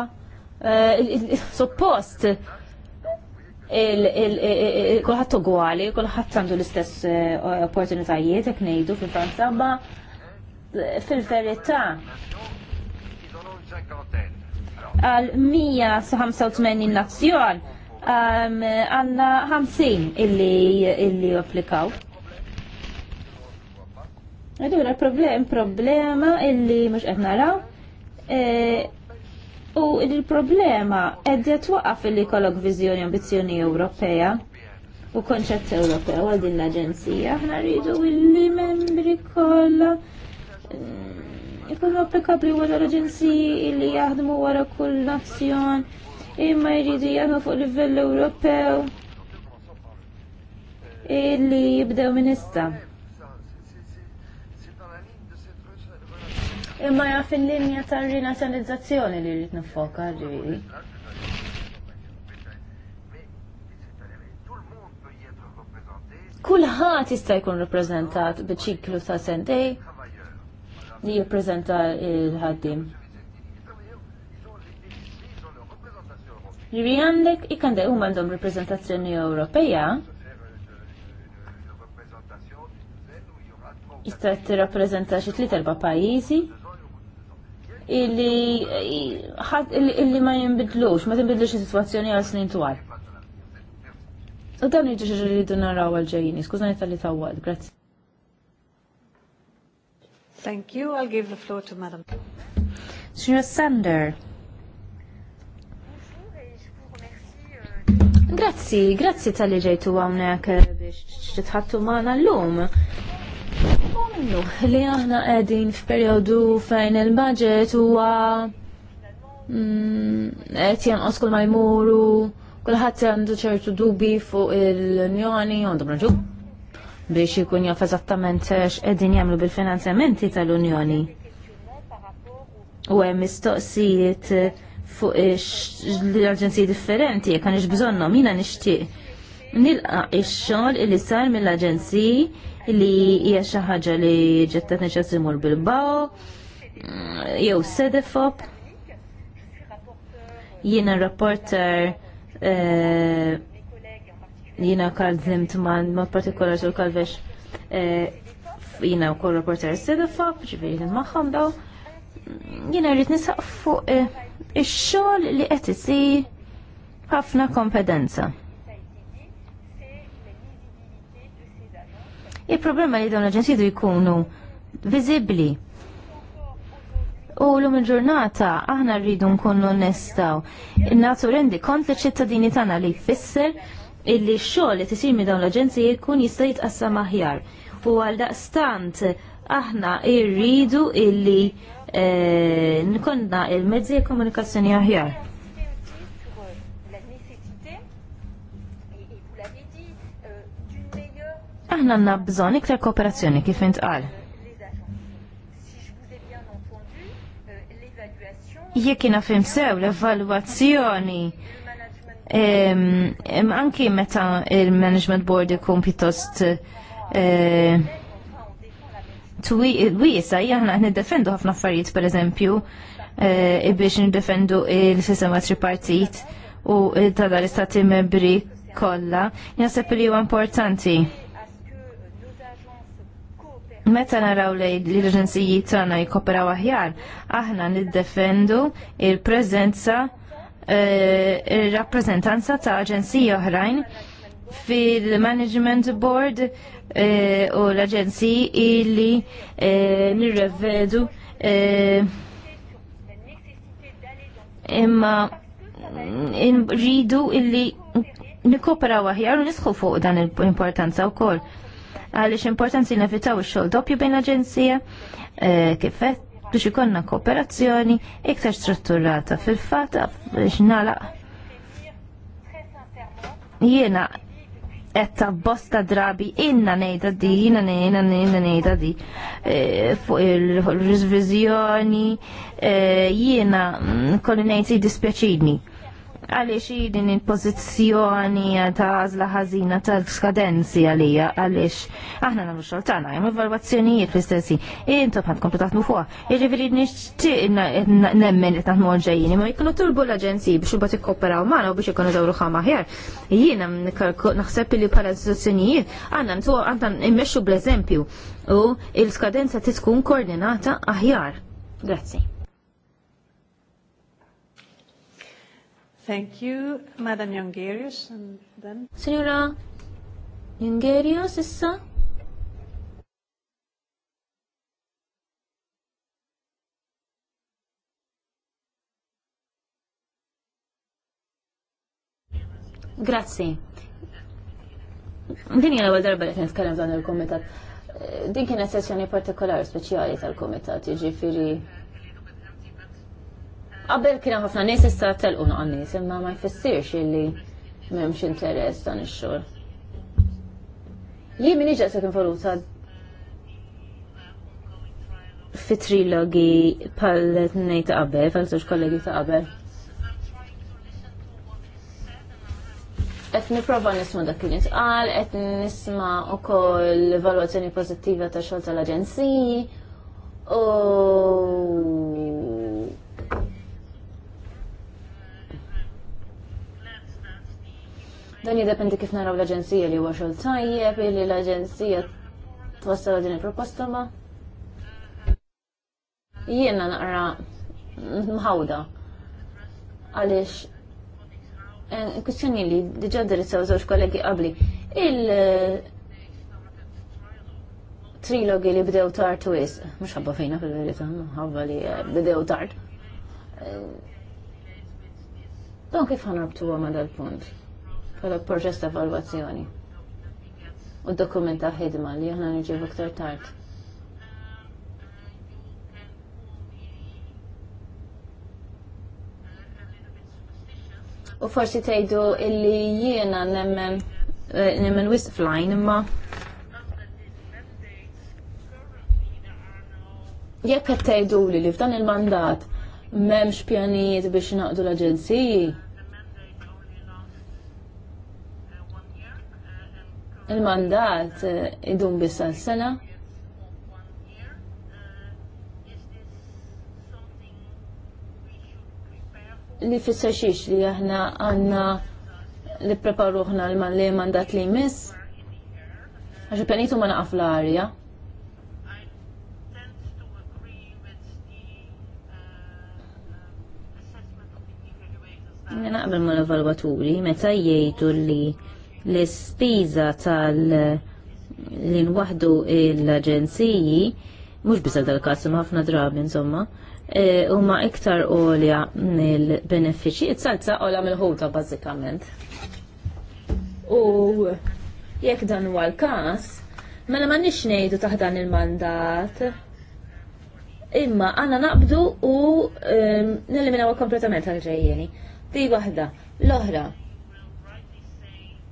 [SPEAKER 4] e, suppost kulħadd ugwali, kulħadd għandu l-istess opportunitajiet jekk ngħidu fil-Franza, ma' fil-verità għal 185 nazzjon għanna 50 illi illi applikaw. Allura problem problema illi mhux qed naraw. E, u il-problema qed jitwaqaf illi kollok viżjoni ambizzjoni Ewropea u konċett Ewropea u din l-Aġenzija. Aħna rridu illi membri kollha ikunu applikabli wara l-aġenziji li jaħdmu wara kull nazzjon imma jridu jaħdmu fuq livell Ewropew illi jibdew minn issa.
[SPEAKER 5] Imma jaf il-linja
[SPEAKER 4] tar rinazjonizzazzjoni li rrid nifoka ġifieri. Kulħat jista' jkun rappreżentat biċiklu ta' sentej li jippreżenta il-ħaddim. Ġiri għandek ikande u mandom reprezentazzjoni Ewropeja, jista' tirrappreżenta xi tliet erba' pajjiżi illi ma jinbidlux, ma tinbidlux is-sitwazzjoni għal snin twal. U dan jiġri li naraw għal ġejjini, skużani tal-li tawwad, grazzi.
[SPEAKER 1] Thank you. I'll give the floor to Madam.
[SPEAKER 4] Signor Sander. Grazzi, grazzi tal-li ġejtu għawnek eh, biex titħattu maħna l-lum. Umnu, li aħna għedin f'periodu fejn il-budget u mm, qed janqos kull majmuru jmuru, kulħadd għandu ċertu dubi fuq il-Unjoni għandhom mraġu biex ikun jaf eżattament x'qegħdin jagħmlu bil-finanzjamenti tal-Unjoni. U hemm mistoqsijiet fuq l-aġenziji differenti jekk għaniex bżonnhom jiena nixtieq nilqa' ix-xogħol li sar mill-aġenziji li hija xi ħaġa li qed neċessimur bil-baw jew sedefop jiena rapporter eh, jina Karl man ma partikolar sur Kalvex, eh, jina u kol reporter s-sedafa, ġviri maħħam daw, jina rrit nisaq fuq eh, il-xol li qed isir ħafna kompetenza. Il-problema li dawn l du jkunu viżibbli. U l-lum il-ġurnata aħna rridu nkunu nistaw. Natu rendi kont li ċittadini tagħna li jfisser illi x li tisir minn dawn l-aġenziji jkun jista' jitqassam aħjar. U għal daqstant aħna irridu illi eh, nkonna il-mezzi komunikazzjoni aħjar. Aħna għanna bżon iktar kooperazzjoni kif intqal. Jekk jiena fim sew l evaluazzjoni anki meta il-management board ikun pjuttost eh, wiesa jahna niddefendu ħafna affarijiet per eżempju eh, biex niddefendu il-sistema tripartit u tada l-istati membri kollha jaħseb li huwa importanti meta naraw li l-ġenziji tagħna jkoperaw aħjar, aħna niddefendu il-preżenza Eh, rappresentanza ta' aġenziji oħrajn fil-Management Board eh, u l-aġenziji illi eh, nirrevedu imma rridu illi nikopera aħjar u nisħu fuq dan l-importanza wkoll. Għaliex importanti nevitaw ix-xogħol doppju bejn l-aġenzija kifet biex ikonna kooperazzjoni iktar strutturata fil-fata biex nala. Jiena qed bosta drabi inna ngħidha di, inna ngħidha inna ngħidha di e, fuq il rizvizjoni e, jiena mm, kolli ngħid dispjaċini għaliex i din il-pożizzjoni ta' għażla ħażina ta' skadenzi għalija għaliex aħna nagħmlu xogħol tagħna hemm evalwazzjonijiet fl-istessi. Intom ħadkom taħdmu fuqha. Jiġifieri nixtieq nemmen li taħdmu ġejjin, ma jkunu turbu l-aġenziji biex imbagħad ikkoperaw magħna u biex ikunu żewru ħam aħjar. Jiena naħseb li bħala istituzzjonijiet għandna ntu għandna immexxu bl-eżempju u l-skadenza tkun koordinata aħjar. Grazzi.
[SPEAKER 1] Thank you, Madam Jungerius. and then... Signora Jungerius, issa?
[SPEAKER 4] Grazzi. Din hija għal darba li qed nitkellem dan il komitat eh, Din kienet sessjoni partikolari speċjali tal-kumitat, jiġifieri Qabel kien ħafna nies issa telqu noqgħod nies, imma ma jfissirx illi m'hemmx interess dan ix-xogħol. Jien min iġaq kien voluta fi trilogi pal ngħid ta' qabel, pal żewġ kollegi ta' qabel. Qed nipprova nisma' dak kien jitqal, qed nisma' ukoll evalwazzjoni pożittiva ta' xogħol tal-aġenziji u Dan jidependi kif naraw l-Aġenzija li huwa xogħol tajjeb li l-Aġenzija twassal din il-proposta ma. Jiena naqra mħawda għaliex eh, kwistjoni li diġà dirizzaw żewġ kollegi qabli. Il trilogi li bdew tard twis, mhux ħabba fejna fil-verità, ħabba li eh, bdew tard. Eh, Don kif ħanabtu għal dal-punt? kollok proċess ta' evalwazzjoni. u dokumenta ħidma li aħna nirġivu aktar tard. U forsi tgħidu illi jiena nemmen eh, nemmen wisq flajn imma jekk qed tgħiduli li f'dan il-mandat m'hemmx pjanijiet biex naqdu l-aġenziji, il-mandat eh, idum bissa l-sena. Li fissaxix li aħna għanna li preparuħna l-man li mandat li jmiss. Għaxu pjanitu ma naqaf l-arja. Naqbel ma l-evalwaturi, meta jgħidu li l-ispiża tal- l nwaħdu l-aġenziji, mhux biżgħat dal-każ imma ħafna drabi insomma, e, huma iktar għolja mill-benefiċċji, it-salza għolja mill-ħuta bażikament. U jekk dan huwa l-każ, mela ma nix ngħidu taħdan il-mandat. Imma għanna naqbdu u neliminaw kompletament għal-ġejjeni. Di waħda, l-oħra,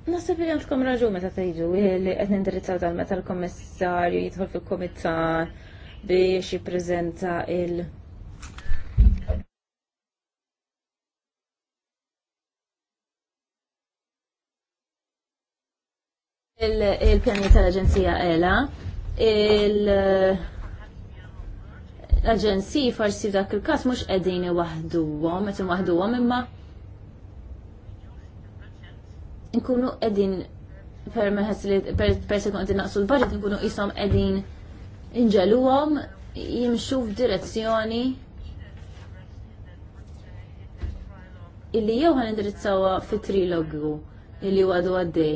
[SPEAKER 4] Nasib li għandkom raġun meta tgħidu eh, li qed nindirizzaw tal meta l kummissarju jidħol fil-kumitat biex jippreżenta il- il-pjani tal-Aġenzija ELA, l-Aġenziji forsi dak il-kas mux edini wahduwom, metin wahduwom imma nkunu edin per meħas li per sekund qegħdin naqsu l-budget nkunu qishom qegħdin inġeluhom jimxu f'direzzjoni illi jew ħan indirizzawa fit trilogu illi għadu għaddej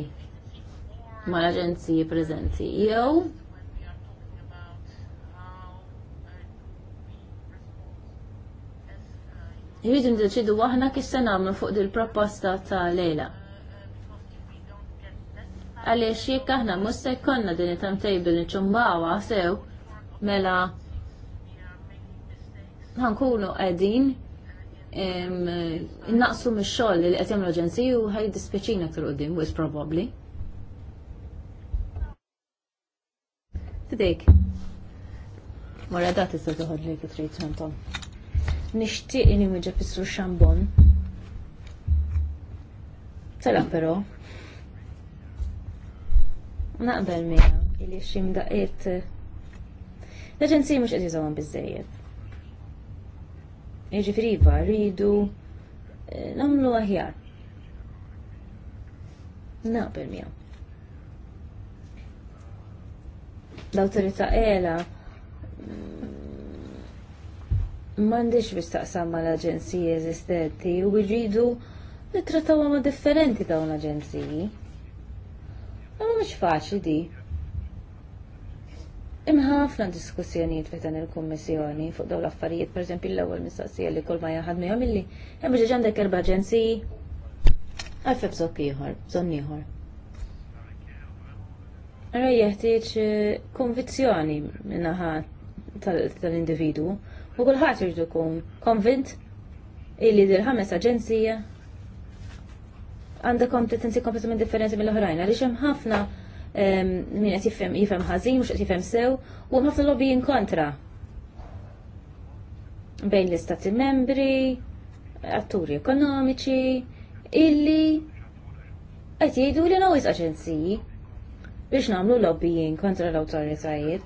[SPEAKER 4] l aġenziji prezenti Jew Jridu nidċidu aħna kif se nagħmlu fuq dil proposta ta' lejla għaliex jekk aħna mhux se jkollna din it-timetable niċċumbawha sew mela ħankunu qegħdin naqsu mix-xogħol li qed jagħmlu ġenzi u ħajdispiċina aktar quddiem wis probabbli. Tidejk. Mora da tista' toħod lejk trid ħantom. Nixtieq inhi wieġeb fissru xambon. Sala però, naqbel miegħu illi mdaqiet eh, l-aġenziji mhux qed jużawhom biżejjed. Jiġifieri rridu eh, nagħmlu aħjar. Naqbel miegħu. L-awtorità qiegħla mm, m'għandix biex taqsam mal-aġenziji eżistenti u jridu nittrattawhom differenti dawn l-aġenziji. Ma mhux faċli di. Imħafna diskussjonijiet fi dan il-kummissjoni fuq dawn l-affarijiet, pereżempju l-ewwel mistoqsija li kull ma jaħad miegħu milli hemm biex għandek erba' aġenziji Għalfe bżokk ieħor, bżonn ieħor. Ara jeħtieġ eh, konvizzjoni minnaħa tal-individu u kulħadd irid ikun konvint illi dil ħames aġenzija għandha kompetenzi kompletament differenti mill-oħrajn għaliex hemm ħafna min qed jifhem ħażin mhux qed jifhem sew u hemm ħafna lobbying kontra bejn l-istati membri, atturi ekonomiċi, illi qed jgħidu li nawis aġenziji biex nagħmlu lobbying kontra l-awtoritajiet.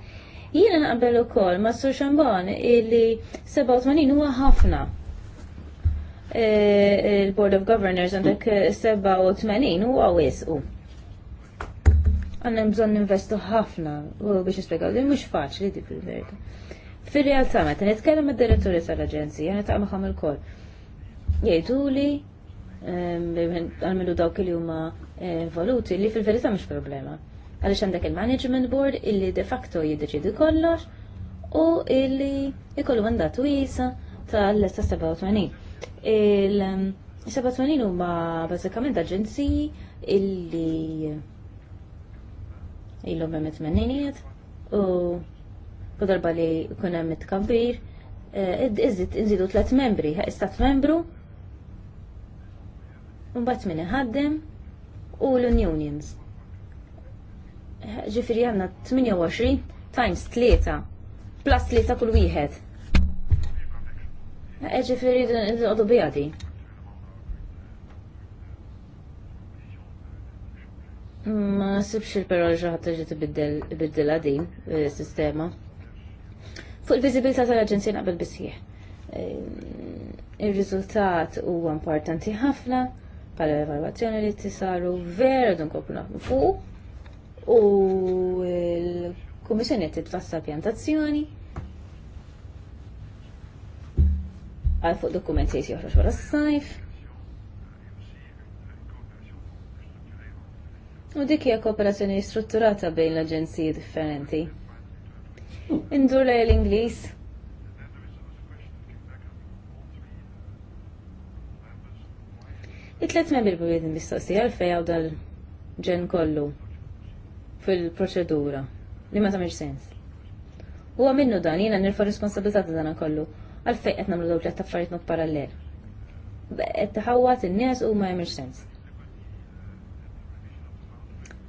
[SPEAKER 4] Jiena naqbel ukoll ma' Sur Xambon illi 87 huwa ħafna Eh, il-Board of Governors għandek 87 eh, u għawisqu. Għanna bżon investu ħafna u biex nispiegaw li mux faċli dik il-verita. Fil-realtà, meta nitkellem id direttori tal-Aġenzija, nitaqma ħam il kol. Jgħidu li ehm, għalmilu dawk li huma eh, voluti, li fil-verità mux problema. Għaliex għandek il-management board illi de facto jiddeċidi kollox u illi ikollu mandatu jisa tal-87. Il-sabatonin um, huma bażikament aġenziji illi ilhom hemm it-tmenninijiet u darba li kun hemm it-tkabbir eh, iżid inżidu tliet membri, istat membru mbagħad min iħaddem u l-unions. Ġifieri għandna 28 times 3 plus 3 kull wieħed Eġifiri eh, d-għodu bijati. Ma sibx il-però ġaħat ġi t-biddela għadin eh, sistema. Fuq il-vizibilità tal-Aġenzija naqbel bisħieħ. Eh, Il-riżultat huwa importanti ħafna bħala evalwazzjoni li tisaru vera dun kopru naħmu fuq u l-Kummissjoni qed titfassa pjantazzjoni għal fuq dokumenti se joħroġ wara s-sajf. U dik hija kooperazzjoni strutturata bejn l-aġenziji differenti. Indur lej l-Ingliż. It-tlet membri b'wieħed mistoqsija għal għaw dal-ġen kollu fil-proċedura li ma tagħmilx sens. Huwa minnu dan jiena nirfa' responsabilità ta' dan kollu għalfejn qed nagħmlu żewġ ta' affarijiet mod parallel. Qed taħawat in-nies u ma jagħmilx sens.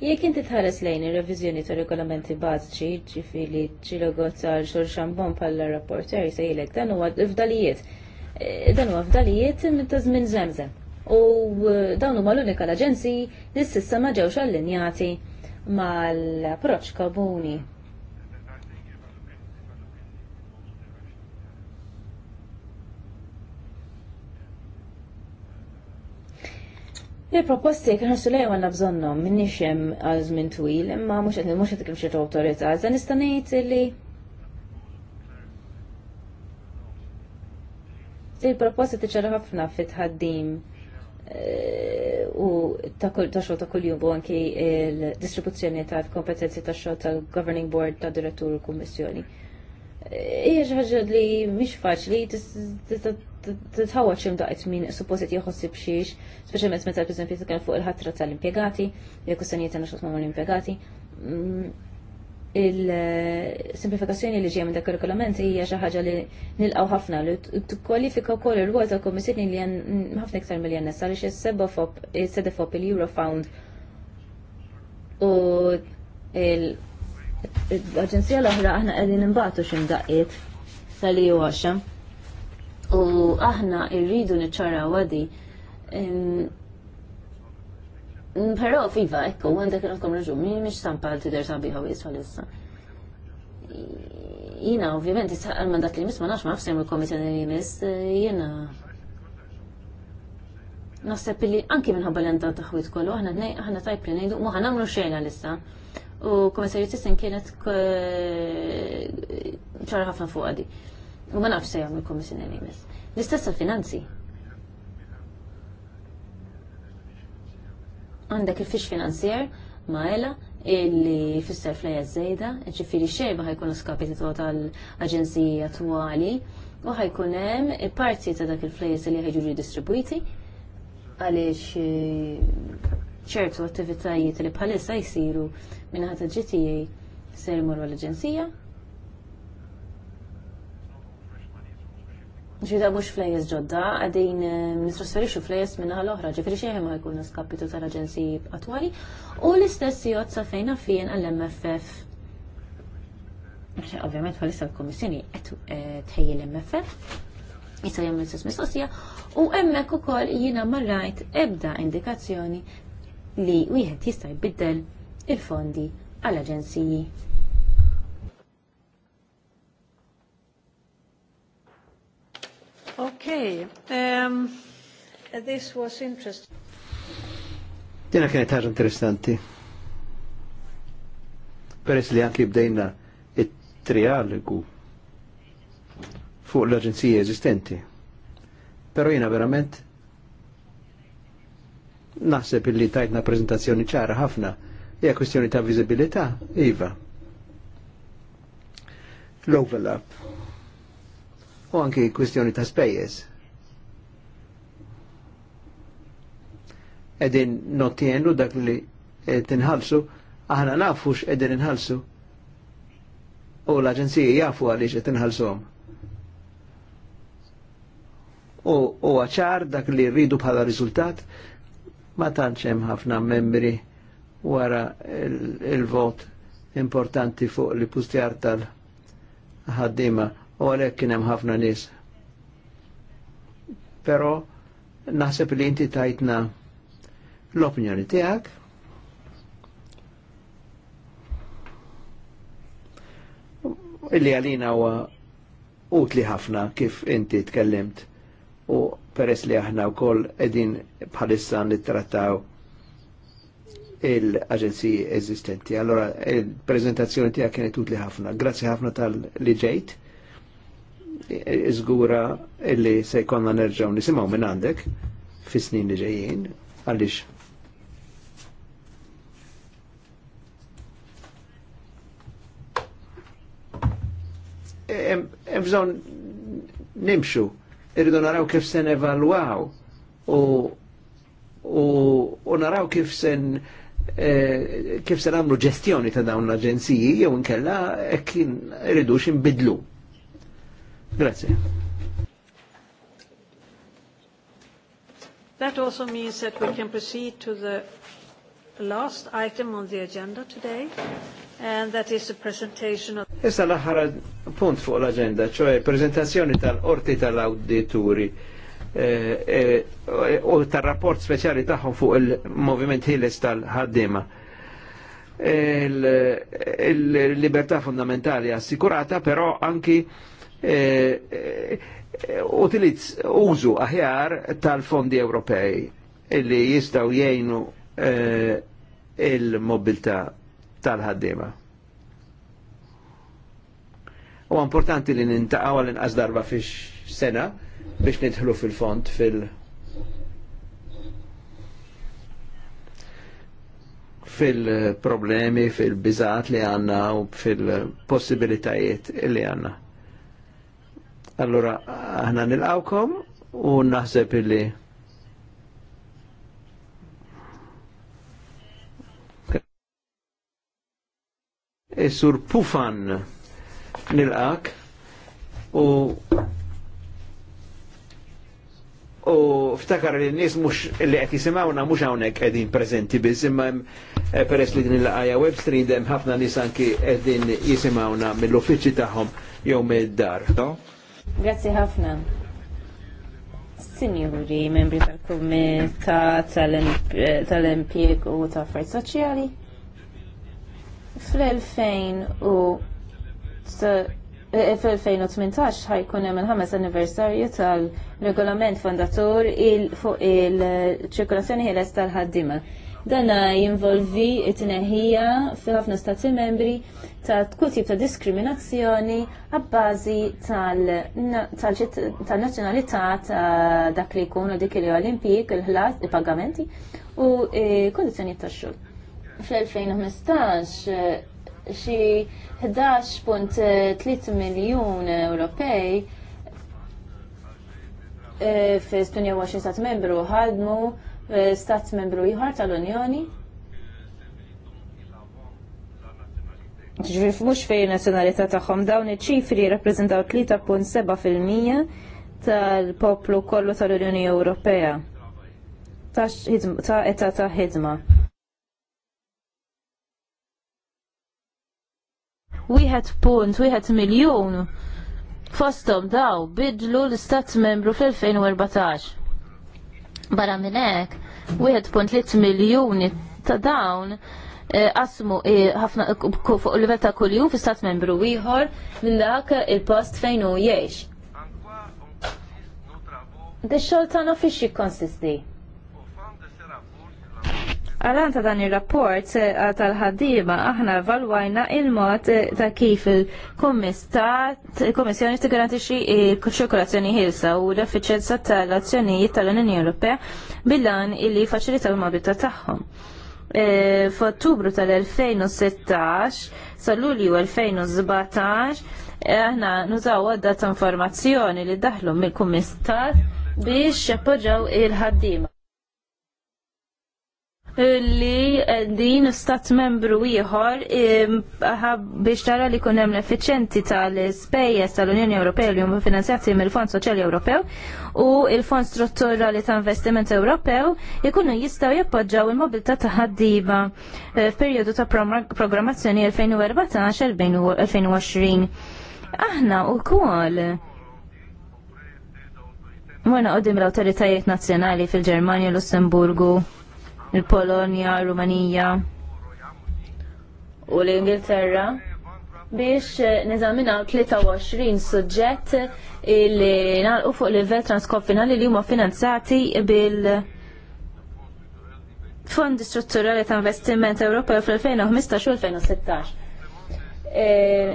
[SPEAKER 4] Jekk inti tħares lejn ir-reviżjoni ta' regolamenti bażiċi, ġifieri ċilogot għal xor xambon bħala rapporter sejlek dan huwa fdalijiet. Eh, dan huwa fdalijiet ta' żmien żemżem. U eh, dawn huma l-unika l-aġenziji li s-sissa ma ġewx allinjati mal-approċċ komuni Il-proposti kħan sulej għanna bżonnom minni xem għal żmien twil, imma mux għed mux għed kif autorita, għazan istanijt li il-proposti tiċċara ħafna fit-ħaddim eh, u ta' xogħol ta' kuljum u anki il distribuzzjoni ta' kompetenzi ta' xogħol tal-Governing Board ta' Direttur u Kummissjoni hija xi ħaġa li mhix faċli tista' titħawwaċ imdaqet min supposit jħossi bxiex, speċjalment meta pereżempju tkellem fuq il-ħatra tal-impjegati, il-kustanijiet għandna x'qosma l impjegati mm, Il-simplifikazzjoni li ġie minn dak ir-regolament hija xi ħaġa li nilqgħu ħafna li tikkwalifika wkoll ir-rwol ta' kummissjoni li hemm ħafna iktar li nisa għaliex is-sebofop il-Eurofound u il- l-Aġenzija l-oħra aħna qegħdin imbagħtu x'imdaqqiet tal u għaxem. U aħna irridu niċċaraw għadi. Mm, però fiva, ekku, għandek għandkom raġun, mi miex stampa tider sabiħa u jiswa issa. Jina, ovvjament, jisħal mandat li ma nax maħfsem nafsem il-komitjoni li mis, jina. Naħseb li anki minħabba l-endat taħwit kollu, aħna tajb li nejdu, ma ħanamlu xejn għal-issa u komissarju Tissen kienet eh, ċara ħafna fuq għadi. U ma nafx se jagħmlu l-Kummissjoni L-istess għal-finanzi. Għandek il-fix finanzjer ma' ela illi fisser flejja żejda, ġifieri xejba ħajkunu skapiti tal-aġenziji attwali u ħajkun hemm parti ta' dak il-flejjes li ħajġu ridistribwiti għaliex eh, ċertu attivitajiet li bħalissa jsiru minnaħat il-ġitijaj ser imorru l-ġenzija. Ġida mux flejes ġodda, għadin eh, nistrasferixu flejes minnaħa l-oħra, ġifiri xieħi ma jkun skapitu tal-ġenziji attwali u l-istess jgħod sa fien għall-MFF. Ovvijament, għalissa l-Komissjoni għet eh, tħejji l-MFF, jisa jgħamil l-istess mistoqsija, u emmek u koll jina marrajt ebda indikazzjoni li wieħed jista' jbiddel il-fondi għal aġenziji
[SPEAKER 1] Okay, um, this was interesting.
[SPEAKER 2] Dina kienet ħaġa interessanti. Peress li għanki bdejna it trialiku fuq l-aġenziji eżistenti. Pero jina verament naħseb illi tajtna prezentazzjoni ċara ħafna Ja kwestjoni ta' viżibilità, iva. L-overlap. U anki kwestjoni ta' spejjeż. Edin notjenu dak li tinħalsu, aħna nafux edin inħalsu. U l aġenzija jafu għaliex qed inħalsuhom. U għacħar dak li rridu bħala riżultat ma tantx hemm ħafna membri wara il-vot importanti fuq li pustjar tal-ħaddima u għalek kienem ħafna nis. Pero naħseb li inti tajtna l-opinjoni tijak illi għalina huwa utli ħafna kif inti tkellimt u peress li aħna u koll edin bħalissa nittrattaw il-aġenziji eżistenti. Allora, il-prezentazzjoni tija kienet utli ħafna. Grazzi ħafna tal-li ġejt. Iżgura illi se nerġaw nisimaw minn għandek fi snin li ġejjin għaliex Mżon nimxu, irridu naraw kif se evalwaw u u, u naraw kif sen Eh, kif se għamlu ġestjoni ta' dawn l-aġenziji jew inkella kien iridux inbidlu. Grazie.
[SPEAKER 1] That also means that we can proceed to the last item on the agenda today, and that is the presentation of...
[SPEAKER 2] Issa l-aħħar punt fuq l-agenda, ċoħe prezentazzjoni tal-orti tal-auditori. tal orti tal auditori u tar-rapport speċjali tagħhom fuq il-moviment ħieles tal-ħaddiema. Il-libertà fundamentali assikurata, però anki eh, eh, utilizz użu aħjar tal-fondi Ewropej illi jistaw jgħinu eh, il-mobilità tal-ħaddiema. U importanti li nintaqaw għal-inqas darba fix sena, biex nidħlu fil-font fil-, fil-problemi, fil-bizat li għanna u fil-possibilitajiet li għanna. Allora, nil għawkom u naħseb li Isur e Pufan nil-għak u u ftakar li n-nis mux li għet jisimawna mux għawnek edin prezenti biz imma eh, peress li din il-għaja web stream ħafna nis anki edin jisimawna mill-uffiċi taħħom jew mid-dar.
[SPEAKER 4] Grazie ħafna. Sinjuri, membri tal-Kumitat eh, tal-Impjeg u ta' Affarijiet Soċjali. Fl-2000 u Eh, eh, fil-2018 ħajkun hemm il-ħames anniversarju tal-regolament fondatur fuq il-ċirkolazzjoni ħeles tal-ħaddima. Dana jinvolvi it-tneħija fil-ħafna stati membri ta' kull tip ta' diskriminazzjoni għabbażi tal-nazzjonalità ta' dak li jkunu dik li olimpijek, il-ħlas, il-pagamenti u eh, kondizjoni ta' xogħol. Fl-2015 xi 11.3 miljun Ewropej eh, fl-28 stat membru ħadmu eh, stat membru ieħor tal-Unjoni. Ġifir mhux fejn nazzjonalità tagħhom dawn iċ-ċifri jirrappreżentaw 3.7% tal-poplu kollu tal-Unjoni Ewropea ta' età ta' ħidma. wieħed punt wieħed miljun fostom daw bidlu l-istat membru fl-2014. Barra minn hekk, 1.3 miljuni ta' dawn eh, qasmu eh, ħafna eh, fuq livell ta' kuljum fi stat membru ieħor minn dak il-post fejn hu jgħix. Dix-xogħol tagħna fiex jikkonsisti. Għalan ta' dan il-rapport eh, tal-ħaddima aħna valwajna il-mod eh, ta' kif il-Kommissjoni t-garantixi il-ċirkolazzjoni ħilsa u l-effiċenza tal-azzjonijiet tal-Unjoni Ewropea bilan illi faċilita l-mobilità tagħhom. Eh, F'Ottubru tal-2016 sa Lulju 2017 aħna nużaw għadda ta' informazzjoni li daħlu mill kummistat biex jappoġġaw il-ħaddima li eh, din stat membru ieħor eh, biex tara li kun hemm l-effiċenti tal-ispejjeż tal-Unjoni Ewropea li huma finanzjati mill-Fond Soċjali Ewropew u il-Fond Strutturali ta' Investiment Ewropew ikunu jistgħu jappoġġaw il-mobilità ta' ħaddiba eh, f'perjodu ta' programmazzjoni 2014-2020. Aħna wkoll Mwena qoddim l-autoritajiet nazzjonali fil-Ġermanja, Lussemburgu, il-Polonja, Rumanija u l-Ingilterra biex eh, nizamina 23 suġġett li nalqu fuq livell transkoffinali li huma finanzati bil Fondi Strutturali ta' Investiment Ewropew fl-2015 u 2016. Eh,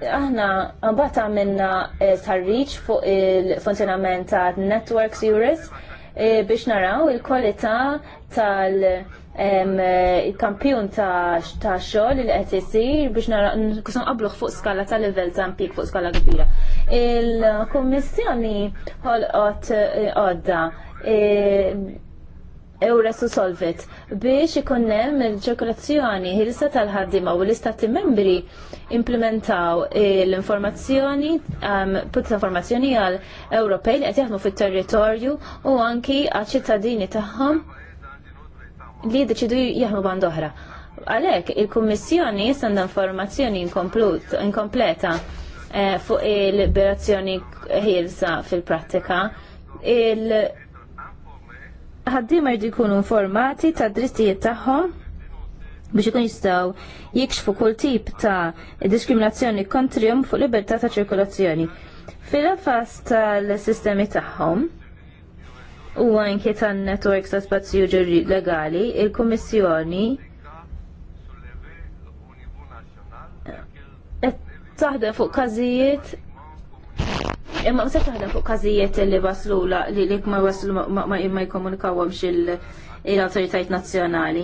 [SPEAKER 4] aħna għabata minna eh, tarriċ fuq il-funzjonament ta' Networks Euris Eh, biex naraw il-kwalità tal-kampjun eh, ta' xogħol il qed isir biex naraw nkunu qabluh fuq skala ta' livell ta' impjieg fuq skala kbira. Il-Kummissjoni ħolqot eh, għodda Ewra su Solvit biex ikun hemm il-ċirkolazzjoni ħilsa tal-ħaddiema u l-istati membri implementaw l-informazzjoni um, put informazzjoni għal Ewropej li qed jaħdmu fit-territorju u anki għal ċittadini tagħhom li jiddeċidu jaħmu band oħra. Għalhekk il-Kummissjoni għandha informazzjoni inkompleta eh, fuq il-liberazzjoni ħilsa fil-prattika il ħaddiema jridu jkunu informati ta' drittijiet tagħhom biex ikun jistgħu jikxfu kull tip ta' diskriminazzjoni kontrihom fuq libertà ta' ċirkolazzjoni. Fil-affas tal-sistemi tagħhom u anke tan-networks ta' spazju ġurri legali, il-Kummissjoni taħdem fuq każijiet Imma ma taħdem fuq każijiet li waslula li ma waslu ma jkomunikawhomx l-awtoritajiet nazzjonali.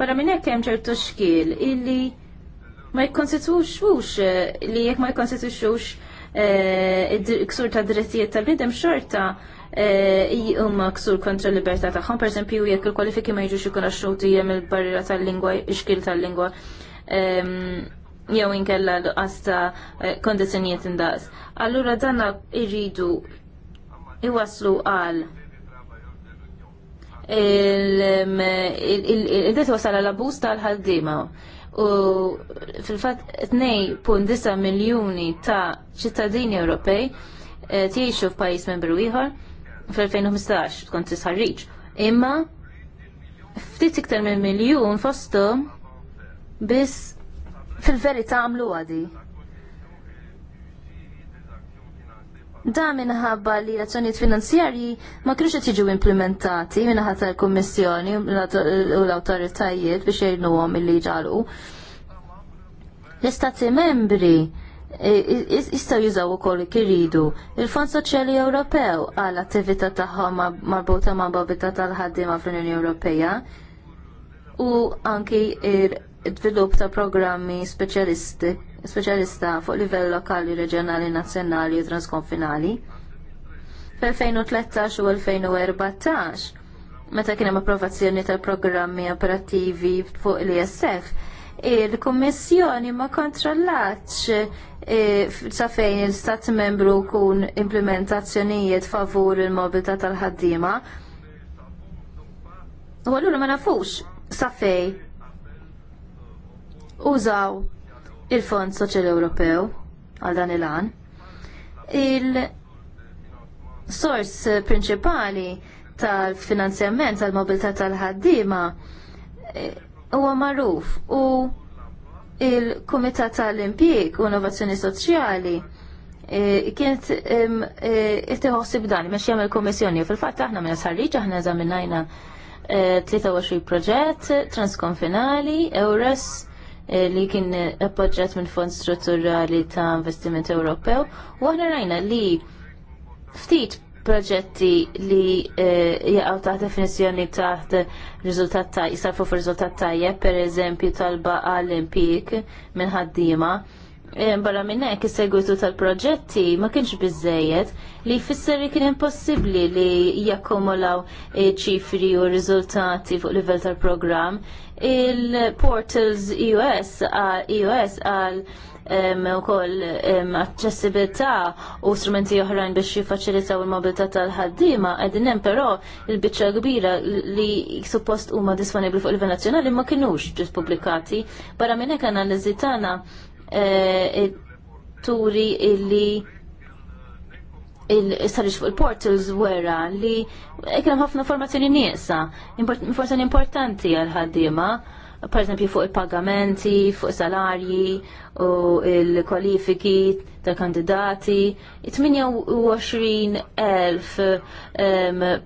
[SPEAKER 4] para minn hekk hemm ċertu xkiel illi ma jikkonstituxux li jekk ma jikkonstituxux eh, ksur ta' drittijiet tal-bnidem xorta eh, huma ksur kontra l-libertà tagħhom, pereżempju jekk il-kwalifiki ma jiġux ikonoxxuti hemm il-barriera tal-lingwa, ix-xkil tal-lingwa ehm, jew inkella l-qas ta' eh, kondizjonijiet indaqs. Allura danna irridu iwaslu għal il-det wasal għal abus tal-ħaddima u fil-fat 2.9 miljoni ta' ċittadini Ewropej eh, tiexu f'pajis membru ieħor fil 2015 tkun tisħarriċ. Imma ftit iktar minn miljun fostom biss fil-verità għamlu għadi. Da minħabba li l-azzjonijiet finanzjarji ma kienux qed jiġu implementati minħat tal-Kummissjoni u l-awtoritajiet biex jgħinuhom li ġalqu. L-Istati membri e, e, e, jistgħu jużaw ukoll kiridu. Il-Fond Soċjali Ewropew għal attività tagħhom marbuta ma' bobita tal-ħaddiema fl-Unjoni Ewropea u anki id-vilup ta' programmi speċjalisti speċjalista fuq livell lokali, reġjonali, nazzjonali u transkonfinali. F'2013 u 2014, meta kien hemm approvazzjoni tal-programmi operattivi fuq l-ISF, il-Kummissjoni ma kontrollatx e, sa fejn il-Stat membru kun implementazzjonijiet favur il-mobilità tal-ħaddiema. U allura ma nafux sa fejn użaw il-Fond Soċjali Ewropew għal dan il-għan. Il-sors prinċipali tal-finanzjament tal-mobilità tal-ħaddiema eh, huwa magħruf u il-Kumitat tal-Impjieg u Innovazzjoni Soċjali eh, kienet eh, ittiħossib dan biex jagħmel Kummissjoni. Fil-fatt aħna minn sarriġ aħna eżaminajna 23 proġett transkonfinali, EURES, Eh, li kien appoġġjat minn Fond Strutturali ta' Investiment Ewropew u aħna rajna li ftit proġetti li eh, jaqgħu taħt definizjoni taħt riżultat ta' jisarfu f'riżultat tajjeb, pereżempju talba għall impik minn ħaddiema. Eh, barra minn hekk is-segwitu tal-proġetti ma kienx biżejjed li jfisser li kien impossibbli li jakkumulaw ċifri u riżultati fuq livell tal-programm il-portals EOS EOS għal u koll accessibilità u strumenti oħrajn biex jiffaċilitaw il-mobilità tal-ħaddima, għedinem hemm però il-biċċa kbira li suppost huma disponibbli fuq il-livell nazzjonali ma kinux ġis pubblikati. Barra minn hekk analiżi tagħna eh, turi illi il-sarriċ fuq il-portals wera li eh, kienem ħafna informazzjoni nieqsa, informazzjoni importanti għal-ħaddima per esempio fuq il-pagamenti, fuq salarji u il-kwalifiki tal-kandidati, 28.000 eh,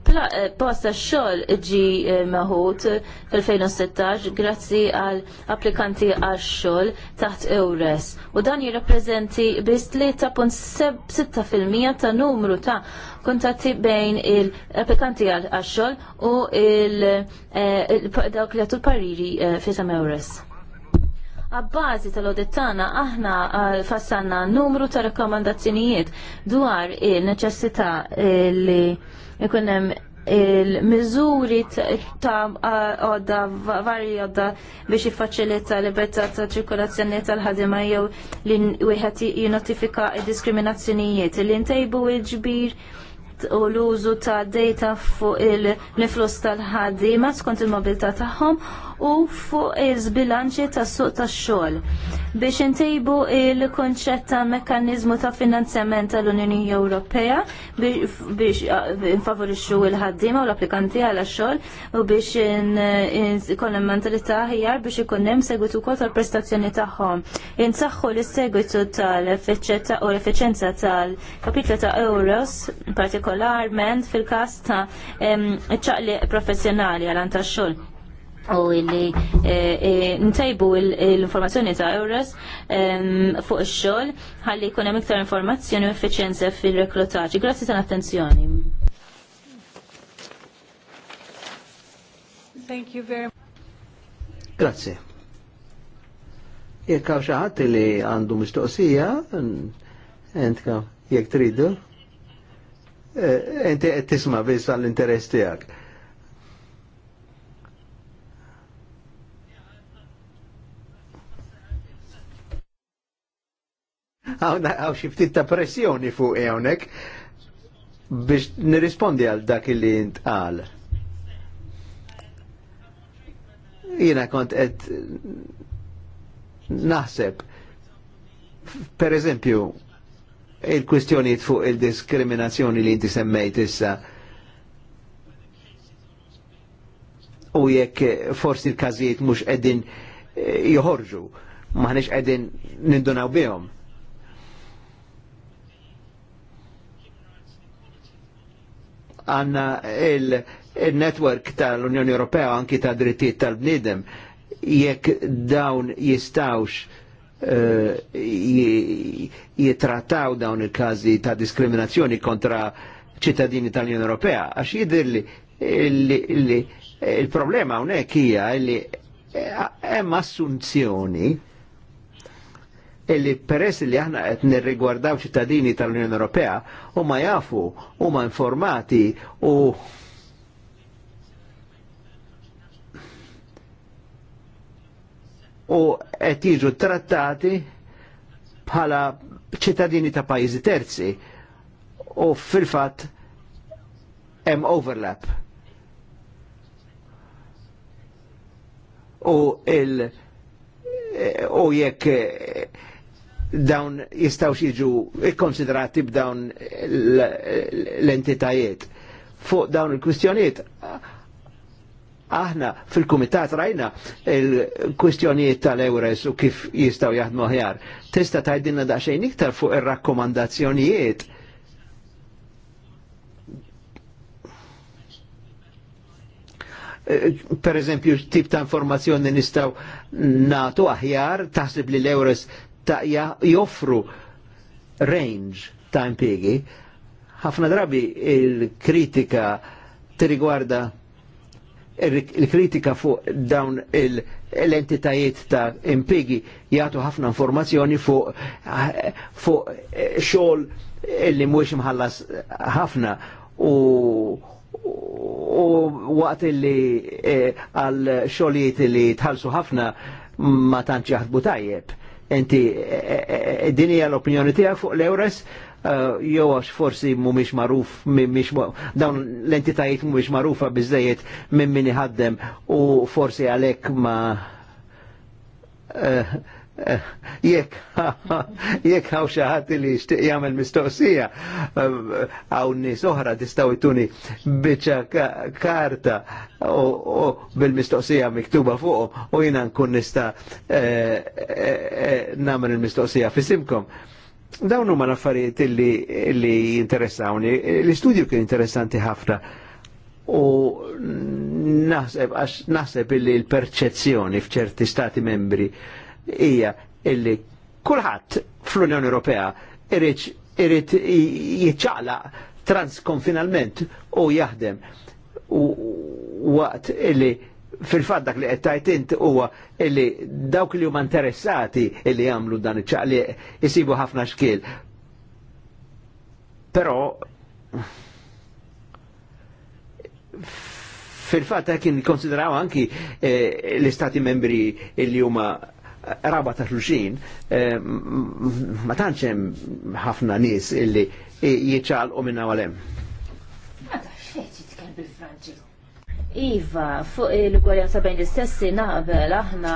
[SPEAKER 4] posta xol ġi eh, maħut fil-2016 grazzi għal applikanti għal xol taħt EURES u dan jirrapprezenti bis 3.6% ta' numru ta' kontatti bejn il-applikanti għal xogħol u il-dawk eh, li għatu pariri eh, fisam Eures. Għabbażi tal-audit tagħna aħna eh, fassanna numru ta' rakkomandazzjonijiet dwar il-neċessità li jkun hemm il-miżuri ta' għodda varji għodda biex jiffaċilita libertà ta' ċirkolazzjoni tal-ħadima jew li wieħed jinotifika id-diskriminazzjonijiet li ntejbu il-ġbir u l-użu ta' data fuq il-niflus tal-ħaddiema skont il-mobilità tagħhom u fuq il bilanċi tas-suq tax-xogħol biex intejbu il-konċett ta' mekkaniżmu ta' finanzjament tal-Unjoni Ewropea biex infavorixxu l-ħaddiema u l-applikanti għal xogħol u biex ikollhom mentalità aħjar biex ikun hemm segwitu wkoll tal-prestazzjoni tagħhom. Insaħħu l-segwitu tal-effiċenza u l-effiċenza tal-kapitlu ta' euros partikolarment fil-każ ta' ċaqli professjonali għal tax-xogħol u illi eh, eh, ntajbu l-informazzjoni ta' Euros fuq ix-xogħol ħalli jkun hemm iktar informazzjoni u effiċjenza fil-reklutaġġ. Grazzi tal-attenzjoni.
[SPEAKER 1] Thank you very much.
[SPEAKER 2] Grazzi. Jekk hawn xi ħadd li għandu mistoqsija, jekk tridu, eh, enti tisma' biss għall-interess tiegħek. għaw xiftit ta' pressjoni fuq għonek e biex nirrispondi għal dak li għal. Jina kont qed naħseb, per eżempju, il kwistjoni fuq il-diskriminazzjoni li jinti semmejt issa u jekk forsi l-każijiet mhux qegħdin eh, joħorġu, maħniex qegħdin nindunaw bihom għanna il-network tal-Unjoni Ewropea anki ta' drittijiet tal-bnidem jekk dawn jistawx eh, jitrataw dawn il-kazi ta' diskriminazzjoni kontra ċittadini tal-Unjoni Ewropea għax jidirli il-problema unek hija li eh, hemm assunzjoni illi peress li aħna qed nirrigwardaw ċittadini tal-Unjoni Ewropea huma jafu, huma informati u u qed jiġu trattati bħala ċittadini ta' pajjiżi terzi u fil-fatt hemm overlap. U il- u jekk dawn jistawx jiġu ikkonsiderati b'dawn l-entitajiet. Fuq dawn il kwistjoniet aħna fil komitat rajna il kwistjoniet tal-Eures u kif jistaw jaħdmu ħjar. Tista tajdinna daqxejn iktar fuq il rakkomandazzjonijiet Per eżempju, tip ta' informazzjoni nistaw natu aħjar, taħseb li l-Eures ta' joffru range ta' impiegi. Ħafna drabi il-kritika tirigwarda il-kritika fuq dawn l-entitajiet ta' impiegi jgħatu ħafna informazzjoni fuq fuq xogħol li mwix mħallas ħafna u u waqt li eh, għal xogħlijiet li tħallsu ħafna ma tantx jaħdbu tajjeb. Enti eh, eh, din hija l-opinjoni tijak fuq l-Eures eh, jew għax forsi mhumiex magħruf mhumiex dawn l-entitajiet mhumiex marufa biżejjed minn min iħaddem u forsi għalek ma' Eh, jekk <laughs> jekk għaw xaħat li xtiq jgħamil mistoqsija għaw eh, nis oħra tistaw jtuni bieċa karta u bil-mistoqsija miktuba fuq u jina nkun nista' eh, nagħmel il-mistoqsija fissimkom. Dawn huma l-affarijiet li jinteressawni. L-istudju kien interessanti ħafna u naħseb għax illi l-perċezzjoni f'ċerti stati membri hija illi kulħadd fl-Unjoni Ewropea irid jiċċaqla transkonfinalment u jaħdem waqt illi fil fatt dak li qed int huwa illi dawk li huma interessati illi jagħmlu dan iċ-ċaqli jisibu ħafna xkiel. Però fil fatt kien konsideraw anki eh, l-istati membri li huma raba ta' xulxin, eh, ma tantx hemm ħafna nies illi u minna għalem.
[SPEAKER 5] Ma xieċi t-kelb bil-Franċiż.
[SPEAKER 4] Iva, fuq il-gwarjanza bejn l-istessi naqbel aħna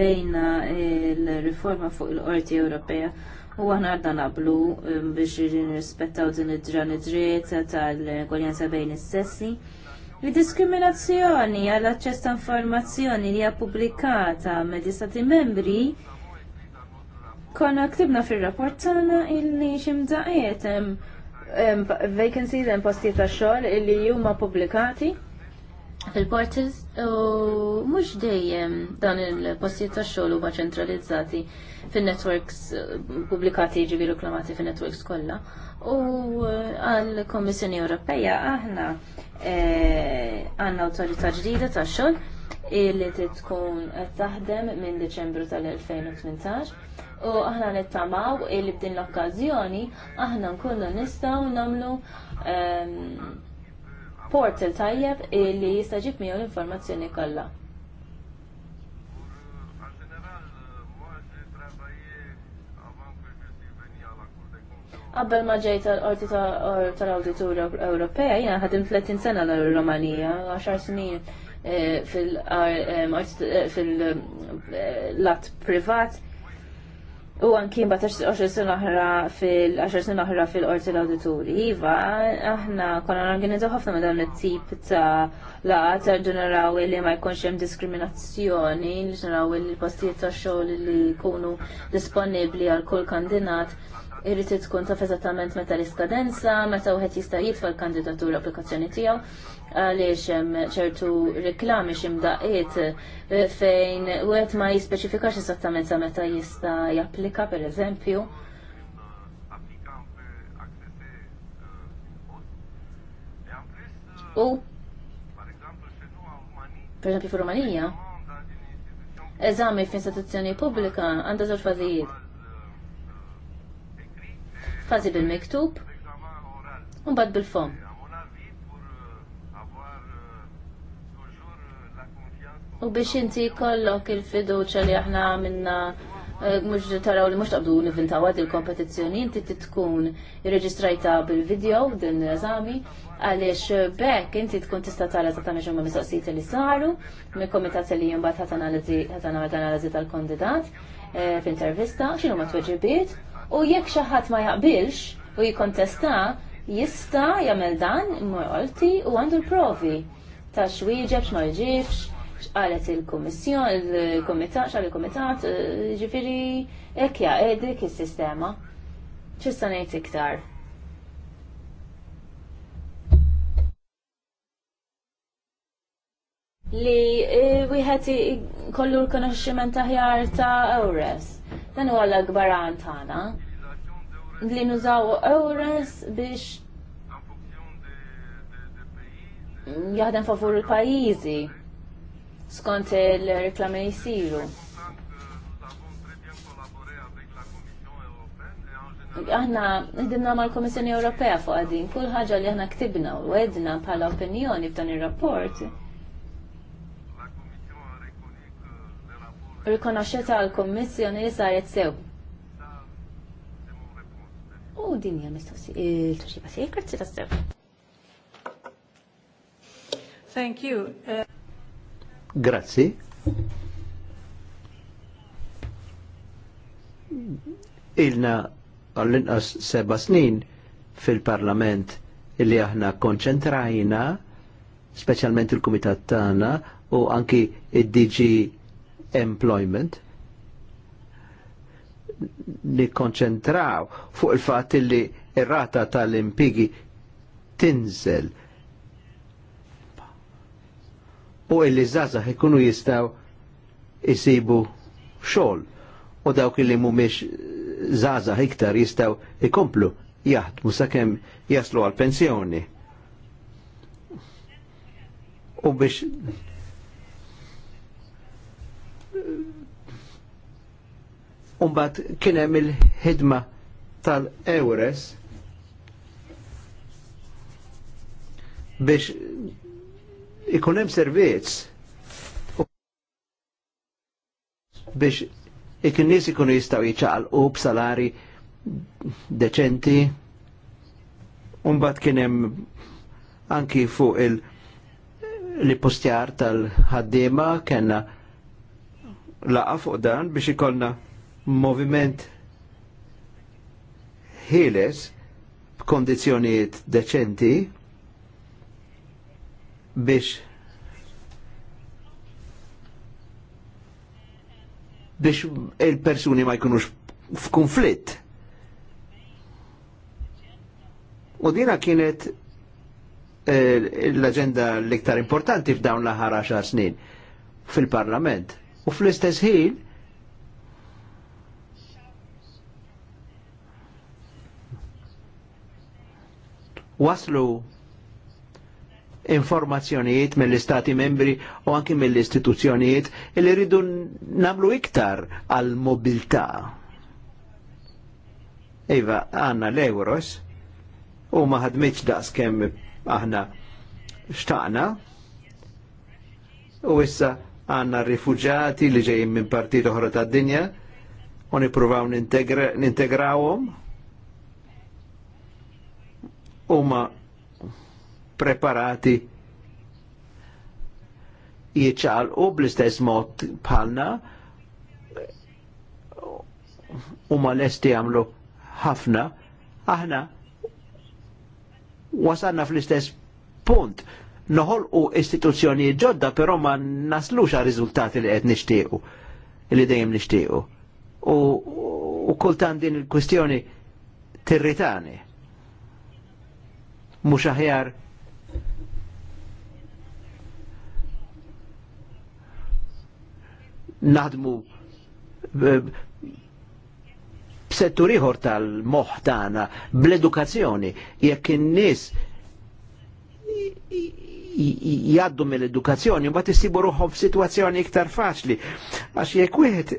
[SPEAKER 4] rejna il-riforma fuq il-Qorti Ewropea u aħna għadda naqblu eh, biex nirrispettaw din id-dran id tal-gwarjanza bejn l-istessi li diskriminazzjoni għall aċċess ta' informazzjoni li hija pubblikata mill-istati membri konna ktibna fir-rapport tagħna illi ximdaqiet hemm vacancies hemm postijiet ta' xogħol illi huma pubblikati fil-portals u mhux dejjem dan il-postijiet ta' xogħol huma ċentralizzati fin-networks pubblikati jiġifieri reklamati fin-networks kollha. U eh, għall-Kommissjoni Ewropea aħna Eh, għanna autorita ġdida ta' xogħol illi tkun taħdem minn Deċembru tal-2018 u aħna nittamaw illi b'din l-okkażjoni aħna nkunu nistgħu nagħmlu ehm, portal tajjeb illi jistaġib miegħu l-informazzjoni kollha. Qabel ma tal-Qorti tal-Awditur Ewropea, jiena ħadim 30 sena l-Romanija, 10 snin eh, fil-lat eh, eh, privat. U anki bat 10 sena oħra fil-10 sena oħra fil-qorti l-awdituri. Iva, aħna konna organizzaw ħafna ma' dawn it-tip ta' laqat ġeneraw li ma jkunx hemm diskriminazzjoni, ġeneraw li postijiet ta' xogħol li jkunu disponibbli għal kull kandidat irrid tkun taf eżattament meta l-iskadenza, meta wieħed jista' jitfa' l-kandidatura applikazzjoni tiegħu għaliex hemm ċertu riklami x'imdaqiet e, fejn wieħed ma jispeċifikax eżattament sa meta jista' japplika pereżempju. U per fir-Rumanija, eżami f'istituzzjoni pubblika għandha żewġ fażijiet fazi bil-miktub, un bad bil-fom. U biex inti kollok il-fiduċa li aħna minna eh, mux taraw li mux taqdu nivintaw għad il-kompetizjoni, inti titkun irreġistrajta bil-video din l-eżami, għalix bekk inti tkun tista tara ta' tamex ma' mistoqsijiet li saru, mi komitat li jimbat ħat analizi tal-kandidat eh, f'intervista, xinu ma' tweġibiet, u jekk xi ħadd ma jaqbilx u jikkontesta jista' jagħmel dan imorti u għandu l-provi ta' xwieġeb x'ma jġibx x'qalet il-kummissjon, il-kumitat, x'qal il-kumitat, eh, ġifieri hekk dik is-sistema. X'issa ngħid iktar? li eh, wieħed kollu l-konoxximent aħjar ta' Ewres. Dan huwa l-akbar għan tagħna li nużaw eures biex jaħdem favur il pajjiżi skont il-reklami jisiru. Aħna ħdimna mal-Komissjoni Ewropea fuq għadin, kull ħaġa li aħna ktibna u għedna bħala opinjoni f'dan ir-rapport rikonoxxeta għal kommissjoni li saret sew. U din hija mistoqsi il-tuġiba tiegħek grazzi ta' sew
[SPEAKER 1] Thank you. Eh,
[SPEAKER 2] grazzi. Ilna għall-inqas seba snin fil-parlament illi aħna konċentrajna, specialment il-kumitat tagħna u anki id-DG employment nikkonċentraw fuq il-fatt li ir-rata tal-impigi tinżel u illi zazax ikunu jistaw jisibu xol u dawk illi mumiex zazax iktar jistaw ikomplu jaħdmu sakemm jaslu għal pensjoni u biex Umbat kienem il-ħidma tal-Eures biex ikunem servizz biex ikin ikunu jistaw b-salari deċenti. Umbat kien hemm anki fuq il li postjar tal-ħaddiema kena laqa fuq dan biex ikollna moviment ħieles b'kondizjonijiet deċenti biex biex il-persuni ma jkunux f'konflitt. U dina kienet eh, l-agenda l-iktar importanti f'dawn l-ħar 10 snin fil-parlament. U fl-istess ħin, waslu informazzjonijiet mill-istati membri u anki mill-istituzzjonijiet li rridu namlu iktar għal mobilità. Iva, għanna l-euros u maħadmiċ daqs kem aħna xtaqna u issa għanna rifugġati li ġejjim minn partit oħra tad-dinja u nipruvaw nintegrawhom. -integra, huma preparati jieċal u bl-istess mod bħalna u ma lesti għamlu ħafna, aħna wasanna fl-istess punt. Noħol u istituzzjoni ġodda, pero ma naslux għal riżultati li qed nixtiequ, li dejjem nixtiequ. U, u kultan din il-kwistjoni tirritani mhux aħjar. Naħdmu eh, b'settur ieħor tal-moħħ tagħna bl-edukazzjoni jekk in-nies jgħaddu mill-edukazzjoni ma tisibu ruħom f'sitwazzjoni iktar faċli. Għax jekk wieħed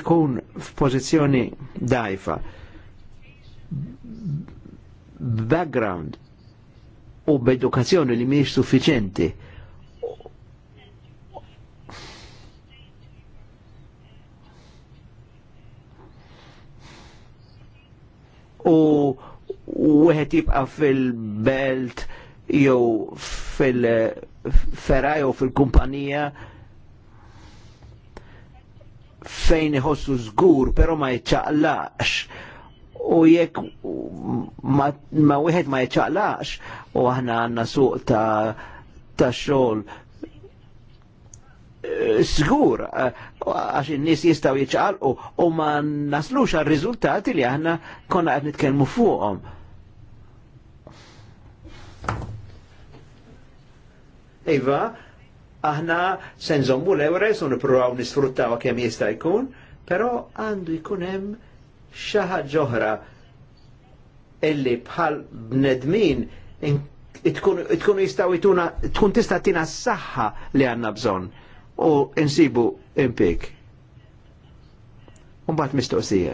[SPEAKER 2] ikun f'pożizzjoni dajfa background u b'edukazzjoni li mhijiex suffiċenti u wieħed jibqa' fil-belt jew fil feraj jew fil-kumpanija fejn iħossu żgur, però ma jċaqlax u jekk ma, wieħed ma jċaqlax u aħna għandna suq ta' ta' xogħol eh, sgur eh, għax in-nies jistgħu jiċċaqalqu u ma naslux għar riżultati li aħna konna qed nitkellmu fuqhom. Iva, aħna se nżommu l-ewres u nippruvaw nisfruttaw kemm jista' jkun, però għandu jkun hemm xaħa ġohra illi bħal bnedmin tkun jistaw jituna, tkun tista tina s-saxħa li għanna bżon u insibu impik. bat mistoqsija.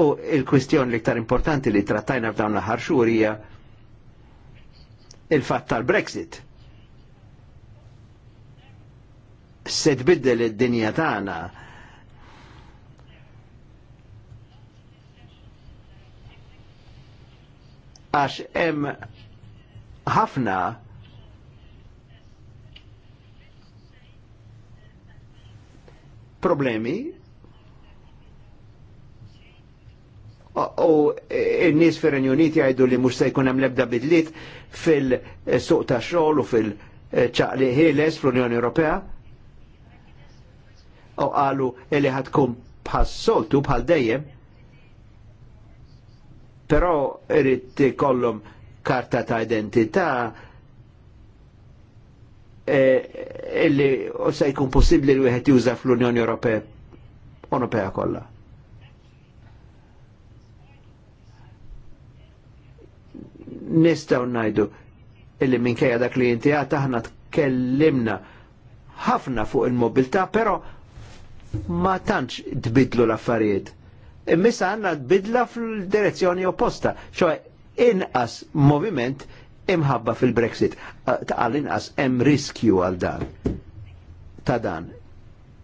[SPEAKER 2] U il-kwistjon li ktar importanti li trattajna f'dawn l-ħarxurija il-fat tal-Brexit se tbiddel id-dinja tagħna. Għax hemm ħafna problemi u n nies fir Uniti għajdu li mhux se jkun hemm lebda bidliet fil-suq ta' xogħol u fil-ċaqli ħieles fl-Unjoni Ewropea u qalu li ħatkun bħal soltu bħal dejjem. Però irrid kollhom karta ta' identità e, illi se jkun possibbli li wieħed juża fl-Unjoni Ewropea Ewropea kollha. Nistgħu ngħidu illi minkejja dak li inti aħna tkellimna ħafna fuq il-mobilità, però ma tantx tbidlu l-affarijiet. Immissa għanna tbidla fil-direzzjoni opposta, ċoħe inqas moviment imħabba fil-Brexit. Għal inqas hemm riskju għal dan. Ta' dan.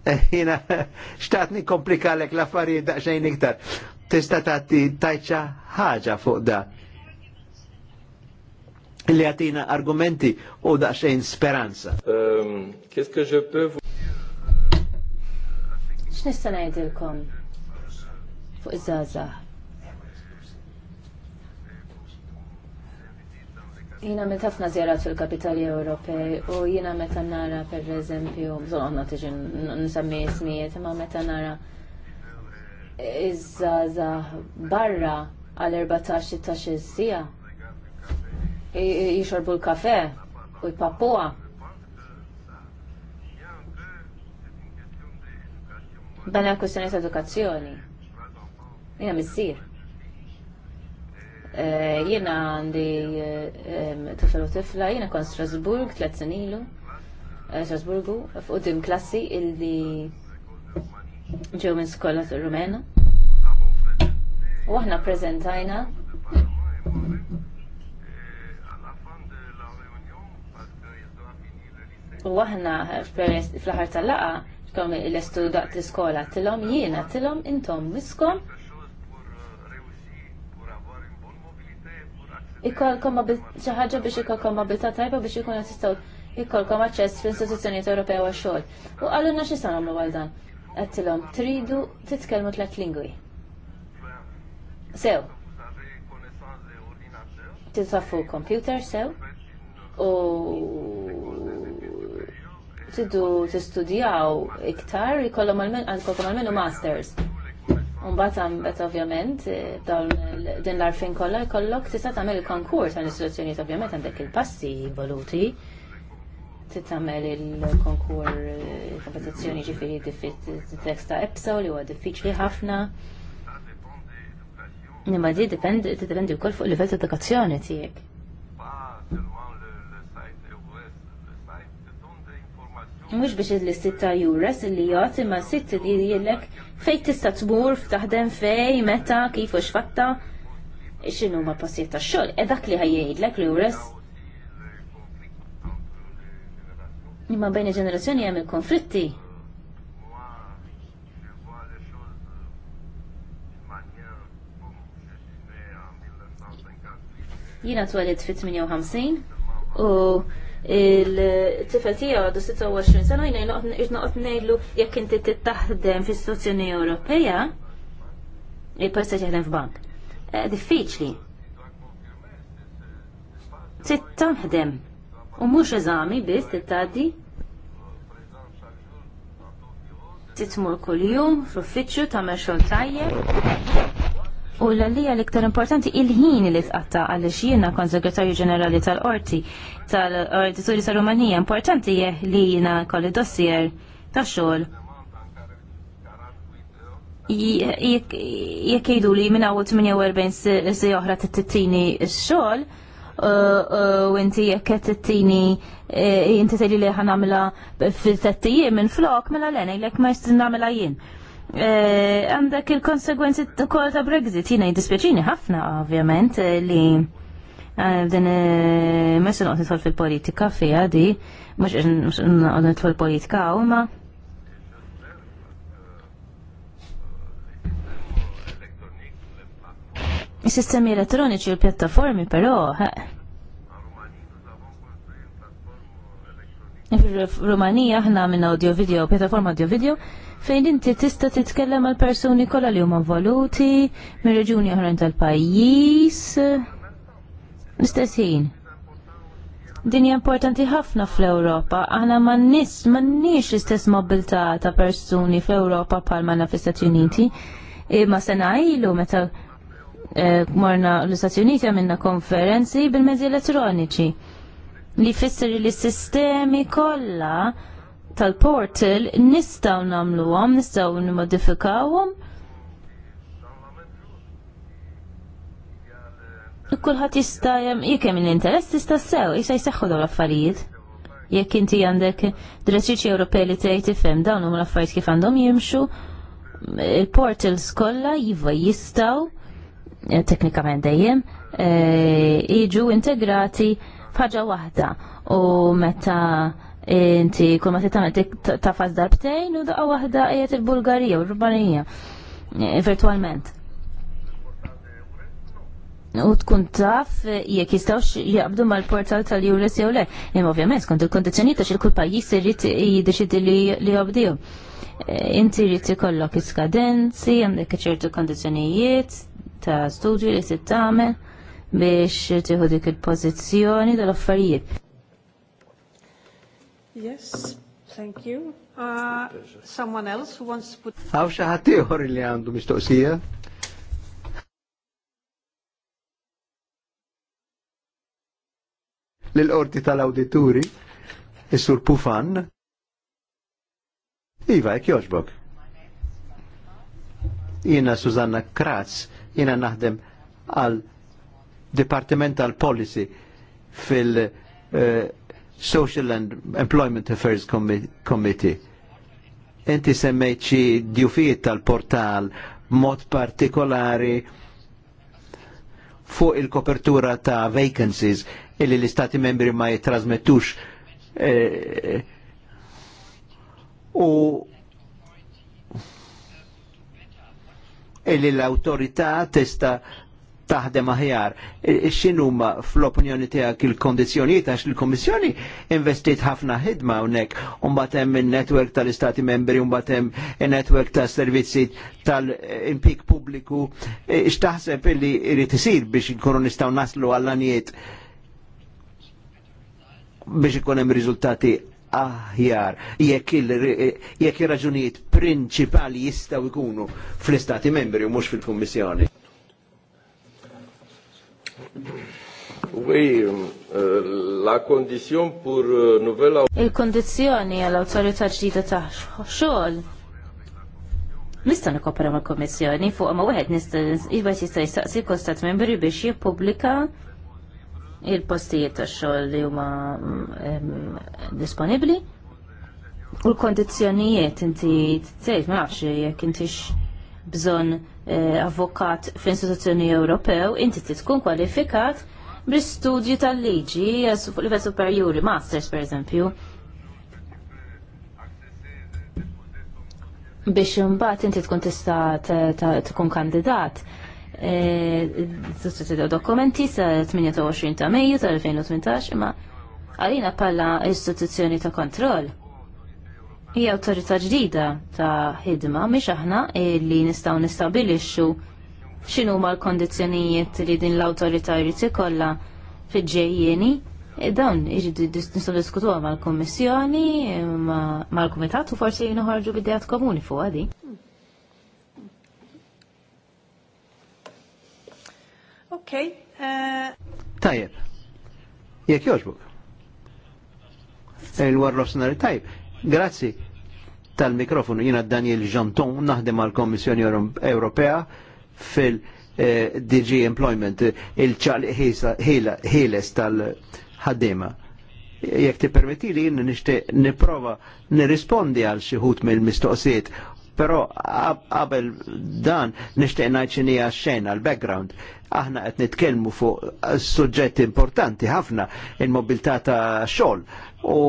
[SPEAKER 2] Eh, jina, <laughs> xtatni komplikalek l-affarijiet daqxajn iktar. Tista tagħti tajċa ħaġa fuq da. Li għatina argumenti u daqxajn speranza. Ehm, qu'est-ce que je peux
[SPEAKER 4] Nista' ngħidilkom fuq iż-żgħażagħ. Jina għamilt ħafna zjarat fil-kapitali Ewropej u jina meta nara per eżempju, bżon tiġi nsemmi ismijiet, ma meta nara iż żgħażagħ barra għal 14-16 sija jixorbu l-kafe u jpappuha Dan għal kustjoni ta' edukazzjoni. Jena missir. Eh, jena għandi tifel u tifla, jena kon Strasburg, tlet senilu, eh, Strasburgu, fuq dim klassi illi ġew minn skola rumena. U għahna prezentajna U aħna fl-aħħar tal-laqa xtom il-estu daqt l-iskola, tilom jiena, tilom intom miskom. Ikolkom ħaġa biex ikolkom mobilità tajba biex ikun tistaw ikolkom aċċess fl-istituzzjonijiet Ewropew għax xogħol. U għalunna x'issa nagħmlu għal dan? Għattilhom tridu titkellmu tlet lingwi. Sew. Tisafu computer sew u t-studijaw iktar jikollom għal-menu masters. Mbagħad għambet ovvjament eh, din l-arfin kollha jkollok tista' tagħmel il-konkurs għal istituzzjonijiet ovvjament għandek il-passi voluti. titamel il-konkur eh, kompetizzjoni ġifiri t-tekst ta' EPSA li huwa diffiċli ħafna. Nimma di dipendi u wkoll fuq l livell ta' edukazzjoni tiegħek. mhux biex il-sitta juras li jgħat imma sitt li jgħillek fejn tista' tmur f'taħdem fej, meta, kif u x'fatta, x'inhu ma passijiet tax-xogħol, e dak li ħajjgħidlek li juras. Imma bejn il-ġenerazzjoni hemm il-konflitti. Jina t-walid fit-58 u il-tifel tiegħu għadu 26 sena jina jnoqgħod nejlu jekk inti t-taħdem fi istituzzjoni Ewropeja il-persa ġeħdem f-bank. Eh, diffiċli. T-taħdem. u mux eżami biz t-taħdi. T-tmur kol jum fl-uffiċċju tagħmel xol tajje. U l-għalija l-iktar importanti il-ħin li tqatta għalix jiena kon segretarju ġenerali tal-Orti tal-Ordituri tal rumanija importanti jeh li jiena kolli dossier ta' xogħol. Jekk jgħidu li minn għaw 48 si oħra t-tittini xogħol, u inti jekk t-tittini e, inti tgħidli li ħanamla fil-tettijiem minn flok mela l l jgħidlek ma jistin namela jien. Eh, għandek il-konsegwenzi t-kol ta' Brexit jina jiddispjaċini ħafna ovvjament eh, li eh, din ma se noqgħod nidħol fil-politika fiha di mhux noqgħod fil politika hawn ma Is-sistemi elettroniċi u l-pjattaformi però Fil-Rumanija ħna minn audio video, pjattaforma audio video, fejn inti tista' titkellem għal persuni kollha li huma voluti minn reġuni oħrajn tal-pajjiż. Nistess ħin. Din hija importanti ħafna fl-Ewropa, aħna ma nis m'għandniex l-istess mobilità ta' persuni fl-Ewropa bħal ma fl-Istati Uniti. Imma sena ilu meta eh, morna l-Istati Uniti għamilna konferenzi bil-mezzi elettroniċi li fisser li sistemi kollha tal-portal nistgħu nagħmluhom, nistgħu nimmodifikawhom. Kulħadd jista' jekk hemm l-interess tista' sew, jisaj jseħħu daw l-affarijiet. Jekk inti għandek direttriċi Ewropej li tgħid fem, dawn huma l-affarijiet kif għandhom jimxu, il-portals kollha jiva jistgħu eh, teknikament dejjem eh, iġu integrati Ħaġa waħda u meta inti kull ma ta' tafas darbtejn u daqqa waħda qiegħed il-Bulgarija u l-Rumanija virtualment. U tkun taf jekk jistgħux jaqbdu mal-portal tal-Jules jew le. Imma ovvjament skont il-kondizzjonijiet għax kull pajjiż irid jiddeċidi li jobdiju. E, inti jrid ikollok iskadenzi, għandek ċertu kondizzjonijiet ta' studju li se tagħmel biex tiħu dik il pozizjoni dal-affarijiet.
[SPEAKER 1] Yes, thank you. Uh, someone else who wants to put...
[SPEAKER 2] Għaw xaħat ieħor li għandu mistoqsija? L-orti tal-awdituri, is-sur Pufan. Iva, ek joġbok. Jina Suzanna Kratz, jina naħdem għal Departmental Policy fil-Social eh, uh, and Employment Affairs Committee. Inti semmejċi xi djufijiet tal-portal mod partikolari fuq il-kopertura ta' vacancies illi l-istati membri ma jitrasmettux eh, u illi l-autorità testa' taħdem aħjar. X'inhuma fl-opinjoni tiegħek il-kondizzjonijiet għax il-Kommissjoni investit ħafna ħidma hawnhekk u mbagħad hemm in-netwerk tal-Istati Membri u mbagħad hemm in-netwerk tas-servizzi tal-impik pubbliku. X'taħseb illi irid isir biex inkunu nistgħu naslu għall-anijiet biex ikun hemm riżultati aħjar jekk ir-raġunijiet prinċipali jistgħu jkunu fl-Istati Membri u mhux fil-Kummissjoni. Oui, euh, la condition pour euh, nouvelle
[SPEAKER 4] Il-kondizjoni għall-autorità ġdida ta' xogħol. Nista' nikopera ma' kommissjoni fuq ma wieħed nista' jista' jistaqsi kostat membri biex jippubblika il-postijiet ta' xogħol li huma disponibbli. U l-kondizzjonijiet inti tgħid ma nafx jekk intix bżonn Eh, avvokat fl-istituzzjoni Ewropew, inti tkun kwalifikat bl-istudju tal-liġi eh, fuq livell superjuri, masters per eżempju. Biex imbagħad inti tkun tista' tkun kandidat. Eh, tista' dokumenti sa 28 ta' Mejju tal-2018 imma għalina bħala istituzzjoni ta' kontroll hija awtorità ġdida ta' ħidma mhix aħna li nistgħu nistabilixxu x'inhu ma l-kondizzjonijiet li din l-awtorità jrid ikollha fiġġejjieni e dawn irid nistgħu diskutuha mal-Kummissjoni mal-Kumitat u forsi noħorġu bidejat komuni fuq għadi.
[SPEAKER 1] Okay. Uh,
[SPEAKER 2] tajjeb. jekk joġbuk. Il-warrofs nar tajjeb. Grazzi tal-mikrofonu. Jina Daniel Janton, naħdem għal Kommissjoni Ewropea fil-DG eh, Employment, il-ċal ħiles tal-ħaddima. Jek ti permetti li jina nishtiq niprofa nirrispondi għal xieħut mill mistoqsiet pero qabel dan nishtiq najċinija xena għal-background aħna qed nitkellmu fuq suġġetti importanti ħafna il-mobilità ta' xogħol u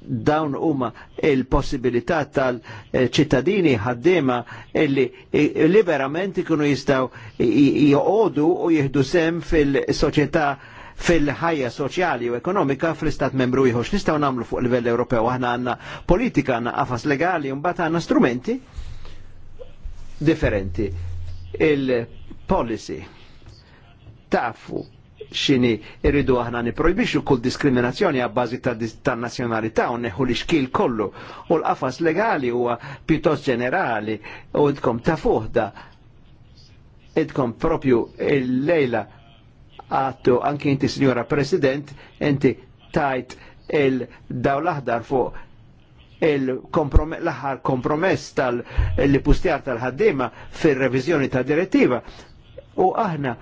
[SPEAKER 2] dawn huma il-possibilità tal-ċittadini ħaddiema illi liberament ikunu jistaw joqodu u jihdu sem fil-soċjetà fil-ħajja soċjali u ekonomika fl-istat membru ieħor. X'nistgħu nagħmlu fuq livell Ewropew aħna għandna politika għandna qafas legali u mbagħad għandna strumenti differenti. Il-policy tafu xini irridu aħna niprojbixu kull diskriminazzjoni għabbażi ta' nazjonalità u neħu li xkil kollu u l-qafas legali huwa pjuttost ġenerali u idkom ta' fuħda idkom propju il-lejla għattu anki inti signora President inti tajt il-daw l-aħdar fuq l-aħħar kompromess tal-li pustjar tal-ħaddima fil-revizjoni tal direttiva. U aħna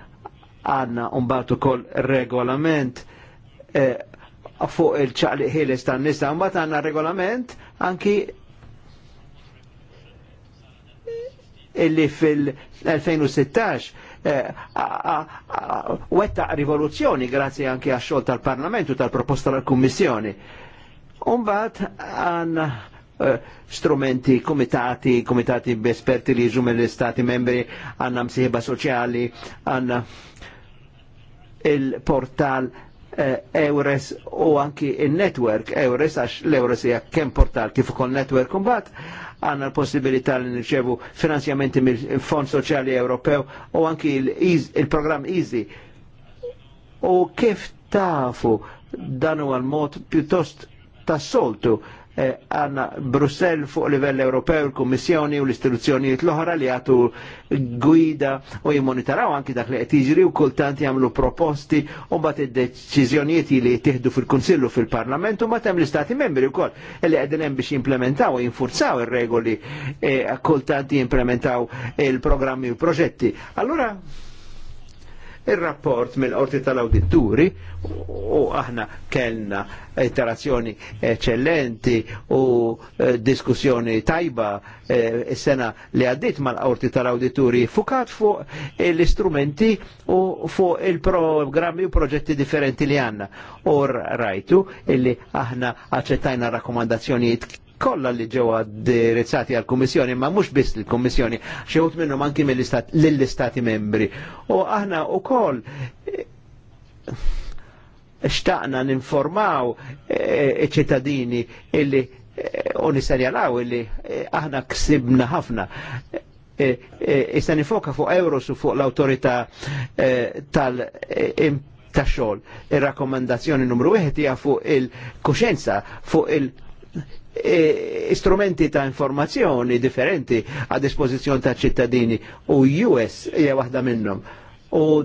[SPEAKER 2] għanna umbatu kol regolament eh, fuq il-ċaqli ħiles tan nisa umbat għanna regolament anki illi fil-2016 eh, wetta rivoluzzjoni grazzi anki għaxxol tal-Parlamentu tal-proposta tal-Kummissjoni. Umbat għanna eh, strumenti, komitati, komitati b'esperti li jiġu mill-istati membri, għanna msiħba soċjali, għanna il-portal eh, Eures u anki il-network Eures għax l-Eures hija kemm portal kif ukoll network imbagħad għanna l-possibilità li nirċevu finanzjamenti mill-Fond Soċjali Ewropew u anki il-programm Easy. U kif tafu dan huwa l-mod pjuttost tas-soltu Eh, għanna Brussel fuq livell Ewropew, il-Kommissjoni u l-istituzzjonijiet l-oħra li għatu gwida u jimmonitaraw anki dak li qed u kultanti jagħmlu proposti u bat id-deċiżjonijiet li jittieħdu fil konsillu fil-Parlament u mbagħad l-Istati membri wkoll li qegħdin hemm biex jimplementaw u jinfurzaw ir-regoli eh, kultant jimplementaw il-programmi u proġetti. Allora il-rapport mill-qorti tal auditturi u aħna kellna interazzjoni eccellenti u eh, diskussjoni tajba eh, is-sena li għaddit mal-qorti tal auditturi fukat fuq l-istrumenti u fuq il-programmi u proġetti differenti li għanna. U rajtu illi aħna aċċettajna rakkomandazzjonijiet kollha li ġew addirizzati għall-Kummissjoni, ma mhux biss lill-Kummissjoni, xi wħud minnhom anki lill-Istati membri. U aħna wkoll eh, xtaqna ninformaw eh, iċ-ċittadini illi eh, u nistarjalaw illi aħna ksibna ħafna. Issa nifoka fuq Euros u fuq l awtorità tal ta' xogħol. Ir-rakkomandazzjoni numru wieħed hija fuq il-kuxenza, fuq il- e strumenti ta' informazzjoni differenti a dispożizzjoni ta' ċittadini u US hija waħda minnhom. U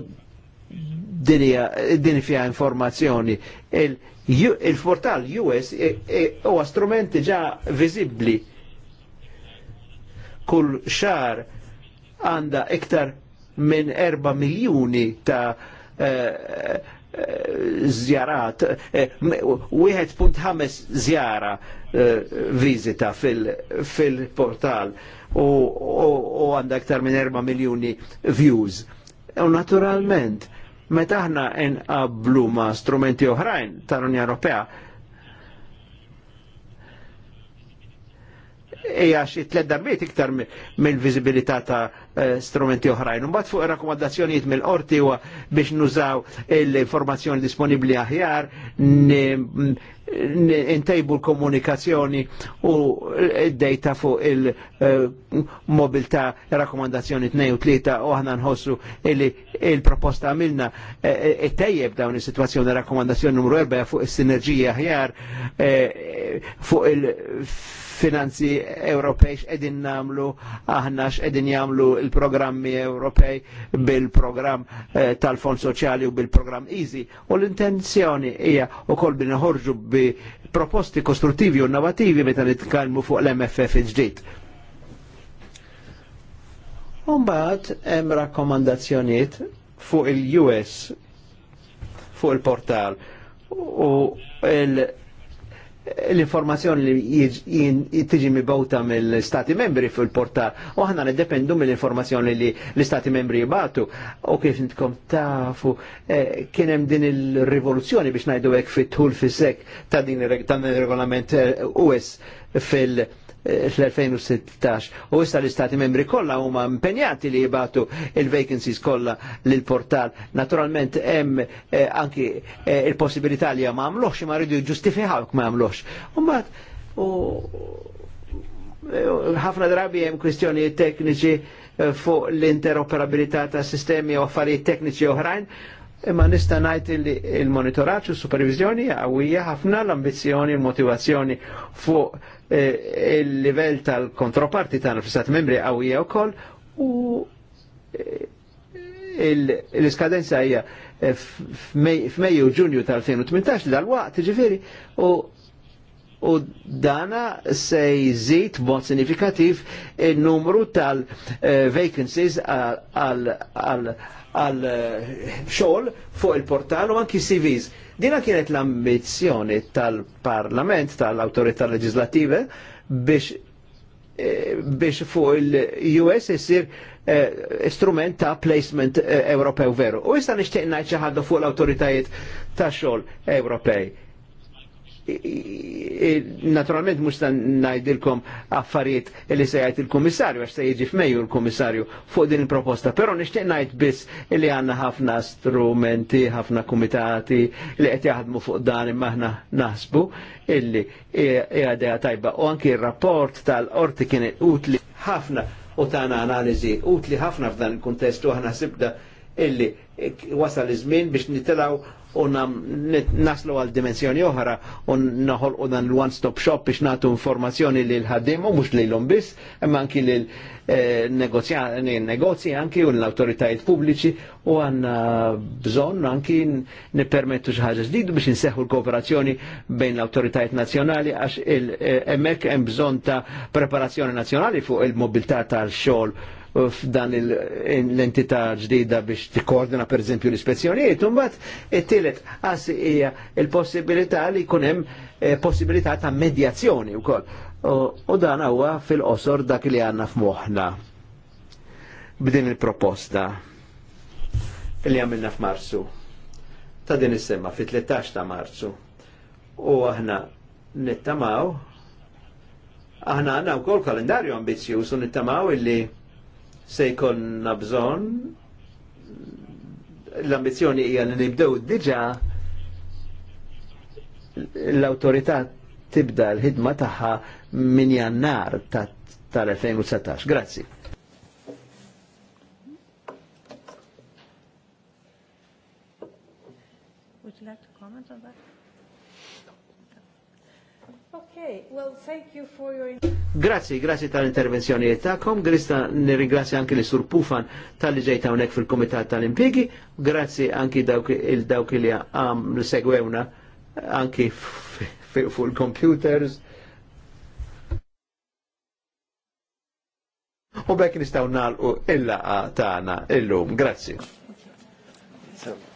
[SPEAKER 2] din fija informazzjoni il-portal US e, e, huwa strumenti ġa viżibbli kull xar għanda iktar minn 4 miljuni ta' e, zjarat, 1.5 eh, zjara eh, vizita fil-portal u għanda aktar minn 4 miljoni views. U naturalment, meta aħna nqablu ma' strumenti oħrajn tal-Unja Ewropea, hija xie tliet darbiet iktar mill vizibilità ta' eh, strumenti oħrajn. Mbagħad fuq rakkomandazzjonijiet mill-qorti huwa biex nużaw l-informazzjoni disponibbli aħjar, intejbu l-komunikazzjoni u d-dejta fuq il eh, ta' rakkomandazzjoni 2 u 3 u aħna nħossu il-proposta għamilna eh, tejjeb dawn is-sitwazzjoni rakkomandazzjoni numru 4 fuq is-sinerġija aħjar fuq il- finanzi Ewropej x'qegħdin namlu aħna x'qegħdin jagħmlu il-programmi Ewropej bil-programm eh, tal-Fond Soċjali u bil-programm Easy. U l-intenzjoni hija wkoll bi noħorġu bi proposti kostruttivi u innovativi meta nitkellmu fuq l-MFF il-ġdid. Umbagħad hemm rakkomandazzjonijiet fuq il-US fuq il-portal u il l-informazzjoni li tiġi mibawta mill-Stati membri fil-portar u ħana nidependu mill-informazzjoni li l-Stati membri jibatu u kif nitkom tafu eh, kienem din il-rivoluzzjoni biex najdu għek fit-tul fil-sek ta' din il-regolament eh, US fil- fl-2016 u issa l-istati membri kollha huma impenjati li jibatu il-vacancies kollha l-portal. Naturalment hemm eh, anki eh, il-possibilità li ma għamlux ma rridu ġustifiħawk ma għamlux. U eh, ħafna drabi hemm kwistjoni tekniċi eh, fuq l-interoperabilità ta' sistemi u affarijiet tekniċi oħrajn imma nista' ngħid il-monitoraġġ u supervizjoni għawija ħafna l-ambizzjoni, l-motivazzjoni fuq il-livell tal-kontroparti tagħna fl-Stati membri qawwija wkoll u l-iskadenza hija f'Mejju Ġunju tal-2018 dal-waqt ġifieri u u dana se jżid b'mod sinifikattiv il-numru tal-vacancies għal xogħol fuq il-portal u anki CVs Dina kienet l-ambizjoni tal-Parlament, tal-autorità leġislative biex eh, biex fuq il-US jisir eh, strument ta' placement eh, Ewropew veru. U issa nixtieq ngħid xi ħaġa fuq l-awtoritajiet ta' xogħol Ewropej naturalment mux ta' najdilkom affarijiet li se jgħid il-komissarju, għax se jiġi f'mejju il-komissarju fuq din il-proposta, pero nishtiq najt biss li għanna ħafna strumenti, ħafna komitati li qed jaħdmu fuq dan imma aħna naħsbu illi għadja tajba u anki il-rapport tal-orti kien utli ħafna u tana analizi utli ħafna f'dan il-kontestu aħna sibda illi wasal iż-żmien biex nitilaw u naslu għal dimensjoni oħra u naħol u dan l-one-stop shop biex natu informazzjoni li l-ħaddim u mux li l bis, imma anki li l negozi anki u l autoritajt pubbliċi u għanna bżon anki nipermettu xaħġa ġdidu biex nseħu l-kooperazzjoni bejn l autoritajt nazjonali għax il-emek eh, hemm bżon ta' preparazzjoni nazjonali fuq il-mobilità tal-xogħol f'dan l-entità ġdida biex tikkordina per eżempju l-ispezzjonijiet, mbagħad it-tielet għas hija l-possibilità li jkun hemm eh, possibilità ta' medjazzjoni wkoll. U dan huwa fil-qosor dak li għandna f'moħħna b'din il-proposta li għamilna f'Marzu. Ta' din is-semma fit-13 ta' Marzu. U aħna nittamaw aħna għandna wkoll kalendarju ambizzju su nittamaw illi se jkun bżonn l-ambizjoni hija li nibdew diġà l-autorità tibda l-ħidma tagħha min jannar tal-2019. Grazzi. Grazie, grazie tal-intervenzjoni ta'kom, grista nirringrazzja anki li sur Pufan tal-li ġejta unek fil-Komitat tal-Impigi, grazie anki il-dawk li għam li segwewna anki fil computers U bekk nistaw nal u illa tagħna illum. grazie. Okay. So.